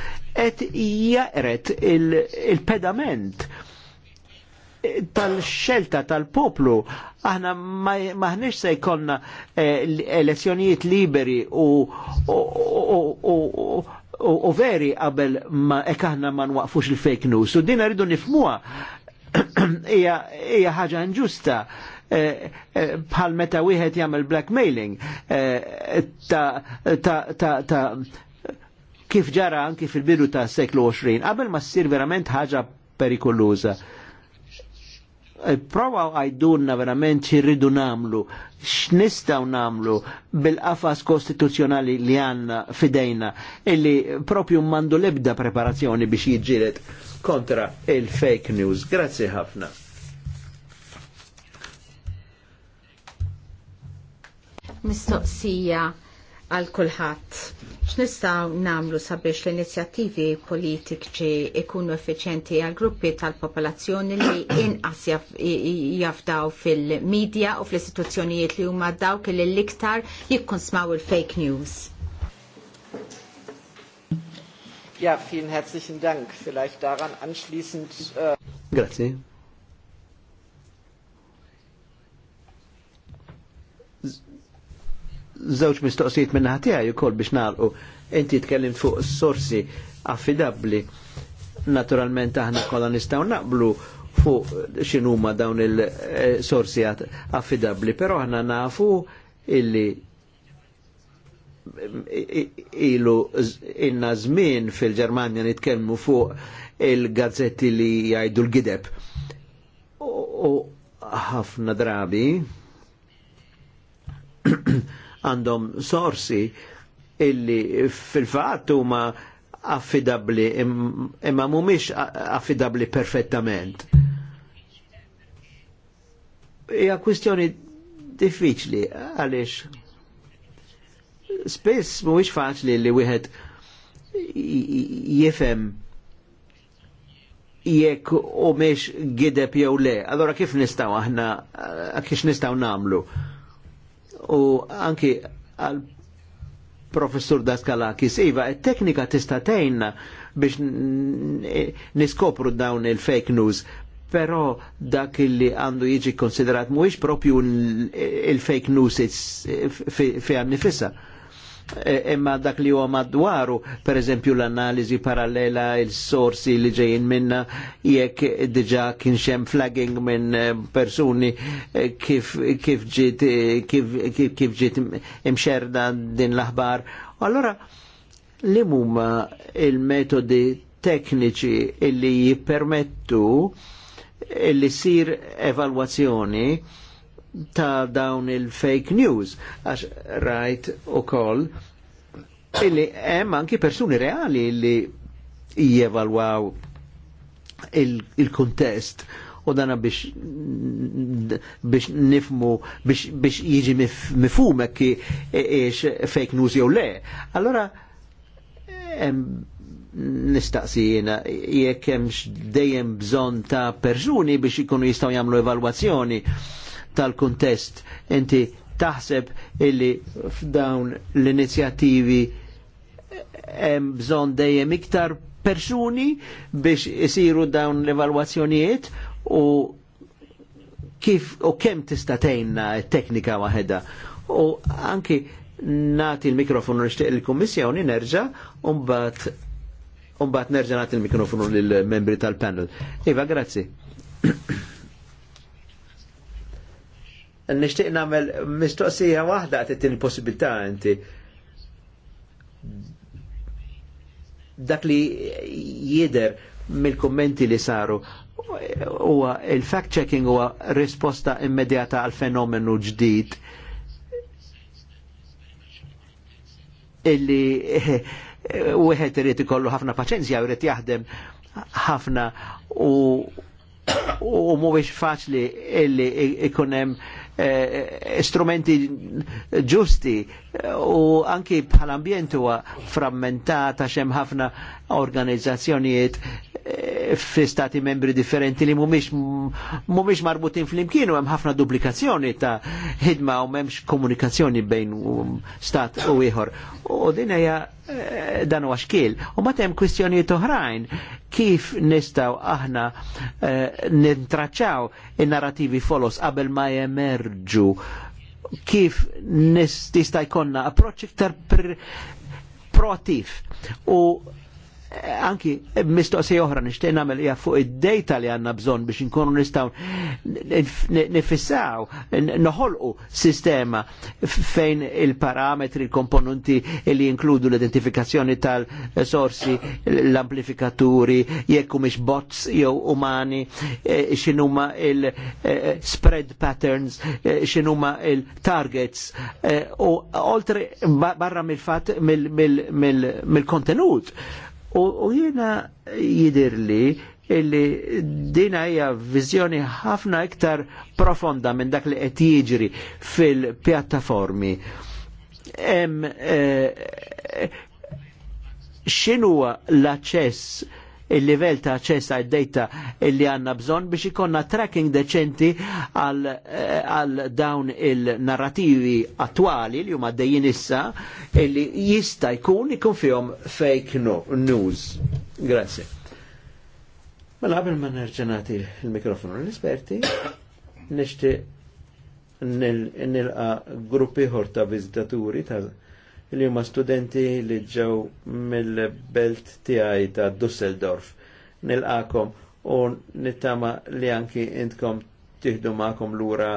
et jaqret il-pedament il pedament tal-xelta tal-poplu aħna maħniex se jkollna eh, elezzjonijiet liberi u veri qabel ma ek aħna ma nwaqfux il-fake news. U din rridu nifmuha hija ħaġa inġusta eh, eh, bħal meta wieħed jagħmel blackmailing ta' kif ġara anki fil-bidu ta' seklu 20 qabel ma ssir verament ħaġa perikoluża Eh, prova għajdunna verament xirridu namlu, x'nistgħu namlu bil-qafas kostituzzjonali li għanna fidejna, illi propju mandu lebda preparazzjoni biex jiġġieled kontra il-fake news. Grazie. ħafna. Mistoqsija għal kulħadd. X'nistgħu namlu sabiex l-inizjattivi politiċi ikunu effiċjenti għal gruppi tal-popolazzjoni li inqas jafdaw fil-medja u fl-istituzzjonijiet li huma dawk li l-iktar smaw il-fake news. Ja, vielen herzlichen Dank. Vielleicht daran anschließend. Uh... Grazie. żewġ mistoqsijiet minna ħatijaj ukoll biex nagħlqu. Inti tkellim fuq sorsi affidabbli. Naturalment aħna kollha nistgħu naqblu fuq x'inhuma dawn il-sorsi affidabbli, però aħna nafu illi ilu inna żmien fil-Ġermanja nitkellmu fuq il-gazzetti li jgħidu l-gideb. U ħafna drabi għandhom sorsi illi fil-fatt huma affidabli imma mhumiex affidabli perfettament. Hija kwistjoni diffiċli għaliex spiss mhuwiex faċli li wieħed jifhem jekk u miex gideb jew le. Allora kif nistgħu aħna, kif nistgħu namlu? u anki għal professur Daskalakis, iva, teknika tista' tgħinna biex niskopru dawn il-fake news, però dak li għandu jiġi konsiderat mhuwiex propju il-fake news fi għannifissa. Fi E, imma dak li huwa madwaru, per eżempju l-analiżi parallela il-sorsi li ġejjin minna jekk diġà kien xem flagging minn eh, persuni eh, kif kif ġiet eh, kif, kif, kif ġiet imxerda din l-aħbar. Allora li huma il-metodi tekniċi illi jippermettu illi sir evalwazzjoni ta' dawn il-fake news, għax rajt u koll, illi hemm anki persuni reali li jevalwaw il-kontest il u dana biex biex nifmu biex, biex jiġi mifhum ki ix e, fake news jew le. Allora em, nistaqsi jena jekk hemmx dejjem bżonn ta' persuni biex ikunu jistgħu jagħmlu evalwazzjoni tal-kuntest. Inti taħseb illi f'dawn l-inizjattivi hemm bżonn dejjem iktar persuni biex isiru dawn l-evalwazzjonijiet u kif u kemm tista' tgħinna t teknika waħedha. U anki nagħti l-mikrofonu nixtieq il-Kummissjoni nerġa' u mbagħad nerġa nagħti l mikrofonu lill membri tal-panel. Iva, grazzi. nishtiq namel mistoqsija wahda għat it possibilità inti. Dak li jider mill-kommenti li saru huwa il-fact checking huwa risposta immedjata għal fenomenu ġdid illi wieħed irid ikollu ħafna paċenzja u irid jaħdem ħafna u u mhuwiex faċli illi ikun hemm Eh, strumenti ġusti u anki bħal-ambjent huwa frammentata xem ħafna organizzazzjonijiet eh, fi stati membri differenti li mumiex mumiex marbutin fl-imkien u hemm ħafna duplikazzjoni ta' ħidma u m'hemmx komunikazzjoni bejn um, stat u ieħor. U din hija eh, dan huwa xkiel. U ma hemm kwistjonijiet oħrajn kif nistgħu aħna eh, nintraċċaw in-narrativi folos qabel ma jemerġu kif nistista jkollna approċċ iktar proattiv u Eh, anki eh, mistoqsija oħra nixtieq nagħmel hija fuq id-dejta li għandna bżonn biex inkunu nistgħu nifissaw, noħolqu sistema fejn il-parametri, il-komponenti li jinkludu l-identifikazzjoni tal-sorsi, l-amplifikaturi, jekk mhix bots jew umani, eh, x'inhuma il-spread patterns, x'inhuma il-targets u oltre barra mill-fatt mill-kontenut. mil, mil, mil U jiena li illi dina hija viżjoni ħafna iktar profonda minn dak li qed jiġri fil-pjattaformi. Hemm eh, x'inhuwa l-aċċess il-livell ta' ċess għad data illi għanna bżon biex ikonna tracking deċenti għal eh, dawn il-narrativi attuali li huma dejjin issa illi jista' jkun ikun fihom fake no, news. Grazie. Mela qabel ma nerġenati il-mikrofonu l-esperti, nishti nilqa gruppi ħor ta' vizitaturi ta' li huma studenti li ġew mill-belt tiegħi ta' Dusseldorf. Nilqakom u nittama li anki intkom tiħdu magħkom lura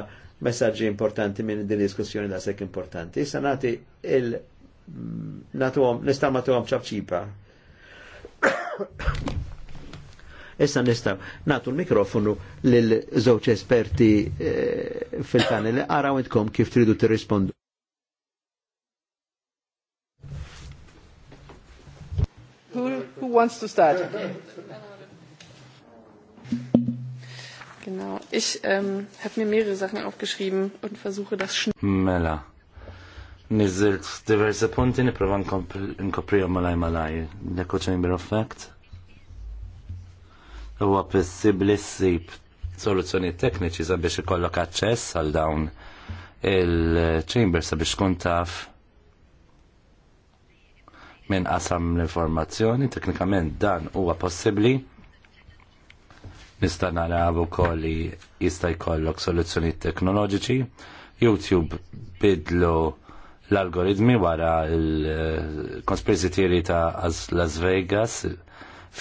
messaġġi importanti minn din diskussjoni da' sekk importanti. Issa nagħti il natuhom nista' nagħtuhom ċabċipa. Issa nistgħu nagħtu l-mikrofonu lil żewġ esperti eh, fil-panel. Araw intkom kif tridu tirrispondu. wants to start? Genau, ich ähm, habe mir mehrere Sachen aufgeschrieben und versuche das schnell. Mela. Nizzilt diverse punti ne niprofa nkoprijom malaj malaj. Lekko chamber of fact. Huwa possibbli ssib soluzzjoni tekniċi sabiex ikollok aċċess għal dawn il-chamber sabiex kun taf minn qasam l-informazzjoni, teknikament dan huwa possibbli. Nista' naraw ukoll li jista' jkollok soluzzjonijiet teknoloġiċi. YouTube bidlu l-algoritmi wara l-konspirzi tieri ta' Las Vegas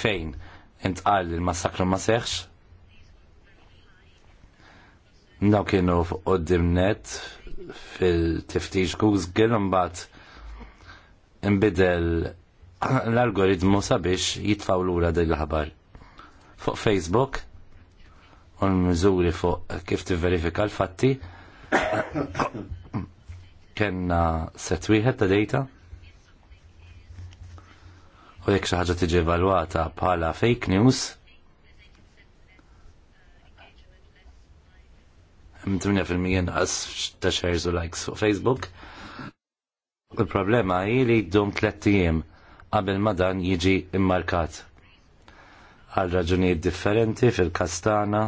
fejn intqal il-massakru ma seħx. Daw kienu fuq net fil-tiftix Google mbagħad imbidel l-algoritmu sabiex jitfaw lura ura l-ħabar. Fuq Facebook, u l-mżuri fuq kif tivverifika l-fatti, kena set wieħed ta' data u jekk xi ħaġa tiġi evalwata bħala fake news fil-mija għas ta' shares u likes fuq Facebook Il-problema hi li jdum tlettijiem qabel ma dan jiġi immarkat. Għal raġunijiet differenti fil-kastana,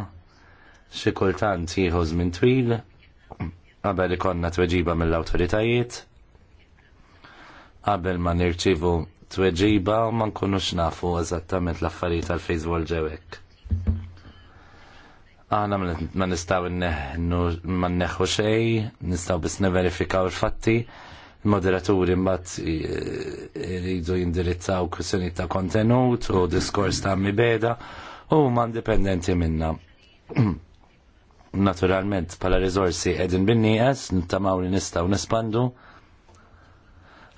xi kultant jieħu żmien twil, qabel ikonna tweġiba mill-awtoritajiet, qabel ma nirċivu tweġiba ma nkunux nafu eżattament l-affarijiet tal-fejżwol ġewek. Aħna ma nistgħu neħnu ma nneħħu xejn nistgħu biss neverifikaw il-fatti, moderaturi mbagħad eh, iridu jindirizzaw kwistjoni ta' kontenut u diskors ta' mibeda u huma indipendenti minna. Naturalment pala riżorsi qegħdin bin-nieqes nittamaw li nistgħu nispandu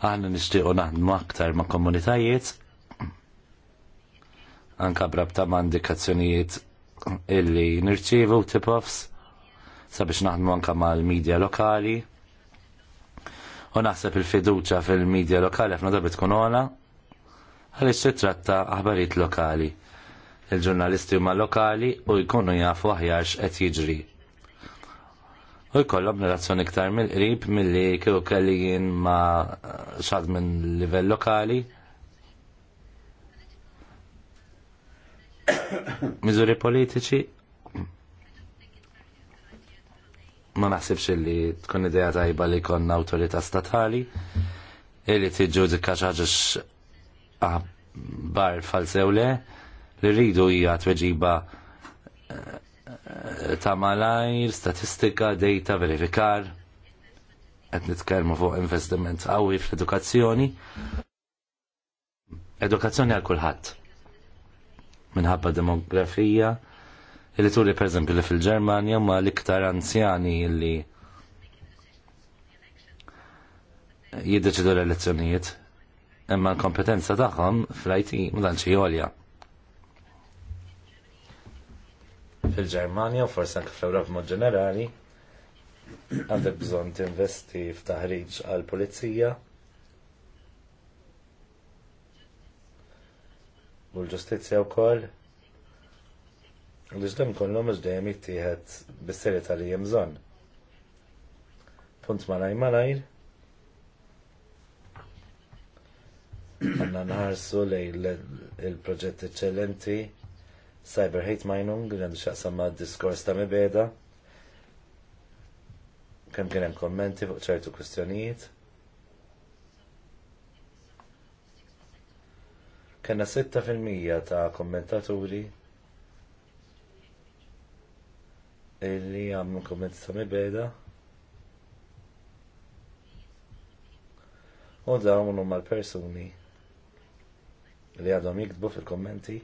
aħna nixtiequ naħdmu aktar ma' komunitajiet anka brab ma' indikazzjonijiet illi nirċievu tip-offs sabiex naħdmu anka mal-medja lokali u naħseb il-fiduċa fil-medja lokali għafna dabit tkun għola għalix tratta aħbarijiet lokali. Il-ġurnalisti huma lokali u jkunu jafu aħjarx qed jiġri. U jkollhom relazzjoni iktar mill-qrib milli kieku kelli jien ma' xad minn livell lokali. Miżuri politiċi ma naħsibx li tkun ideja tajba li konna awtorità statali illi tiġġudika ċaġġ ah, bar le li rridu hija tweġiba eh, ta' malajr, statistika, data, verifikar qed nitkellmu fuq investiment qawwi fl-edukazzjoni. Edukazzjoni għal kulħadd. Minħabba demografija, Illi turi per esempio li fil-Ġermanja ma l-iktar anzjani li jiddeċidu l-elezzjonijiet imma l-kompetenza tagħhom fl-IT xi għolja. Fil-Ġermanja u forsi anke fl ewrop mod ġenerali għandek bżonn tinvesti f'taħriġ għall pulizija u l-ġustizzja wkoll L-iżdem kollu mux dejjem jittieħed bis-serjetà li hemm bżonn. Punt malaj malajr. Għanna nħarsu lejn il-proġett eċċellenti Cyber Hate Mining li għandu xaqsam ma' diskors ta' mibeda. Kem kien hemm kommenti fuq ċertu kwistjonijiet. Kena 6% ta' kommentaturi li għamlu komment sa' mibeda. U dawn huma l-persuni li għadhom jiktbu fil-kommenti.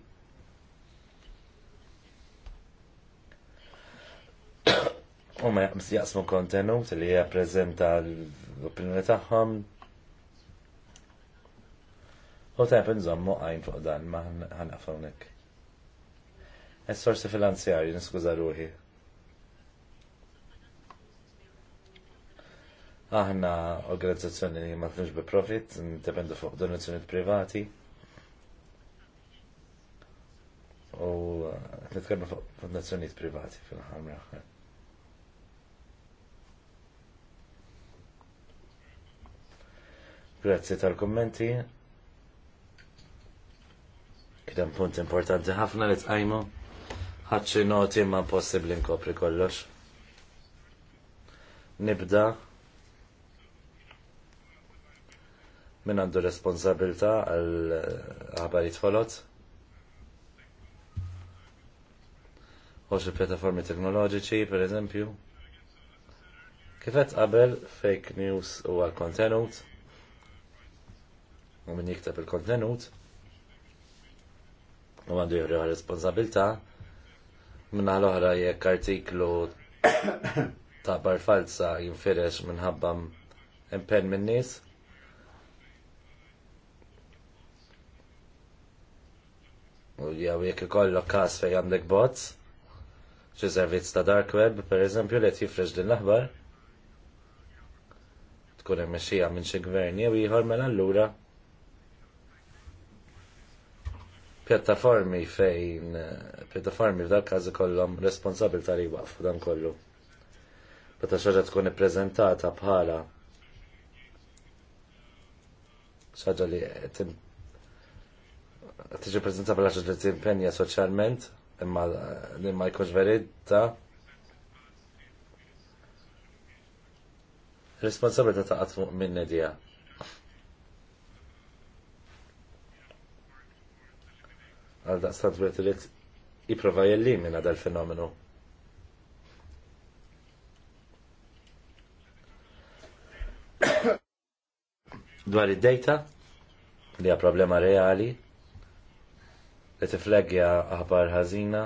U ma jaqsmu kontenut li jappreżenta l-opinjoni tagħhom. U tajb nżommu għajn fuq dan ma ħanqaf hawnhekk. Is-sorsi finanzjarji niskuża ruħi. Aħna organizzazzjoni li ma tnux bi profit, dependu fuq donazzjoni privati. U eh, nitkellmu fuq fondazzjoni privati fil-ħamra. Grazzi tal-kommenti. Kidem punt importanti ħafna li tqajmu. Ħadxi noti ma possibbli nkopri kollox. Nibda. Min għandu responsabilta għal għabari ħolot? Hox il-pjattaformi teknoloġiċi, per eżempju? Kifet qabel fake news u għal-kontenut? U minn jiktab il-kontenut? U għandu jħri għal responsabilta? minn l-oħra jekk artiklu ta' barfalza jinfirex minħabba impen minn nis? U jew jekk ikollok każ fejn għandek bots, xi servizz ta' dark web, pereżempju li qed jifreġ din l-aħbar, tkun hemm mexxija minn xi gvern jew ieħor mela allura pjattaformi fejn pjattaformi f'dak każ ikollhom responsabilità li waqfu dan kollu. Meta xaġa tkun ippreżentata bħala xaġa li tiġi prezenza bħala ċoċ li timpenja soċjalment, imma li eh, ma jkunx verita. Responsabilità ta' għatmu minn nedija. Għal stat għet li jiprofa minna dal-fenomenu. Dwar id-data, li problema reali, li tiflegja aħbar ħażina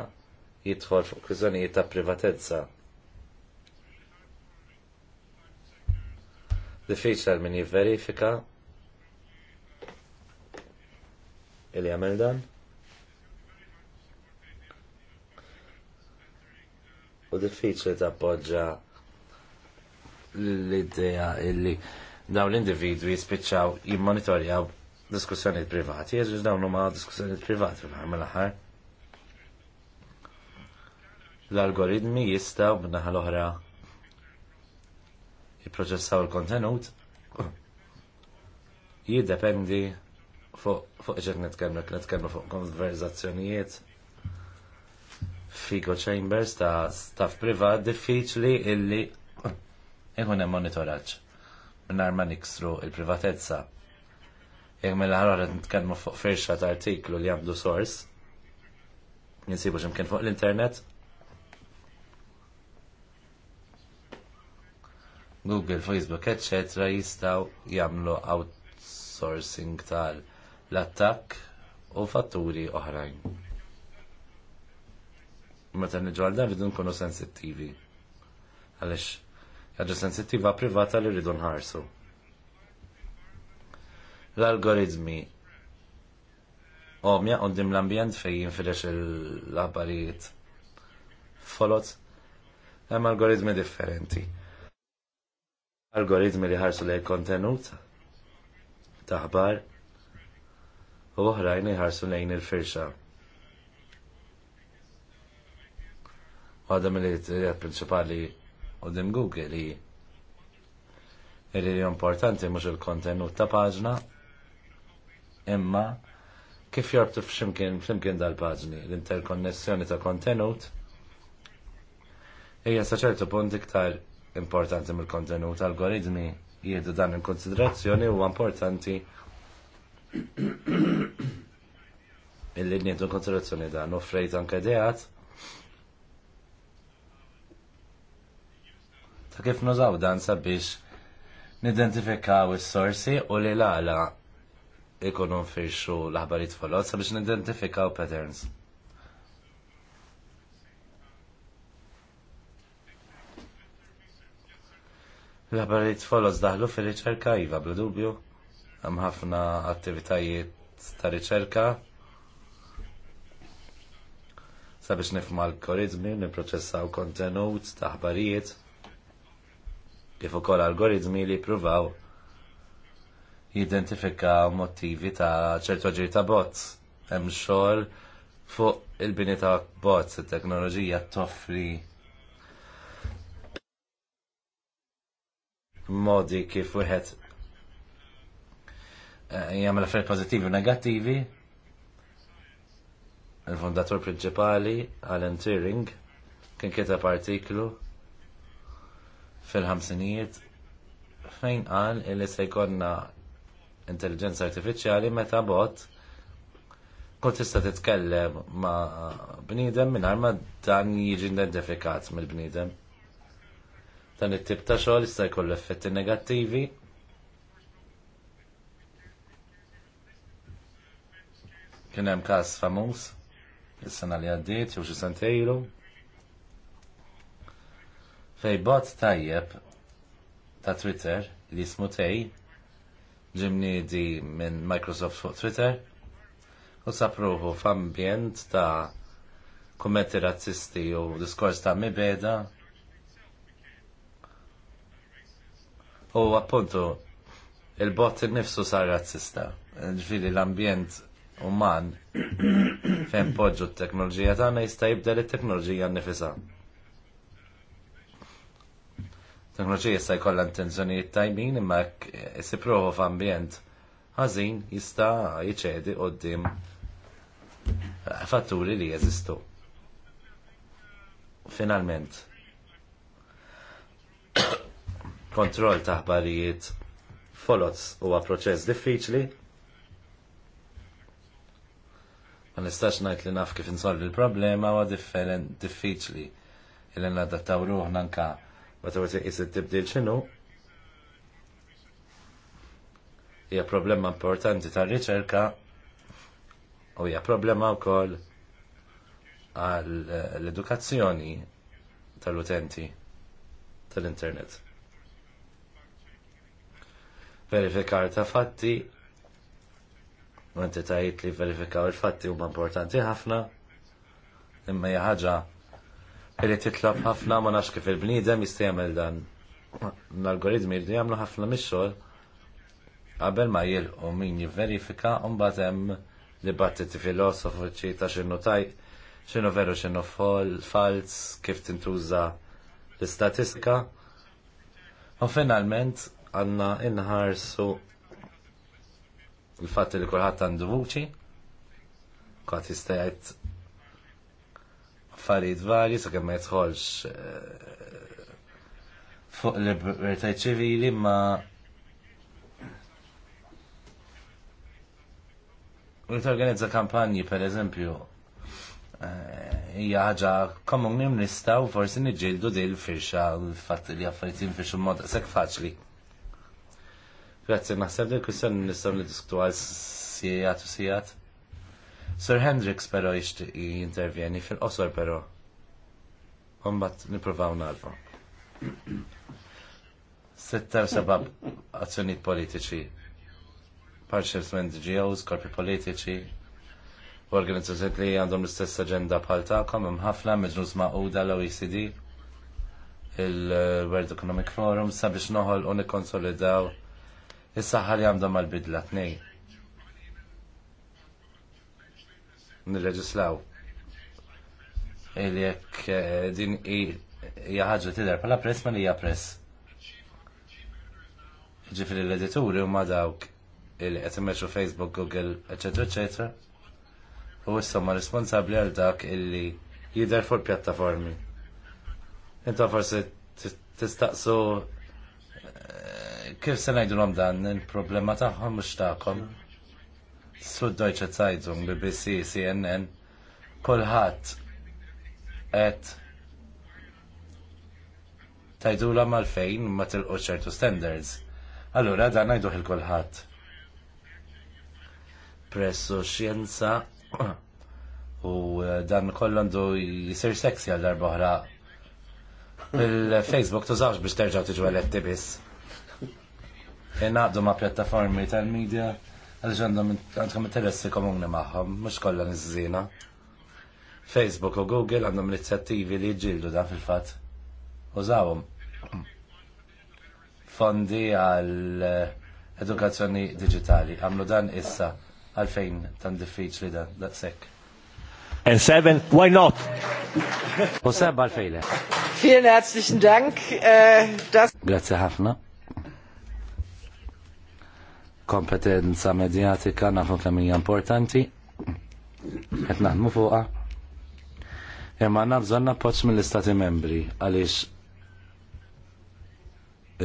jidħol fuq kwizjonijiet ta' privatezza. Diffiċla min jivverifika li jagħmel dan. U diffiċli tappoġġa l-idea illi dawn l-individwi jispiċċaw jimmonitorjaw diskussjoni privati, jieġiġ dawn huma diskussjoni privati fl għamil mill-ħar. L-algoritmi jistaw b'naħa l-oħra jipproċessaw il-kontenut jiddependi fuq fuq ġek netkellmu netkellmu fuq konverzazzjonijiet fiko chambers ta' staff privat diffiċli illi ikun hemm monitoraġġ minn ma niksru il-privatezza. Jek mela ħarra nitkellmu fuq firxa ta' artiklu li għandu sors. Ninsibu ximkien fuq l-internet. Google, Facebook, etc. jistaw jamlu outsourcing tal l-attak u fatturi oħrajn. Meta niġu għal dan ridu nkunu sensittivi. Għalix, ħagġa sensittiva privata li rridu nħarsu l-algoritmi omja għoddim l-ambjent fej jinfidex l-abarijiet folot hemm algoritmi differenti. Algoritmi li ħarsu lejn kontenut taħbar u oħrajn ħarsu lejn il-firxa. t mill principali prinċipali dim Google li li importanti mhux il-kontenut ta' paġna imma kif jorbtu f'ximkien flimkien dal-paġni l-interkonnessjoni ta' kontenut hija sa ċertu punt iktar importanti mill-kontenut algoritmi jiedu dan in konsiderazzjoni huwa importanti illi in konsiderazzjoni dan u frejt anke ideat ta' kif nużaw dan sabiex nidentifikaw is-sorsi u li l-għala ikunu firxu l-ħabariet biex sabiex nidentifikaw patterns. L-ħabariet folot daħlu fil-riċerka jiva bla dubju. Hemm ħafna attivitajiet ta' riċerka sabiex nifma l-algoritmi, niproċessaw kontenut ta' ħbarijiet kif ukoll algoritmi li jippruvaw jidentifika motivi ta' ċertu ġiri ta' bots. Hemm xogħol fuq il-bini ta' bots, it-teknoloġija toffri modi kif wieħed eh, jagħmel affarijiet pożittivi u negattivi. Il-fondatur prinċipali Alan Turing kien kitab artiklu fil-ħamsinijiet fejn qal illi se jkollna intelligenza artifiċjali meta bot kont tista' titkellem ma' bniedem mingħajr ma dan jiġi identifikat mill-bniedem. Dan it-tip ta' xogħol jista' jkollu effetti negattivi. Kien hemm każ famuż is-sena li għaddiet jew xi sentejlu. Fej bot tajjeb ta' Twitter li jismu tej ġimnidi minn Microsoft fuq Twitter u sapruħu f'ambjent ta' kummenti razzisti u diskors ta' mibeda. U appuntu, il-bot nifsu sar razzista. Ġvili l-ambjent uman fejn poġġu t-teknoloġija tagħna jista' jibdel it-teknoloġija nifisa. Teknoloġija jista' jkollha intenzjonijiet tajbin imma jekk isiprovu f'ambjent ħażin jista' jiċedi qudiem fatturi li jeżistu. Finalment. Kontroll ta' ħbarijiet folots huwa proċess diffiċli. Ma nistax ngħid li naf kif insolvi l-problema huwa diffiċli il-nadattaw ruħna anka ma ta' is tibdil xinu. Hija problema importanti ta' riċerka u hija problema wkoll għal edukazzjoni tal-utenti tal-internet. Verifikar ta' fatti u entitajiet li verifikar il-fatti huma importanti ħafna imma hija Irrid titlob ħafna ma nafx kif il-bniedem jista' jagħmel dan. L-algoritmi jridu jagħmlu ħafna mix-xogħol qabel ma jilqu min jivverifika u mbagħad hemm dibattiti filosofiċi ta' x'inhu tajt, x'inhu veru x'inhu fals, kif tintuża l-istatistika. U finalment għandna inħarsu l fatt li kulħadd għandu vuċi, kwa jista' jgħid affarijiet varji sakemm ma jidħolx eh, fuq libertajt ċivili ma u t-organizza kampanji, per eżempju, eh, hija ħaġa komuni u forsi niġġieldu dil firxa l-fatt li affarijiet jinfirxu mod sek faċli. Grazie naħseb dil kwistjoni nistgħu diskutu għal sijat u sijat. Sir Hendricks però jixtieq jintervjeni fil-qosor però. Umbat nippruvaw nalfu. Sittar sabab azzjoniet politiċi, partials minn NGOs, korpi politiċi, organizzazzjoniet li għandhom l-istess aġenda bħal tagħkom hemm ħafna miġnus maquda l-OECD, il-World Economic Forum sabiex noħol u nikkonsolidaw is-saħħa li għandhom għall-bidla tnejn nirreġislaw. Il-jek eh, din jaħġa tidher bħala press ma li hija press. Ġifri l-edituri huma dawk li qed imexxu Facebook, Google, eċetera, eċetera. U issa ma responsabbli għal dak illi jidher fuq pjattaformi. Inta forsi tistaqsu eh, kif se ngħidulhom dan il-problema tagħhom mhux tagħkom. Suddeutsche Zeitung, BBC, CNN, kulħadd qed tajdula mal-fejn ma tilqu ċertu standards. Allura dan ngħiduh il-kulħadd. Presso xjenza u eh, dan kollandu jisir seksi għal darbohra. Il-Facebook tużawx biex terġaw tiġu eletti biss. Inaqdu ma' pjattaformi tal-medja għaliex għandhom interessi komuni maħħom, mhux kollha nizzina. Facebook u Google għandhom inizjattivi li jġildu dan fil-fatt. Użawhom. Fondi għal eh, edukazzjoni digitali. Għamlu dan issa għalfejn tan diffiċli dan, daqshekk. And seven, why not? U seba għalfejle. Vielen herzlichen Dank. Äh, Grazie ħafna kompetenza medjatika nafu kemm hija importanti qed naħdmu fuqha. Imma għandna bżonn appoġġ mill-Istati Membri għaliex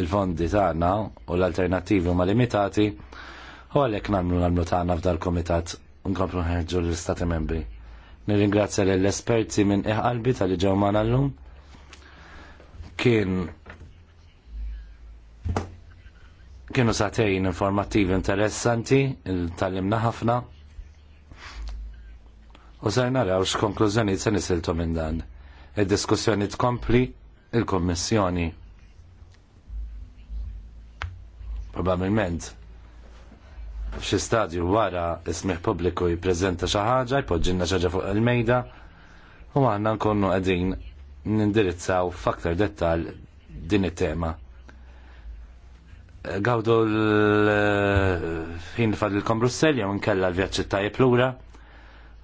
il-fondi tagħna u l-alternattivi huma limitati u għalhekk nagħmlu nagħmlu tagħna f'dal kumitat nkomplu ħerġu l-Istati Membri. Nirringrazzja lill esperti minn iħqalbi tal-li ġew magħna llum. Kien Kienu satejn informattivi interessanti, il-tallimna ħafna. U sar naraw x'konklużjoni se nisiltu minn dan. Id-diskussjoni tkompli il-Kommissjoni. Probabilment f'xi stadju wara ismiħ pubbliku jiprezenta xi ħaġa, jpoġġilna xi ħaġa fuq il-mejda u għandna nkunu qegħdin nindirizzaw f'aktar dettall din it-tema gawdu l-ħin fadilkom Brussel, jgħu nkella l-vjaċċi ta' jeplura,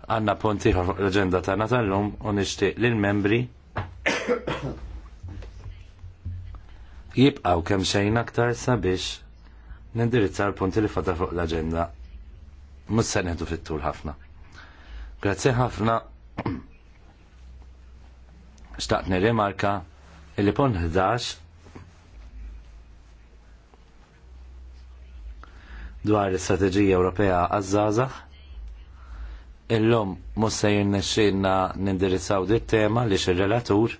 Għanna ponti l-agenda ta' natallum, lum u nixtieq lill-membri jibqaw kemm xejn aktar sabiex nindirizza l-punti li fadal fuq l-agenda. Mus se neħdu fit-tul ħafna. Grazzi ħafna. remarka il li pon 11 dwar l-Istrateġija Ewropea għaż-żgħażagħ. Illum mhux se jirnexxielna nindirizzaw dit tema li xir-relatur.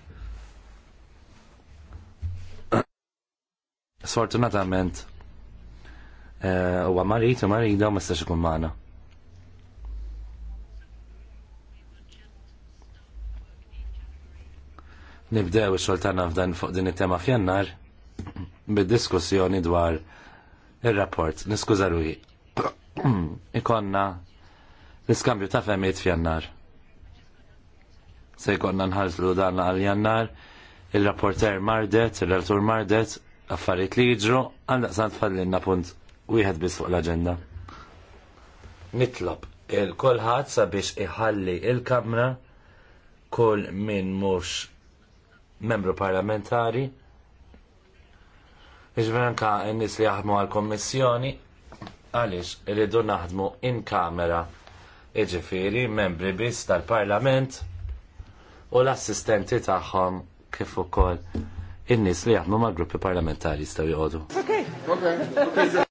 Sfortunatament eh, huwa marit u marida u ma stax ikun magħna. Nibdew ix-xoltana f'dan fuq din it-tema f'jannar bid-diskussjoni dwar Il-rapport, niskuza ruħi. Ikonna l-iskambju ta' femiet f'jannar. Se jkonna nħarslu dan għal jannar, il-rapporter mardet, il-relatur mardet, affarijiet li jiġru, għandaq sant fallinna punt wieħed bis fuq l-agenda. Nitlob il-kolħat sabiex iħalli il-kamra kull min mhux membru parlamentari Iġver anka n-nis li jaħdmu għal-kommissjoni, għalix irridu naħdmu in kamera iġifiri membri biss tal-parlament u l-assistenti tagħhom kif ukoll in-nies li jaħdmu mal-gruppi parlamentari jistgħu joqogħdu. Ok, ok.